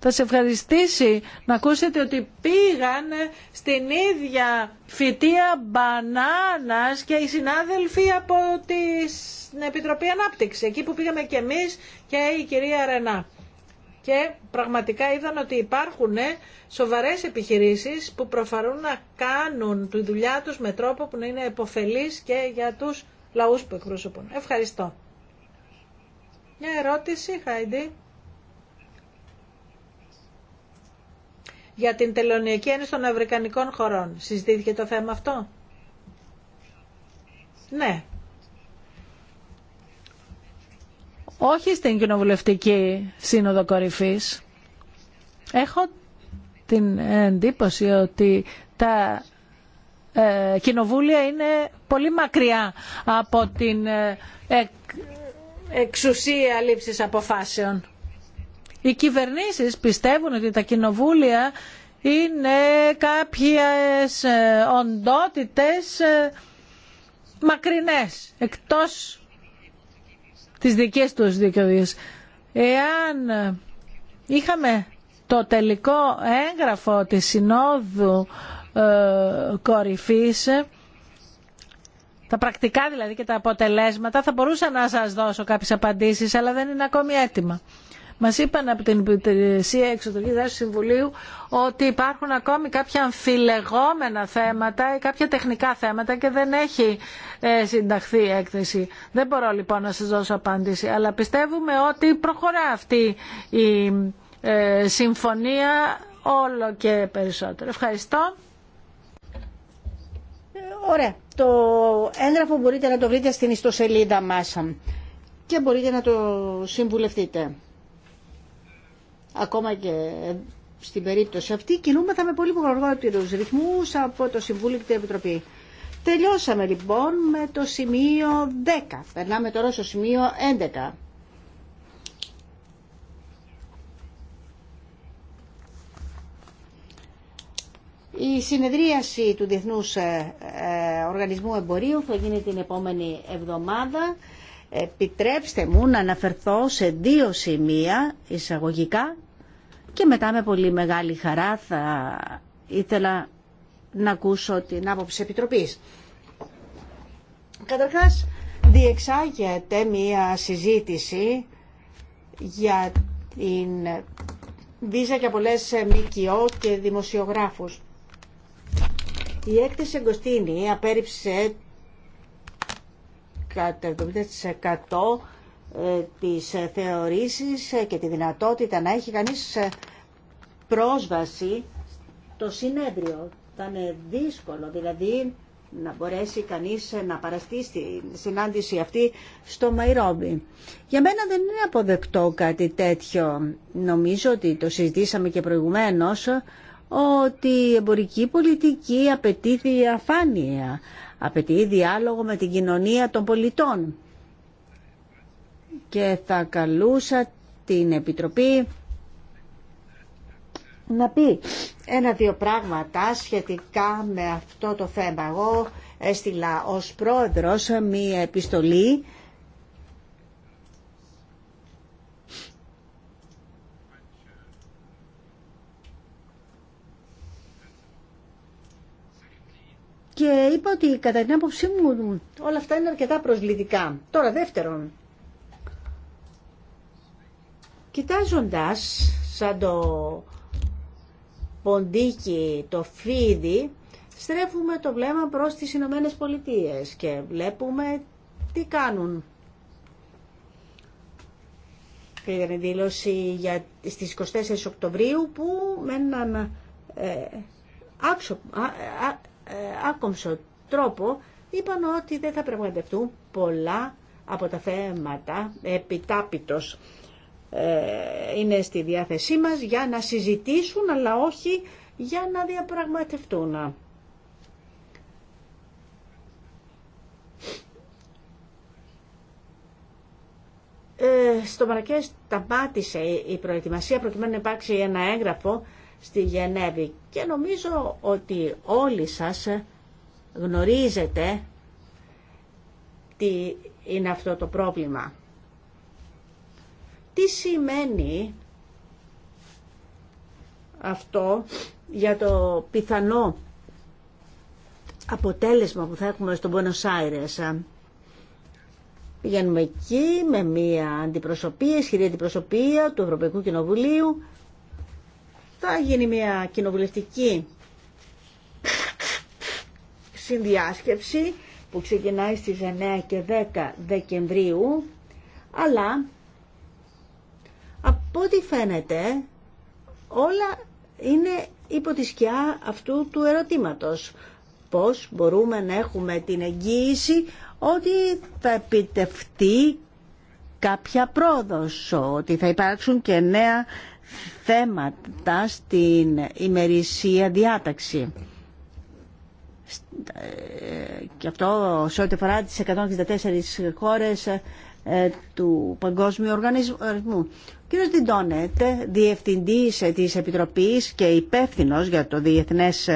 θα σε ευχαριστήσει να ακούσετε ότι πήγαν στην ίδια φυτεία μπανάνας και οι συνάδελφοι από την Επιτροπή Ανάπτυξη, εκεί που πήγαμε και εμείς και η κυρία Ρενά. Και πραγματικά είδαν ότι υπάρχουν σοβαρές επιχειρήσεις που προφαρούν να κάνουν τη δουλειά τους με τρόπο που να είναι επωφελής και για τους λαούς που εκπροσωπούν. Ευχαριστώ. Μια ερώτηση, Χάιντι. για την Τελωνιακή Ένωση των Αφρικανικών χωρών. Συζητήθηκε το θέμα αυτό. Ναι. Όχι στην Κοινοβουλευτική Σύνοδο Κορυφής. Έχω την εντύπωση ότι τα ε, κοινοβούλια είναι πολύ μακριά από την ε, εξουσία λήψης αποφάσεων. Οι κυβερνήσεις πιστεύουν ότι τα κοινοβούλια είναι κάποιες ε, οντότητες ε, μακρινές, εκτός της δικής τους δικαιοδίας. Εάν είχαμε το τελικό έγγραφο της Συνόδου ε, Κορυφής, ε, τα πρακτικά δηλαδή και τα αποτελέσματα, θα μπορούσα να σας δώσω κάποιες απαντήσεις, αλλά δεν είναι ακόμη έτοιμα. Μας είπαν από την Υπηρεσία Εξωτερικής Δράσης Συμβουλίου ότι υπάρχουν ακόμη κάποια αμφιλεγόμενα θέματα ή κάποια τεχνικά θέματα και δεν έχει ε, συνταχθεί η έκθεση. Δεν μπορώ λοιπόν να σας δώσω απάντηση, αλλά πιστεύουμε ότι προχωρά αυτή η ε, συμφωνία όλο και περισσότερο. Ευχαριστώ. Ωραία. Το έγγραφο μπορείτε να το βρείτε στην ιστοσελίδα μας και μπορείτε να το συμβουλευτείτε ακόμα και στην περίπτωση αυτή κινούμεθα με πολύ γοργότερου ρυθμού από το Συμβούλιο και την Επιτροπή. Τελειώσαμε λοιπόν με το σημείο 10. Περνάμε τώρα στο σημείο 11. Η συνεδρίαση του Διεθνούς ε, ε, Οργανισμού Εμπορίου θα γίνει την επόμενη εβδομάδα. Επιτρέψτε μου να αναφερθώ σε δύο σημεία εισαγωγικά και μετά με πολύ μεγάλη χαρά θα ήθελα να ακούσω την άποψη της Επιτροπής. Καταρχάς, διεξάγεται μία συζήτηση για την Βίζα και πολλέ ΜΚΟ και δημοσιογράφους. Η έκθεση Εγκοστίνη απέριψε το 70% ε, τις ε, θεωρήσεις ε, και τη δυνατότητα να έχει κανείς πρόσβαση στο συνέδριο. Ήταν δύσκολο, δηλαδή να μπορέσει κανείς να παραστεί στη συνάντηση αυτή στο Μαϊρόμπι. Για μένα δεν είναι αποδεκτό κάτι τέτοιο. Νομίζω ότι το συζητήσαμε και προηγουμένως ότι η εμπορική πολιτική απαιτεί διαφάνεια, απαιτεί διάλογο με την κοινωνία των πολιτών. Και θα καλούσα την Επιτροπή να πει ένα-δύο πράγματα σχετικά με αυτό το θέμα. Εγώ έστειλα ως πρόεδρος μία επιστολή και είπα ότι κατά την άποψή μου όλα αυτά είναι αρκετά προσβλητικά. Τώρα δεύτερον, κοιτάζοντας σαν το ποντίκι, το φίδι, στρέφουμε το βλέμμα προς τις Ηνωμένε Πολιτείε και βλέπουμε τι κάνουν. Πήγανε δήλωση για, στις 24 Οκτωβρίου που με έναν ε, ε ε, άκομψο τρόπο είπαν ότι δεν θα πραγματευτούν πολλά από τα θέματα επιτάπητος ε, είναι στη διάθεσή μας για να συζητήσουν αλλά όχι για να διαπραγματευτούν. Ε, στο Μαρακέ σταμάτησε η προετοιμασία προκειμένου να υπάρξει ένα έγγραφο στη Γενέβη και νομίζω ότι όλοι σας γνωρίζετε τι είναι αυτό το πρόβλημα. Τι σημαίνει αυτό για το πιθανό αποτέλεσμα που θα έχουμε στον Buenos Aires. Πηγαίνουμε εκεί με μια αντιπροσωπεία, ισχυρή αντιπροσωπεία του Ευρωπαϊκού Κοινοβουλίου θα γίνει μια κοινοβουλευτική συνδιάσκεψη που ξεκινάει στις 9 και 10 Δεκεμβρίου, αλλά από ό,τι φαίνεται όλα είναι υπό τη σκιά αυτού του ερωτήματος. Πώς μπορούμε να έχουμε την εγγύηση ότι θα επιτευχθεί κάποια πρόοδος, ότι θα υπάρξουν και νέα θέματα στην ημερησία διάταξη. Και αυτό σε ό,τι αφορά τις 164 χώρες ε, του Παγκόσμιου Οργανισμού. Ο κ. Διντόνετ, διευθυντής της Επιτροπής και υπεύθυνο για το Διεθνές,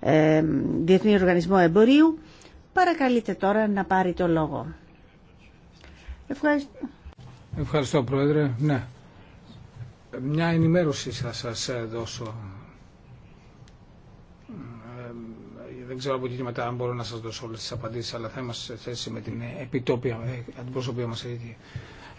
ε, Διεθνή Οργανισμό Εμπορίου, παρακαλείται τώρα να πάρει το λόγο. Ευχαριστώ. Ευχαριστώ, Πρόεδρε. Ναι μια ενημέρωση θα σας ε, δώσω. Ε, δεν ξέρω από εκεί και μετά αν μπορώ να σας δώσω όλες τις απαντήσεις, αλλά θα είμαστε σε θέση με την επιτόπια, ε, αντιπροσωπεία μας εκεί.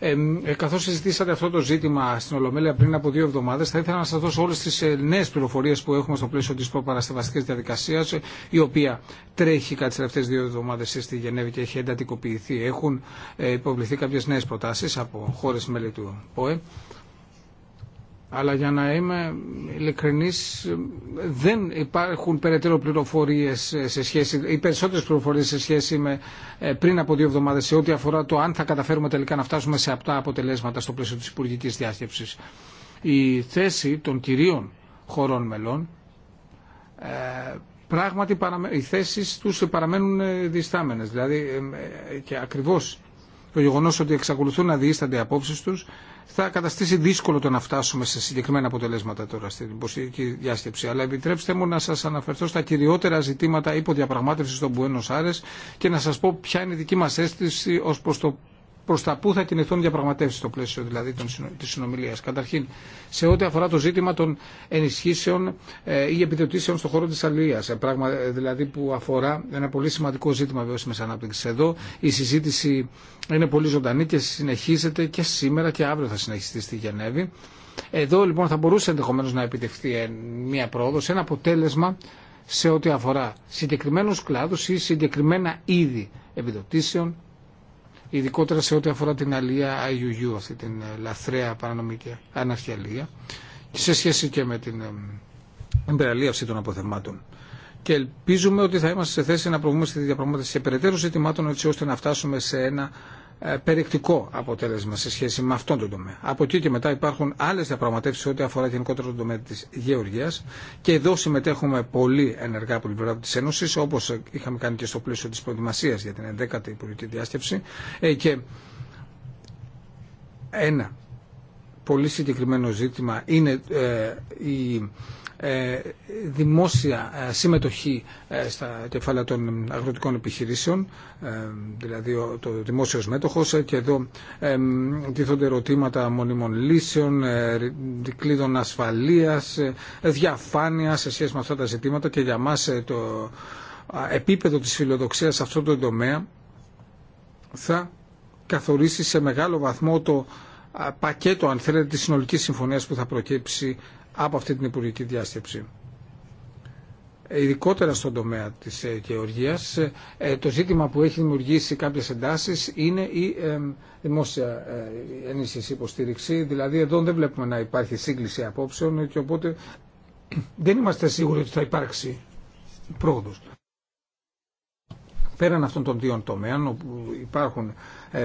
Ε, καθώς συζητήσατε αυτό το ζήτημα στην Ολομέλεια πριν από δύο εβδομάδες, θα ήθελα να σας δώσω όλες τις νέες πληροφορίες που έχουμε στο πλαίσιο της προπαραστευαστικής διαδικασίας, η οποία τρέχει κατά τι τελευταίες δύο εβδομάδες στη Γενέβη και έχει εντατικοποιηθεί. Έχουν υποβληθεί κάποιες νέε προτάσει από χώρε μέλη του ΠΟΕ. Αλλά για να είμαι ειλικρινής, δεν υπάρχουν περαιτέρω πληροφορίες σε σχέση, ή περισσότερες πληροφορίες σε σχέση με ε, πριν από δύο εβδομάδες σε ό,τι αφορά το αν θα καταφέρουμε τελικά να φτάσουμε σε αυτά αποτελέσματα στο πλαίσιο της υπουργικής διάσκεψης. Η θέση των κυρίων χωρών μελών ε, πράγματι οι θέσεις τους παραμένουν ε, διστάμενες. Δηλαδή και ακριβώς το γεγονό ότι εξακολουθούν να διείστανται απόψει τους θα καταστήσει δύσκολο το να φτάσουμε σε συγκεκριμένα αποτελέσματα τώρα στην υποστηρική διάσκεψη. Αλλά επιτρέψτε μου να σας αναφερθώ στα κυριότερα ζητήματα υποδιαπραγμάτευση των Buenos Aires και να σας πω ποια είναι η δική μα αίσθηση ως προς το προ τα πού θα κινηθούν διαπραγματεύσει στο πλαίσιο δηλαδή τη συνομιλία. Καταρχήν, σε ό,τι αφορά το ζήτημα των ενισχύσεων ε, ή επιδοτήσεων στον χώρο τη αλληλεία, ε, πράγμα ε, δηλαδή που αφορά ένα πολύ σημαντικό ζήτημα βιώσιμη ανάπτυξη. Εδώ η συζήτηση είναι πολύ ζωντανή και συνεχίζεται και σήμερα και αύριο θα συνεχιστεί στη Γενέβη. Εδώ λοιπόν θα μπορούσε ενδεχομένω να επιτευχθεί μια πρόοδο, ένα αποτέλεσμα σε ό,τι αφορά συγκεκριμένους κλάδους ή συγκεκριμένα είδη αφορα συγκεκριμένου κλαδου η συγκεκριμενα ειδη επιδοτησεων ειδικότερα σε ό,τι αφορά την αλία IUU, αυτή την ε, λαθρέα παρανομική αναρχιαλία, και σε σχέση και με την εμπεραλίαυση των αποθεμάτων. Και ελπίζουμε ότι θα είμαστε σε θέση να προβούμε στη διαπραγμάτευση περαιτέρω ζητημάτων, έτσι ώστε να φτάσουμε σε ένα ε, περιεκτικό αποτέλεσμα σε σχέση με αυτόν τον τομέα. Από εκεί και μετά υπάρχουν άλλε διαπραγματεύσει ό,τι αφορά γενικότερα τον τομέα τη γεωργία και εδώ συμμετέχουμε πολύ ενεργά από την πλευρά τη Ένωση, όπω είχαμε κάνει και στο πλαίσιο τη προετοιμασία για την 11η Υπουργική Διάσκεψη. Ε, και ένα πολύ συγκεκριμένο ζήτημα είναι ε, η ε, δημόσια ε, συμμετοχή ε, στα κεφάλαια των αγροτικών επιχειρήσεων, δηλαδή το δημόσιο μέτοχος και εδώ τίθονται ερωτήματα μονίμων λύσεων, δικλείδων ασφαλείας, διαφάνεια σε σχέση με αυτά τα ζητήματα και για μας το επίπεδο της φιλοδοξίας σε αυτό το τομέα θα καθορίσει σε μεγάλο βαθμό το πακέτο, αν θέλετε, της συνολικής συμφωνίας που θα προκύψει από αυτή την υπουργική διάσκεψη. Ε, ειδικότερα στον τομέα της ε, γεωργίας, ε, το ζήτημα που έχει δημιουργήσει κάποιες εντάσεις είναι η δημόσια ενίσχυση υποστήριξη. Δηλαδή εδώ δεν βλέπουμε να υπάρχει σύγκληση απόψεων και οπότε δεν είμαστε σίγουροι ότι θα υπάρξει πρόοδος. Πέραν αυτών των δύο τομέων, όπου υπάρχουν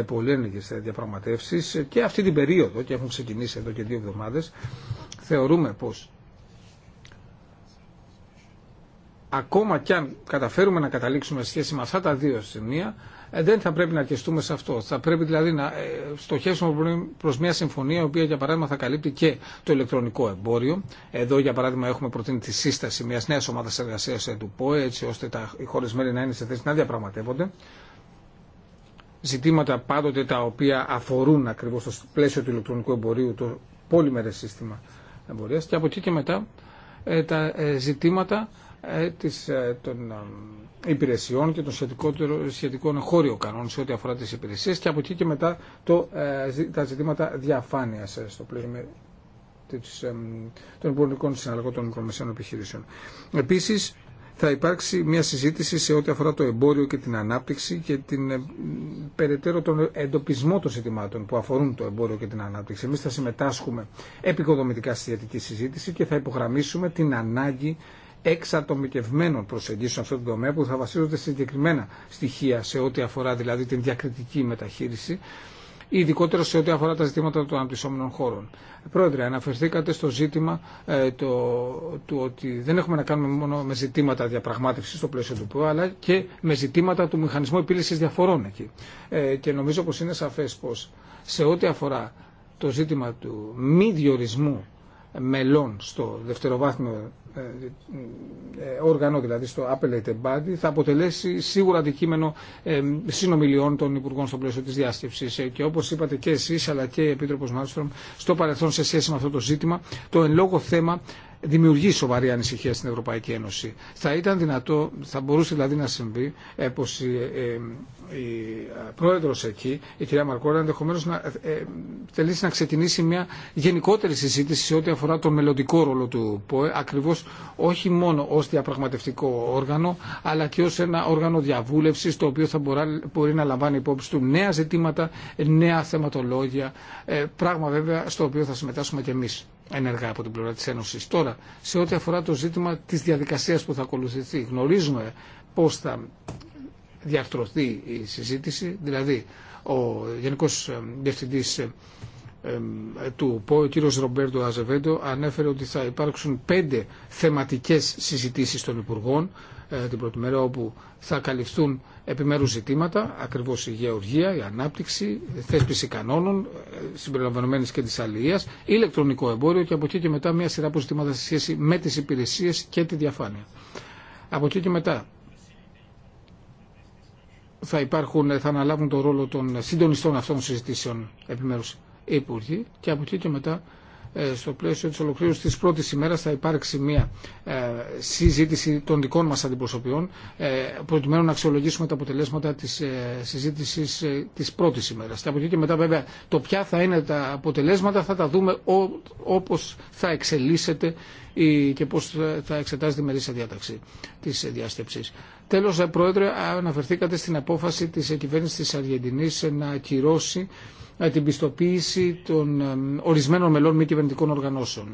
πολλές διαπραγματεύσει και αυτή την περίοδο, και έχουν ξεκινήσει εδώ και δύο εβδομάδε, θεωρούμε πως ακόμα κι αν καταφέρουμε να καταλήξουμε σχέση με αυτά τα δύο σημεία, ε, δεν θα πρέπει να αρκεστούμε σε αυτό. Θα πρέπει δηλαδή να ε, στοχεύσουμε προ μια συμφωνία, η οποία για παράδειγμα θα καλύπτει και το ηλεκτρονικό εμπόριο. Εδώ για παράδειγμα έχουμε προτείνει τη σύσταση μια νέα ομάδα εργασία ε, του ΠΟΕ, έτσι ώστε τα, οι χώρε μέλη να είναι σε θέση να διαπραγματεύονται. Ζητήματα πάντοτε τα οποία αφορούν ακριβώ στο πλαίσιο του ηλεκτρονικού εμπορίου το πολυμερέ σύστημα εμπορίας και από εκεί και μετά ε, τα ε, ζητήματα ε, της, των υπηρεσιών και των σχετικών χώριων κανόνων σε ό,τι αφορά τις υπηρεσίες και από εκεί και μετά το, τα ζητήματα διαφάνειας στο πλήρη των υπολογικών συναλλαγών των μικρομεσαίων επιχειρήσεων. Επίσης, θα υπάρξει μια συζήτηση σε ό,τι αφορά το εμπόριο και την ανάπτυξη και την ε, περαιτέρω τον εντοπισμό των ζητημάτων που αφορούν το εμπόριο και την ανάπτυξη. Εμεί θα συμμετάσχουμε επικοδομητικά στη σχετική συζήτηση και θα υπογραμμίσουμε την ανάγκη εξατομικευμένων προσεγγίσεων σε αυτόν τον τομέα που θα βασίζονται σε συγκεκριμένα στοιχεία σε ό,τι αφορά δηλαδή την διακριτική μεταχείριση ειδικότερα σε ό,τι αφορά τα ζητήματα των αναπτυσσόμενων χώρων. Πρόεδρε, αναφερθήκατε στο ζήτημα ε, το, του ότι δεν έχουμε να κάνουμε μόνο με ζητήματα διαπραγμάτευση στο πλαίσιο του ΠΟΕ, αλλά και με ζητήματα του μηχανισμού επίλυση διαφορών εκεί. Ε, και νομίζω πω είναι σαφέ πω σε ό,τι αφορά το ζήτημα του μη διορισμού μελών στο δευτεροβάθμιο ε, ε, όργανο, δηλαδή στο Appellate Body, θα αποτελέσει σίγουρα αντικείμενο ε, συνομιλιών των Υπουργών στο πλαίσιο της διάσκεψης. Και όπως είπατε και εσείς αλλά και η Επίτροπος Μάλστρομ στο παρελθόν σε σχέση με αυτό το ζήτημα, το εν λόγω θέμα δημιουργεί σοβαρή ανησυχία στην Ευρωπαϊκή Ένωση. Θα ήταν δυνατό, θα μπορούσε δηλαδή να συμβεί, ε, ε, η, ε, πρόεδρος εκεί, η κυρία Μαρκόρα, ενδεχομένω να ε, ε, θελήσει να ξεκινήσει μια γενικότερη συζήτηση σε ό,τι αφορά τον μελλοντικό ρόλο του ΠΟΕ, ακριβώς όχι μόνο ως διαπραγματευτικό όργανο, αλλά και ως ένα όργανο διαβούλευσης, το οποίο θα μπορεί, μπορεί να λαμβάνει υπόψη του νέα ζητήματα, νέα θεματολόγια, ε, πράγμα βέβαια στο οποίο θα συμμετάσχουμε και εμείς ενεργά από την πλευρά της Ένωσης. Τώρα, σε ό,τι αφορά το ζήτημα της διαδικασίας που θα ακολουθηθεί, γνωρίζουμε πώς θα διαρθρωθεί η συζήτηση, δηλαδή ο Γενικός Διευθυντής του ΟΠΟ, ο κύριος Ρομπέρτο Αζεβέντο ανέφερε ότι θα υπάρξουν πέντε θεματικές συζητήσεις των Υπουργών ε, την πρώτη μέρα όπου θα καλυφθούν επιμέρους ζητήματα, ακριβώς η γεωργία, η ανάπτυξη, η θέσπιση κανόνων, ε, συμπεριλαμβανομένης και της αλληλείας, ηλεκτρονικό εμπόριο και από εκεί και μετά μια σειρά από σε σχέση με τις υπηρεσίες και τη διαφάνεια. Από εκεί και μετά θα, υπάρχουν, θα αναλάβουν τον ρόλο των συντονιστών αυτών συζητήσεων επιμέρους υπουργοί και από εκεί και μετά ε, στο πλαίσιο της ολοκλήρωσης της πρώτης ημέρα, θα υπάρξει μια ε, συζήτηση των δικών μας αντιπροσωπιών ε, προκειμένου να αξιολογήσουμε τα αποτελέσματα της συζήτησης της πρώτης ημέρας. Και από εκεί και μετά βέβαια το ποια θα είναι τα αποτελέσματα θα τα δούμε όπω όπως θα εξελίσσεται και πώς θα εξετάζεται η μερίσια διάταξη της διαστέψης. Τέλος, Πρόεδρε, αναφερθήκατε στην απόφαση της κυβέρνησης της Αργεντινής να ακυρώσει ε, την πιστοποίηση των ε, ορισμένων μελών μη κυβερνητικών οργανώσεων.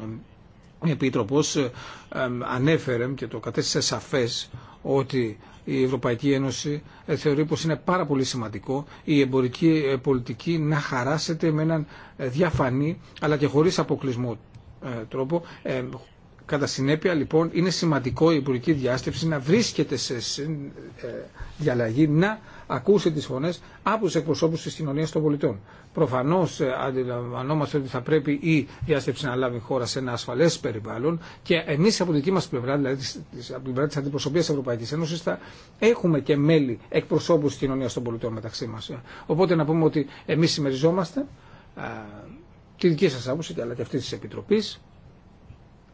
Ο Επίτροπος ε, ανέφερε και το κατέστησε σαφές ότι η Ευρωπαϊκή Ένωση θεωρεί πως είναι πάρα πολύ σημαντικό η εμπορική πολιτική να χαράσεται με έναν διαφανή αλλά και χωρίς αποκλεισμό τρόπο Κατά συνέπεια λοιπόν είναι σημαντικό η Υπουργική Διάστευση να βρίσκεται σε ε, διαλλαγή, να ακούσει τις φωνές από τους εκπροσώπους της κοινωνίας των πολιτών. Προφανώς ε, αντιλαμβανόμαστε ότι θα πρέπει η διάστευση να λάβει χώρα σε ένα ασφαλές περιβάλλον και εμείς από την δική μας πλευρά, δηλαδή από την πλευρά της αντιπροσωπείας της Ευρωπαϊκής Ένωσης, θα έχουμε και μέλη εκπροσώπους της κοινωνίας των πολιτών μεταξύ μας. Ε, οπότε να πούμε ότι εμείς συμμεριζόμαστε τη δική σας άποψη αλλά και αυτή της Επιτροπής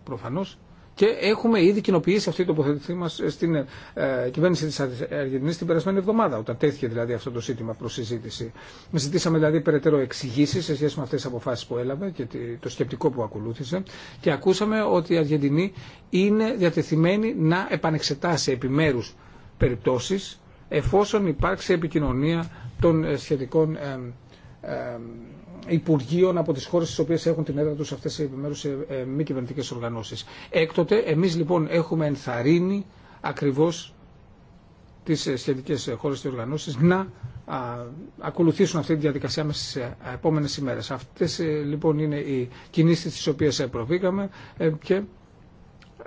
Προφανώ. και έχουμε ήδη κοινοποιήσει αυτή την τοποθέτησή μα ε, στην ε, κυβέρνηση τη Αργεντινή την περασμένη εβδομάδα, όταν τέθηκε δηλαδή αυτό το ζήτημα προ συζήτηση. Ζητήσαμε δηλαδή περαιτέρω εξηγήσει σε σχέση με αυτέ τι αποφάσει που έλαβε και το σκεπτικό που ακολούθησε και ακούσαμε ότι η Αργεντινή είναι διατεθειμένη να επανεξετάσει επιμέρου περιπτώσει εφόσον υπάρξει επικοινωνία των ε, σχετικών ε, ε, Υπουργείων από τις χώρες στις οποίες έχουν την έδρα τους αυτές οι ε, ε, μη κυβερνητικέ οργανώσεις. Έκτοτε, εμείς λοιπόν έχουμε ενθαρρύνει ακριβώς τις ε, σχετικές ε, χώρε και οργανώσεις να ακολουθήσουν αυτή τη διαδικασία μέσα στις επόμενες ημέρες. Αυτές λοιπόν είναι οι κίνησει τις οποίες προβήκαμε και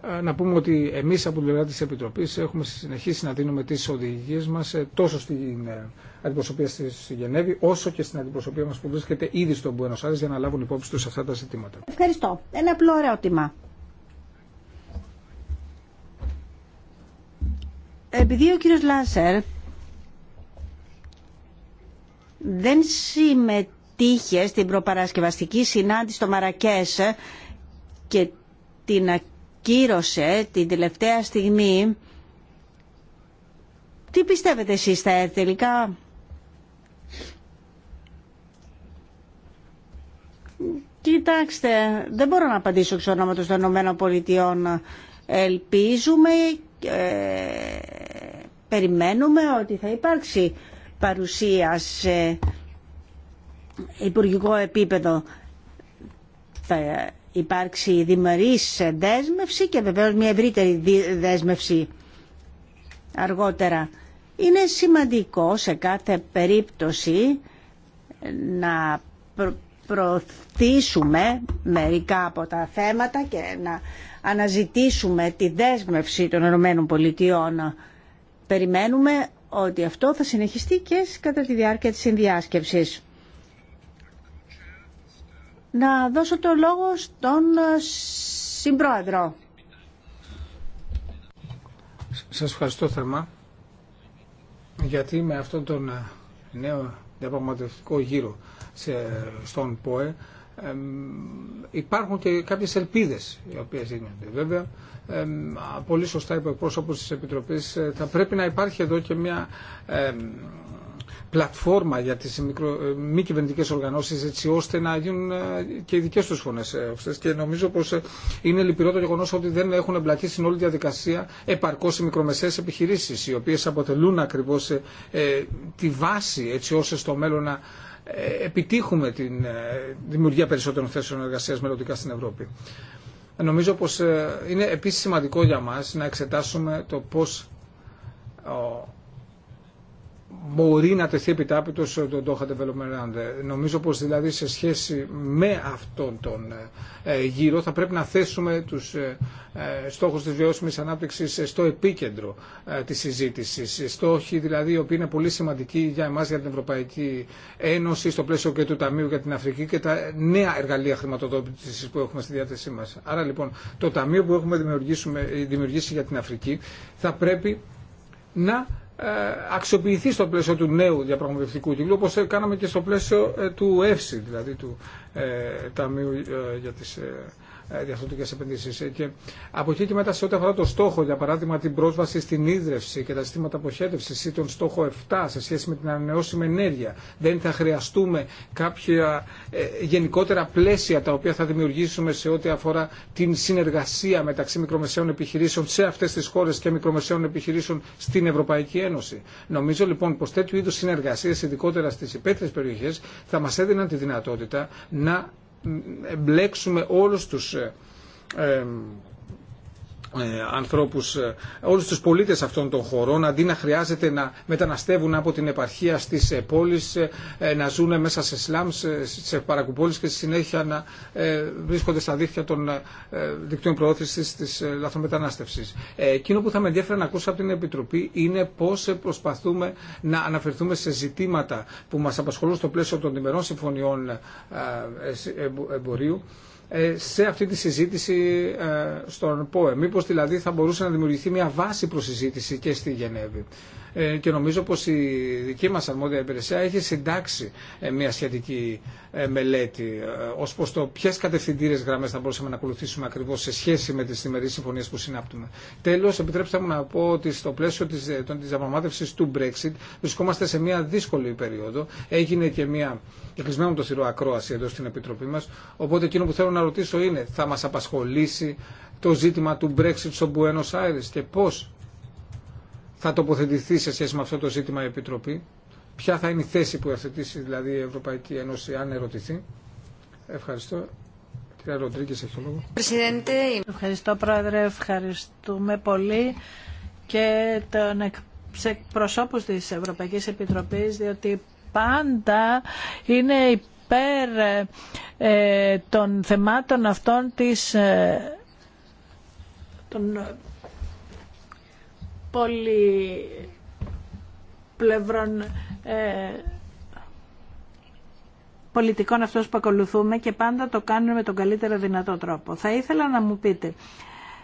ε, να πούμε ότι εμεί από την πλευρά τη Επιτροπή έχουμε συνεχίσει να δίνουμε τι οδηγίε μα ε, τόσο στην ε, αντιπροσωπεία στη Γενέβη όσο και στην αντιπροσωπεία μα που βρίσκεται ήδη στον Πουένο Άρη για να λάβουν υπόψη τους αυτά τα ζητήματα. Ευχαριστώ. Ένα απλό ερώτημα. Επειδή ο κύριος Λάσερ δεν συμμετείχε στην προπαρασκευαστική συνάντηση στο Μαρακές και την κύρωσε την τελευταία στιγμή. Τι πιστεύετε εσείς θα έρθει τελικά. Κοιτάξτε, δεν μπορώ να απαντήσω εξ ονόματος των Ηνωμένων Πολιτειών. Ελπίζουμε, ε, περιμένουμε ότι θα υπάρξει παρουσία σε υπουργικό επίπεδο. Θα υπάρξει διμερής δέσμευση και βεβαίως μια ευρύτερη δέσμευση αργότερα. Είναι σημαντικό σε κάθε περίπτωση να προωθήσουμε μερικά από τα θέματα και να αναζητήσουμε τη δέσμευση των Ηνωμένων Πολιτειών. Περιμένουμε ότι αυτό θα συνεχιστεί και κατά τη διάρκεια της συνδιάσκεψης να δώσω το λόγο στον ε, Συμπρόεδρο. Σας ευχαριστώ θερμά γιατί με αυτόν τον ε, νέο διαπραγματευτικό γύρο στον ΠΟΕ υπάρχουν και κάποιες ελπίδες οι οποίες δίνονται. Βέβαια, πολύ σωστά είπε ο πρόσωπος της Επιτροπής, ε, θα πρέπει να υπάρχει εδώ και μια πλατφόρμα για τις μικρο, ε, μη κυβερνητικέ οργανώσεις έτσι ώστε να γίνουν ε, και οι δικές τους φωνές ε, αυτές και νομίζω πως είναι λυπηρό το γεγονό ότι δεν έχουν εμπλακεί στην όλη διαδικασία επαρκώς οι μικρομεσαίες επιχειρήσεις οι οποίες αποτελούν ακριβώς τη βάση έτσι ώστε στο μέλλον να επιτύχουμε την δημιουργία περισσότερων θέσεων εργασίας μελλοντικά στην Ευρώπη. Νομίζω πως είναι επίσης σημαντικό για μας να εξετάσουμε το πώς μπορεί να τεθεί επιτάπητος ε, το Doha Development Νομίζω πω δηλαδή σε σχέση με αυτόν τον ε, ε, γύρο θα πρέπει να θέσουμε του στόχου τη βιώσιμη ανάπτυξη στο επίκεντρο τη συζήτηση. Στόχοι δηλαδή οι οποίοι είναι πολύ σημαντικοί για εμά για την Ευρωπαϊκή Ένωση, στο πλαίσιο και του Ταμείου για την Αφρική και τα νέα εργαλεία χρηματοδότηση που έχουμε στη διάθεσή μα. Άρα λοιπόν το Ταμείο που έχουμε δημιουργήσει για την Αφρική θα πρέπει να ε, αξιοποιηθεί στο πλαίσιο του νέου διαπραγματευτικού κύκλου, όπως κάναμε και στο πλαίσιο ε, του ΕΦΣΙ, δηλαδή του ε, Ταμείου για τις ε, διαθροτικέ επενδύσει. Ε, και από εκεί και μετά, σε ό,τι αφορά το στόχο, για παράδειγμα την πρόσβαση στην ίδρυυση και τα συστήματα αποχέτευση ή τον στόχο 7 σε σχέση με την ανανεώσιμη ενέργεια, δεν θα χρειαστούμε κάποια ε, γενικότερα πλαίσια τα οποία θα δημιουργήσουμε σε ό,τι αφορά την συνεργασία μεταξύ μικρομεσαίων επιχειρήσεων σε αυτέ τι χώρε και μικρομεσαίων επιχειρήσεων στην Ευρωπαϊκή Ένωση. Νομίζω λοιπόν πω τέτοιου είδου συνεργασίε, ειδικότερα στι υπαίθριε περιοχέ, θα μα έδιναν τη δυνατότητα να εμπλέξουμε όλους τους ε, ε, ε, ανθρώπους, ε, όλους τους πολίτες αυτών των χωρών αντί να χρειάζεται να μεταναστεύουν από την επαρχία στις ε, πόλεις να ζουν μέσα σε σλάμ, σε παρακουπόλεις και στη συνέχεια να βρίσκονται στα δίχτυα των δικτύων προώθησης της λαθρομετανάστευσης. Εκείνο που θα με ενδιαφέρει να ακούσω από την Επιτροπή είναι πώς προσπαθούμε να αναφερθούμε σε ζητήματα που μας απασχολούν στο πλαίσιο των ημερών συμφωνιών εμπορίου ε, σε αυτή τη συζήτηση ε, στον ΠΟΕ. Μήπως δηλαδή θα μπορούσε να δημιουργηθεί μια βάση προσυζήτηση και στη Γενέβη. Ε, και νομίζω πως η δική μας αρμόδια υπηρεσία έχει συντάξει ε, μια σχετική ε, μελέτη ως προς το ποιες κατευθυντήρες γραμμές θα μπορούσαμε να ακολουθήσουμε ακριβώς σε σχέση με τις σημερινές συμφωνίες που συνάπτουμε. Τέλος, επιτρέψτε μου να πω ότι στο πλαίσιο της, της διαπραγμάτευσης του Brexit βρισκόμαστε σε μια δύσκολη περίοδο. Έγινε και μια κλεισμένο το θηρό ακρόαση εδώ στην Επιτροπή μας. Οπότε εκείνο που θέλω να ρωτήσω είναι, θα μας απασχολήσει το ζήτημα του Brexit στο Buenos Aires και πώς θα τοποθετηθεί σε σχέση με αυτό το ζήτημα η Επιτροπή. Ποια θα είναι η θέση που αθετήσει, δηλαδή η Ευρωπαϊκή Ένωση αν ερωτηθεί. Ευχαριστώ. Κυρία Ροντρίγκη, έχει το λόγο. Ευχαριστώ Πρόεδρε, ευχαριστούμε πολύ και τον προσώπους της Ευρωπαϊκής Επιτροπής διότι πάντα είναι υπέρ ε, ε, των θεμάτων αυτών της ε, πλευρών ε, πολιτικών αυτός που ακολουθούμε και πάντα το κάνουμε με τον καλύτερο δυνατό τρόπο. Θα ήθελα να μου πείτε,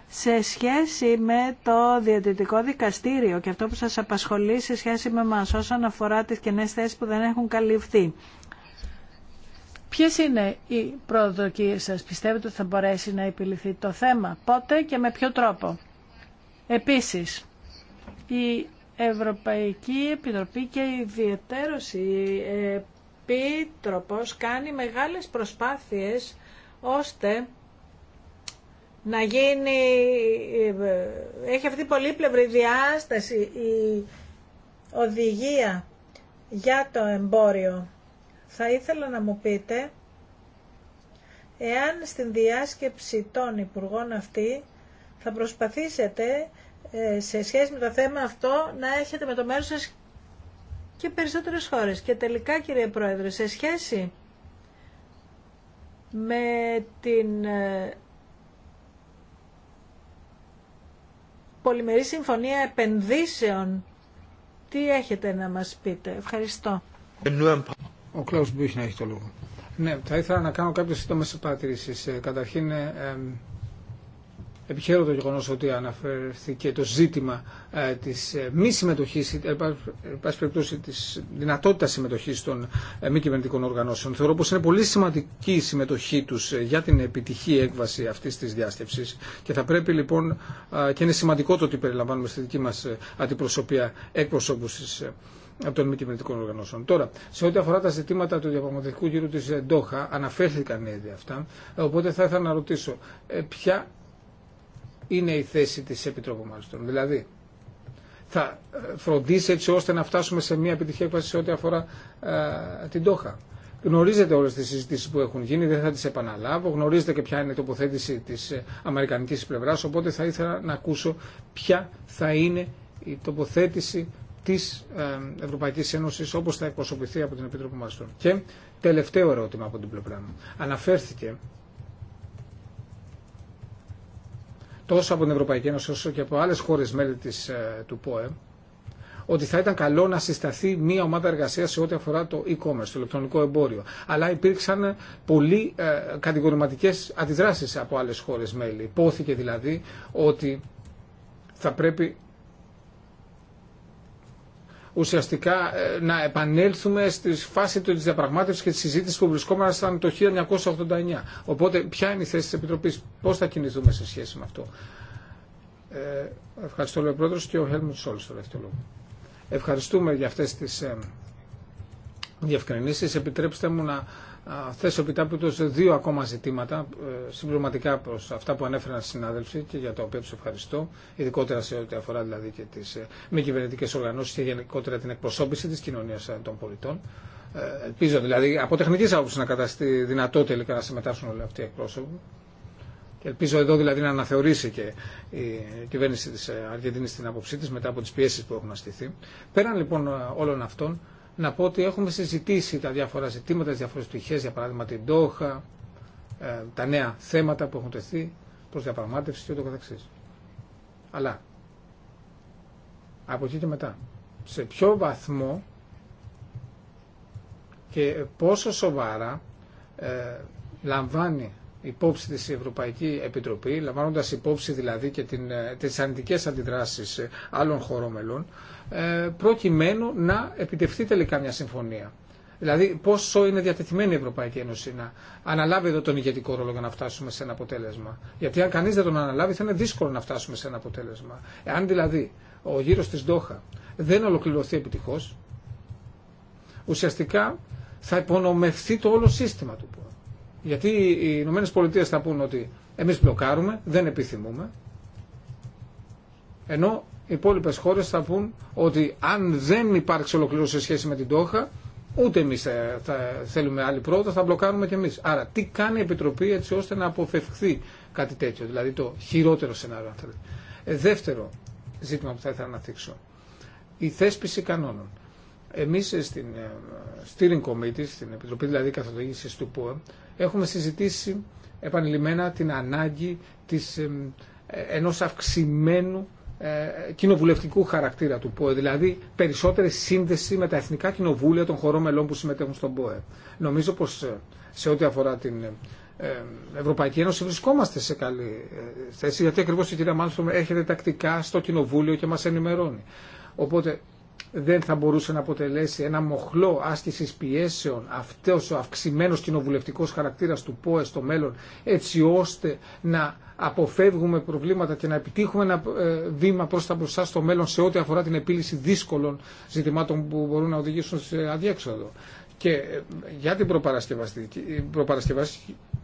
σε σχέση με το διατητικό δικαστήριο και αυτό που σας απασχολεί σε σχέση με μας όσον αφορά τις κενές θέσεις που δεν έχουν καλυφθεί. Ποιες είναι οι προοδοκίες σας, πιστεύετε ότι θα μπορέσει να επιληθεί το θέμα, πότε και με ποιο τρόπο. Επίσης, η Ευρωπαϊκή Επιτροπή και ιδιαιτέρως η Επίτροπος κάνει μεγάλες προσπάθειες ώστε να γίνει, έχει αυτή πολύ πολύπλευρη διάσταση η οδηγία για το εμπόριο. Θα ήθελα να μου πείτε εάν στην διάσκεψη των Υπουργών αυτή θα προσπαθήσετε ε, σε σχέση με το θέμα αυτό να έχετε με το μέρος σας και περισσότερες χώρες. Και τελικά κύριε Πρόεδρε, σε σχέση με την ε, πολυμερή συμφωνία επενδύσεων, τι έχετε να μας πείτε. Ευχαριστώ. Ο Κλάους Μπούχνα έχει το λόγο. Ναι, θα ήθελα να κάνω κάποιες σύντομες παρατηρήσεις. Ε, καταρχήν, Επιχαίρω το γεγονό ότι αναφέρθηκε το ζήτημα ε, τη ε, μη συμμετοχή, ε, εν πάση περιπτώσει τη δυνατότητα συμμετοχή των μη κυβερνητικών οργανώσεων. Θεωρώ πω είναι πολύ σημαντική η συμμετοχή του για την επιτυχή έκβαση αυτή τη διάσκεψη και θα πρέπει λοιπόν και είναι σημαντικό το ότι περιλαμβάνουμε στη δική μα αντιπροσωπεία εκπροσώπου από των μη κυβερνητικών οργανώσεων. Τώρα, σε ό,τι αφορά τα ζητήματα του διαπραγματευτικού γύρου τη Ντόχα, αναφέρθηκαν ήδη αυτά, οπότε θα ήθελα να ρωτήσω ποια είναι η θέση της Επιτρόπου Μάλιστον. Δηλαδή, θα ε, φροντίσει έτσι ώστε να φτάσουμε σε μια επιτυχία έκβαση σε ό,τι αφορά ε, την Τόχα. Γνωρίζετε όλες τις συζητήσεις που έχουν γίνει, δεν θα τις επαναλάβω. Γνωρίζετε και ποια είναι η τοποθέτηση της ε, αμερικανικής πλευράς, οπότε θα ήθελα να ακούσω ποια θα είναι η τοποθέτηση της Ευρωπαϊκής Ένωσης όπως θα εκπροσωπηθεί από την Επιτροπή Μάλιστον. Και τελευταίο ερώτημα από την πλευρά μου. Αναφέρθηκε τόσο από την Ευρωπαϊκή Ένωση όσο και από άλλε χώρες μέλη της, ε, του ΠΟΕ ότι θα ήταν καλό να συσταθεί μια ομάδα εργασία σε ό,τι αφορά το e-commerce, το ηλεκτρονικό εμπόριο. Αλλά υπήρξαν πολύ ε, κατηγορηματικέ αντιδράσει από άλλε χώρε μέλη. Υπόθηκε δηλαδή ότι θα πρέπει ουσιαστικά ε, να επανέλθουμε στη φάση τη διαπραγμάτευση και τη συζήτηση που βρισκόμασταν το 1989. Οπότε ποια είναι η θέση τη Επιτροπής, πώς θα κινηθούμε σε σχέση με αυτό. Ε, ευχαριστώ λέει ο Πρόεδρος και ο Χέλμουντ Σόλς στο δεύτερο λόγο. Ευχαριστούμε για αυτές τις ε, Επιτρέψτε μου να θέσω σε δύο ακόμα ζητήματα ε, συμπληρωματικά προς αυτά που ανέφεραν συνάδελφοι και για τα οποία τους ευχαριστώ ειδικότερα σε ό,τι αφορά δηλαδή και τις ε, μη κυβερνητικές οργανώσεις και γενικότερα την εκπροσώπηση της κοινωνίας ε, των πολιτών. Ελπίζω δηλαδή από τεχνικής άποψης να καταστεί δυνατό τελικά να συμμετάσχουν όλοι αυτοί οι εκπρόσωποι. Ελπίζω εδώ δηλαδή να αναθεωρήσει και η κυβέρνηση της Αργεντινής την άποψή τη μετά από τις πιέσεις που έχουν ασκηθεί. Πέραν λοιπόν όλων αυτών να πω ότι έχουμε συζητήσει τα διάφορα ζητήματα, τι διάφορες πτυχέ, για παράδειγμα την Τόχα, ε, τα νέα θέματα που έχουν τεθεί προς διαπραγμάτευση και ούτω καθεξή. Αλλά από εκεί και μετά, σε ποιο βαθμό και πόσο σοβαρά ε, λαμβάνει υπόψη της Ευρωπαϊκή Επιτροπή, λαμβάνοντας υπόψη δηλαδή και την, ε, τις αντικές αντιδράσεις ε, άλλων χωρών μελών, ε, προκειμένου να επιτευχθεί τελικά μια συμφωνία. Δηλαδή πόσο είναι διατεθειμένη η Ευρωπαϊκή Ένωση να αναλάβει εδώ τον ηγετικό ρόλο για να φτάσουμε σε ένα αποτέλεσμα. Γιατί αν κανεί δεν τον αναλάβει θα είναι δύσκολο να φτάσουμε σε ένα αποτέλεσμα. Εάν δηλαδή ο γύρο τη Ντόχα δεν ολοκληρωθεί επιτυχώ, ουσιαστικά θα υπονομευθεί το όλο σύστημα του Γιατί οι Ηνωμένε Πολιτείε θα πούν ότι εμεί μπλοκάρουμε, δεν επιθυμούμε, ενώ οι υπόλοιπε χώρε θα πούν ότι αν δεν υπάρξει ολοκλήρωση σε σχέση με την Τόχα, ούτε εμεί θα θέλουμε άλλη πρόοδο, θα μπλοκάρουμε κι εμεί. Άρα, τι κάνει η Επιτροπή έτσι ώστε να αποφευχθεί κάτι τέτοιο, δηλαδή το χειρότερο σενάριο, αν θέλετε. Ε, δεύτερο ζήτημα που θα ήθελα να θίξω. Η θέσπιση κανόνων. Εμεί στην ε, Steering Committee, στην Επιτροπή δηλαδή Καθοδήγηση του ΠΟΕ, έχουμε συζητήσει επανειλημμένα την ανάγκη της, ε, ενός αυξημένου ε, κοινοβουλευτικού χαρακτήρα του ΠΟΕ, δηλαδή περισσότερη σύνδεση με τα εθνικά κοινοβούλια των χωρών μελών που συμμετέχουν στον ΠΟΕ. Νομίζω πως ε, σε ό,τι αφορά την ε, Ευρωπαϊκή Ένωση βρισκόμαστε σε καλή θέση, γιατί ακριβώς η κυρία Μάλστρομ έρχεται τακτικά στο κοινοβούλιο και μας ενημερώνει. Οπότε δεν θα μπορούσε να αποτελέσει ένα μοχλό άσκηση πιέσεων αυτό ο αυξημένο κοινοβουλευτικό χαρακτήρας του ΠΟΕ στο μέλλον έτσι ώστε να αποφεύγουμε προβλήματα και να επιτύχουμε ένα ε, βήμα προς τα μπροστά στο μέλλον σε ό,τι αφορά την επίλυση δύσκολων ζητημάτων που μπορούν να οδηγήσουν σε αδιέξοδο. Και ε, για την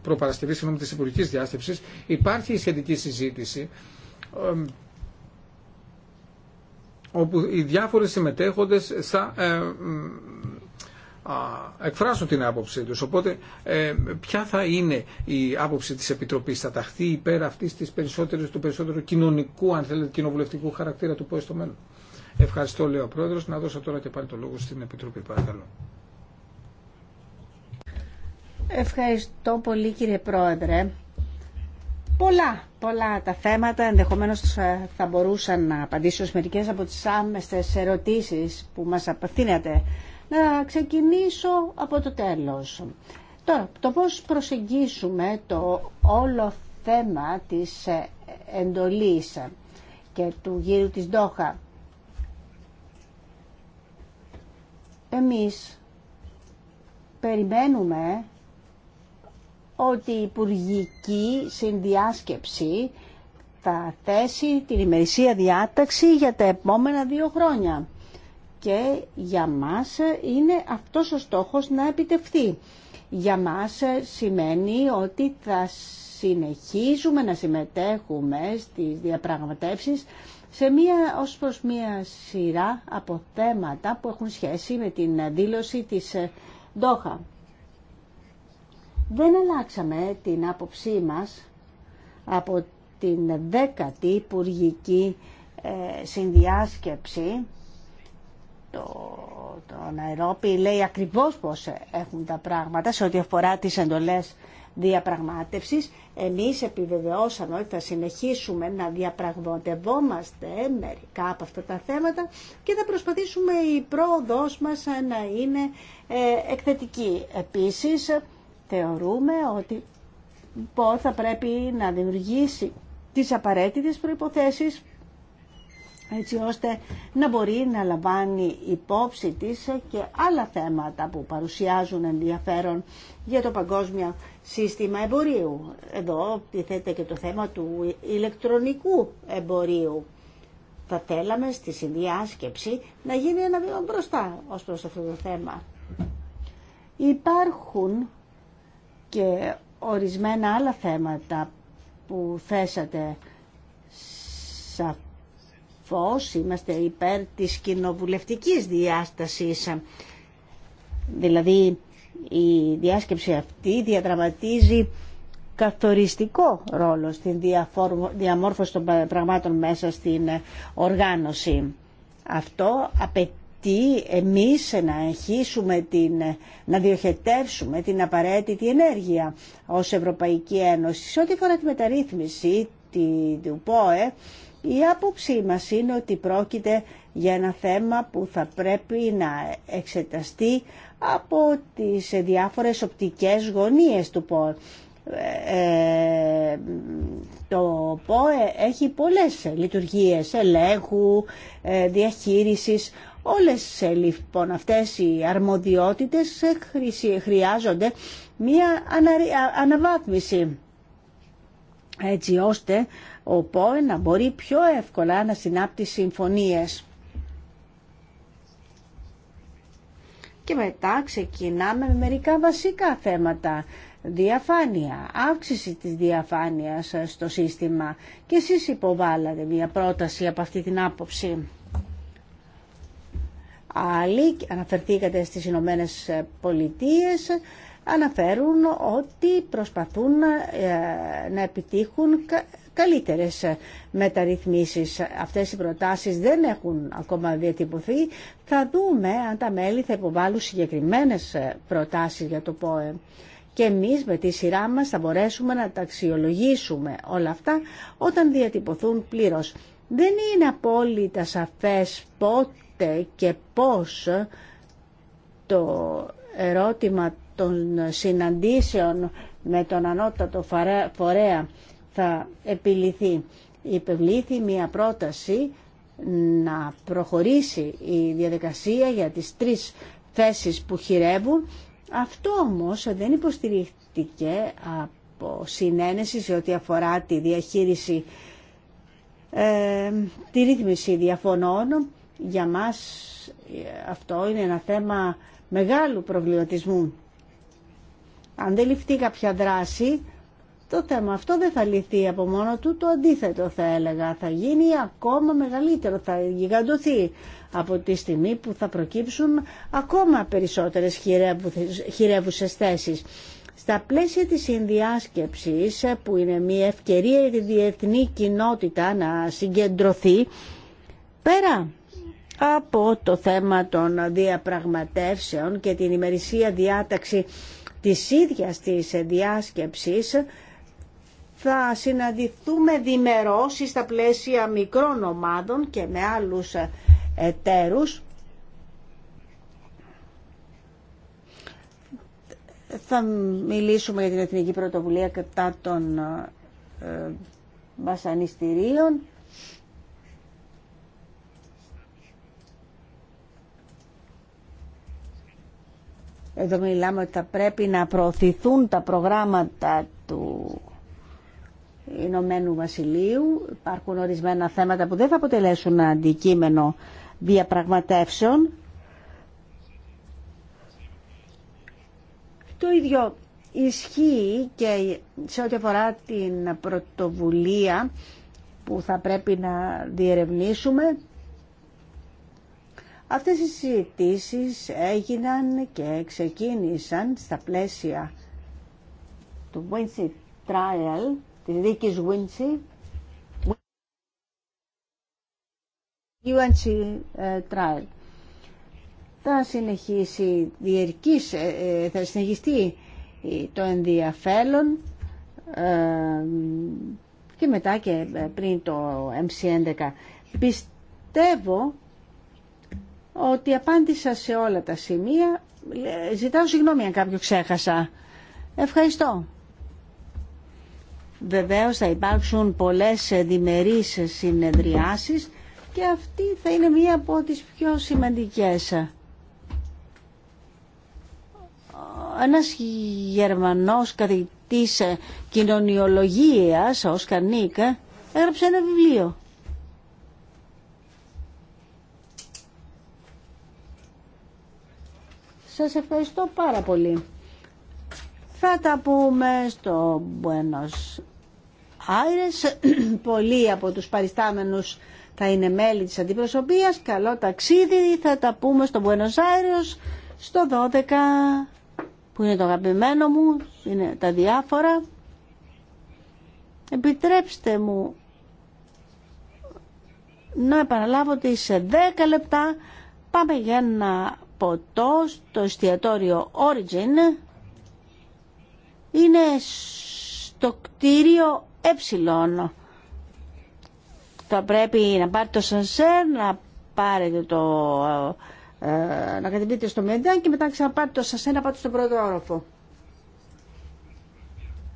προπαρασκευή τη της υπουργικής υπάρχει η σχετική συζήτηση ε, όπου οι διάφοροι συμμετέχοντες θα ε, εκφράσουν την άποψή τους. Οπότε ε, ποια θα είναι η άποψη της Επιτροπής, θα ταχθεί υπέρ αυτής της περισσότερης, του περισσότερου κοινωνικού, αν θέλετε, κοινοβουλευτικού χαρακτήρα του ΠΟΕΣ στο μέλλον. Ευχαριστώ, λέει ο Πρόεδρος. Να δώσω τώρα και πάλι το λόγο στην Επιτροπή, παρακαλώ. Ευχαριστώ πολύ κύριε Πρόεδρε πολλά, πολλά τα θέματα. Ενδεχομένως ε, θα μπορούσαν να απαντήσω σε μερικές από τις άμεστες ερωτήσεις που μας απευθύνεται. Να ξεκινήσω από το τέλος. Τώρα, το πώς προσεγγίσουμε το όλο θέμα της ε, εντολής και του γύρου της Ντόχα. Εμείς περιμένουμε ότι η Υπουργική Συνδιάσκεψη θα θέσει την ημερησία διάταξη για τα επόμενα δύο χρόνια. Και για μας είναι αυτός ο στόχος να επιτευχθεί. Για μας σημαίνει ότι θα συνεχίζουμε να συμμετέχουμε στις διαπραγματεύσεις σε μία, ως προς μία σειρά από θέματα που έχουν σχέση με την δήλωση της ΔΟΧΑ. Δεν αλλάξαμε την άποψή μας από την δέκατη υπουργική ε, συνδιάσκεψη το, το Ναϊρόπι λέει ακριβώς πώς έχουν τα πράγματα σε ό,τι αφορά τις εντολές διαπραγμάτευσης. Εμείς επιβεβαιώσαμε ότι θα συνεχίσουμε να διαπραγματευόμαστε μερικά από αυτά τα θέματα και θα προσπαθήσουμε η πρόοδος μας να είναι ε, εκθετική. Επίσης, θεωρούμε ότι θα πρέπει να δημιουργήσει τις απαραίτητες προϋποθέσεις έτσι ώστε να μπορεί να λαμβάνει υπόψη της και άλλα θέματα που παρουσιάζουν ενδιαφέρον για το παγκόσμιο σύστημα εμπορίου. Εδώ τίθεται και το θέμα του ηλεκτρονικού εμπορίου. Θα θέλαμε στη συνδιάσκεψη να γίνει ένα βήμα μπροστά ως προς αυτό το θέμα. Υπάρχουν και ορισμένα άλλα θέματα που θέσατε σαφώς είμαστε υπέρ της κοινοβουλευτικής διάστασης δηλαδή η διάσκεψη αυτή διαδραματίζει καθοριστικό ρόλο στην διαμόρφωση των πραγμάτων μέσα στην οργάνωση αυτό απαιτεί γιατί εμείς να αρχίσουμε την, να διοχετεύσουμε την απαραίτητη ενέργεια ως Ευρωπαϊκή Ένωση. Σε ό,τι φορά τη μεταρρύθμιση του ΠΟΕ, η άποψή μας είναι ότι πρόκειται για ένα θέμα που θα πρέπει να εξεταστεί από τις διάφορες οπτικές γωνίες του ΠΟΕ. Ε, το ΠΟΕ έχει πολλές λειτουργίες ελέγχου, ε, διαχείρισης Όλες ε, λοιπόν αυτές οι αρμοδιότητες ε, χρειάζονται μία αναβάθμιση έτσι ώστε ο ΠΟΕ να μπορεί πιο εύκολα να συνάπτει συμφωνίες. Και μετά ξεκινάμε με μερικά βασικά θέματα. Διαφάνεια, αύξηση της διαφάνειας ε, στο σύστημα. Και εσείς υποβάλλατε μια πρόταση από αυτή την άποψη. Άλλοι, αναφερθήκατε στις Ηνωμένε Πολιτείε, αναφέρουν ότι προσπαθούν ε, να επιτύχουν καλύτερες μεταρρυθμίσεις. Αυτές οι προτάσεις δεν έχουν ακόμα διατυπωθεί. Θα δούμε αν τα μέλη θα υποβάλουν συγκεκριμένες ε, προτάσεις για το ΠΟΕ. Και εμείς με τη σειρά μας θα μπορέσουμε να τα αξιολογήσουμε όλα αυτά όταν διατυπωθούν πλήρως. Δεν είναι απόλυτα σαφές πότε και πώς το ερώτημα των συναντήσεων με τον ανώτατο φορέα θα επιληθεί. Υπευλήθη μια πρόταση να προχωρήσει η διαδικασία για τις τρεις θέσεις που χειρεύουν. Αυτό όμως δεν υποστηρίχθηκε από συνένεση σε ό,τι αφορά τη διαχείριση ε, τη ρύθμιση διαφωνών. Για μας ε, αυτό είναι ένα θέμα μεγάλου προβληματισμού. Αν δεν ληφθεί κάποια δράση, το θέμα αυτό δεν θα λυθεί από μόνο του, το αντίθετο θα έλεγα. Θα γίνει ακόμα μεγαλύτερο, θα γιγαντωθεί από τη στιγμή που θα προκύψουν ακόμα περισσότερες χειρεύουσες θέσεις. Στα πλαίσια της συνδιάσκεψης που είναι μια ευκαιρία για τη διεθνή κοινότητα να συγκεντρωθεί πέρα από το θέμα των διαπραγματεύσεων και την ημερησία διάταξη της ίδιας της διάσκεψης θα συναντηθούμε διμερώσει στα πλαίσια μικρών ομάδων και με άλλους εταίρους Θα μιλήσουμε για την Εθνική Πρωτοβουλία κατά των ε, βασανιστήριων. Εδώ μιλάμε ότι θα πρέπει να προωθηθούν τα προγράμματα του Ηνωμένου Βασιλείου. Υπάρχουν ορισμένα θέματα που δεν θα αποτελέσουν αντικείμενο διαπραγματεύσεων Το ίδιο ισχύει και σε ό,τι αφορά την πρωτοβουλία που θα πρέπει να διερευνήσουμε. Αυτές οι συζητήσεις έγιναν και ξεκίνησαν στα πλαίσια του Wincy Trial, της δίκης Wincy, UNC Trial θα συνεχίσει διερκής, ε, ε, θα συνεχιστεί το ενδιαφέρον ε, και μετά και πριν το MC11. Πιστεύω ότι απάντησα σε όλα τα σημεία. Ζητάω συγγνώμη αν κάποιο ξέχασα. Ευχαριστώ. Βεβαίως θα υπάρξουν πολλές διμερείς συνεδριάσεις και αυτή θα είναι μία από τις πιο σημαντικές. ένας Γερμανός καθηγητής κοινωνιολογίας, ο Σκανίκ, έγραψε ένα βιβλίο. Σας ευχαριστώ πάρα πολύ. Θα τα πούμε στο Buenos Aires. Πολλοί από τους παριστάμενους θα είναι μέλη της αντιπροσωπείας. Καλό ταξίδι. Θα τα πούμε στο Buenos Aires στο 12 που είναι το αγαπημένο μου, είναι τα διάφορα. Επιτρέψτε μου να επαναλάβω ότι σε 10 λεπτά πάμε για ένα ποτό στο εστιατόριο Origin. Είναι στο κτίριο ε. Θα πρέπει να πάρετε το σανσέρ, να πάρετε το ε, να κατεβείτε στο Μεντάν και μετά ξαναπάτε το Σασένα, πάτε στον πρώτο όροφο.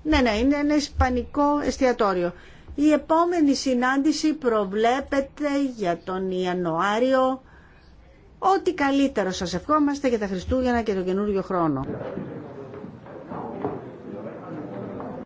Ναι, ναι, είναι ένα ισπανικό εστιατόριο. Η επόμενη συνάντηση προβλέπεται για τον Ιανουάριο. Ό,τι καλύτερο σας ευχόμαστε για τα Χριστούγεννα και τον καινούριο χρόνο.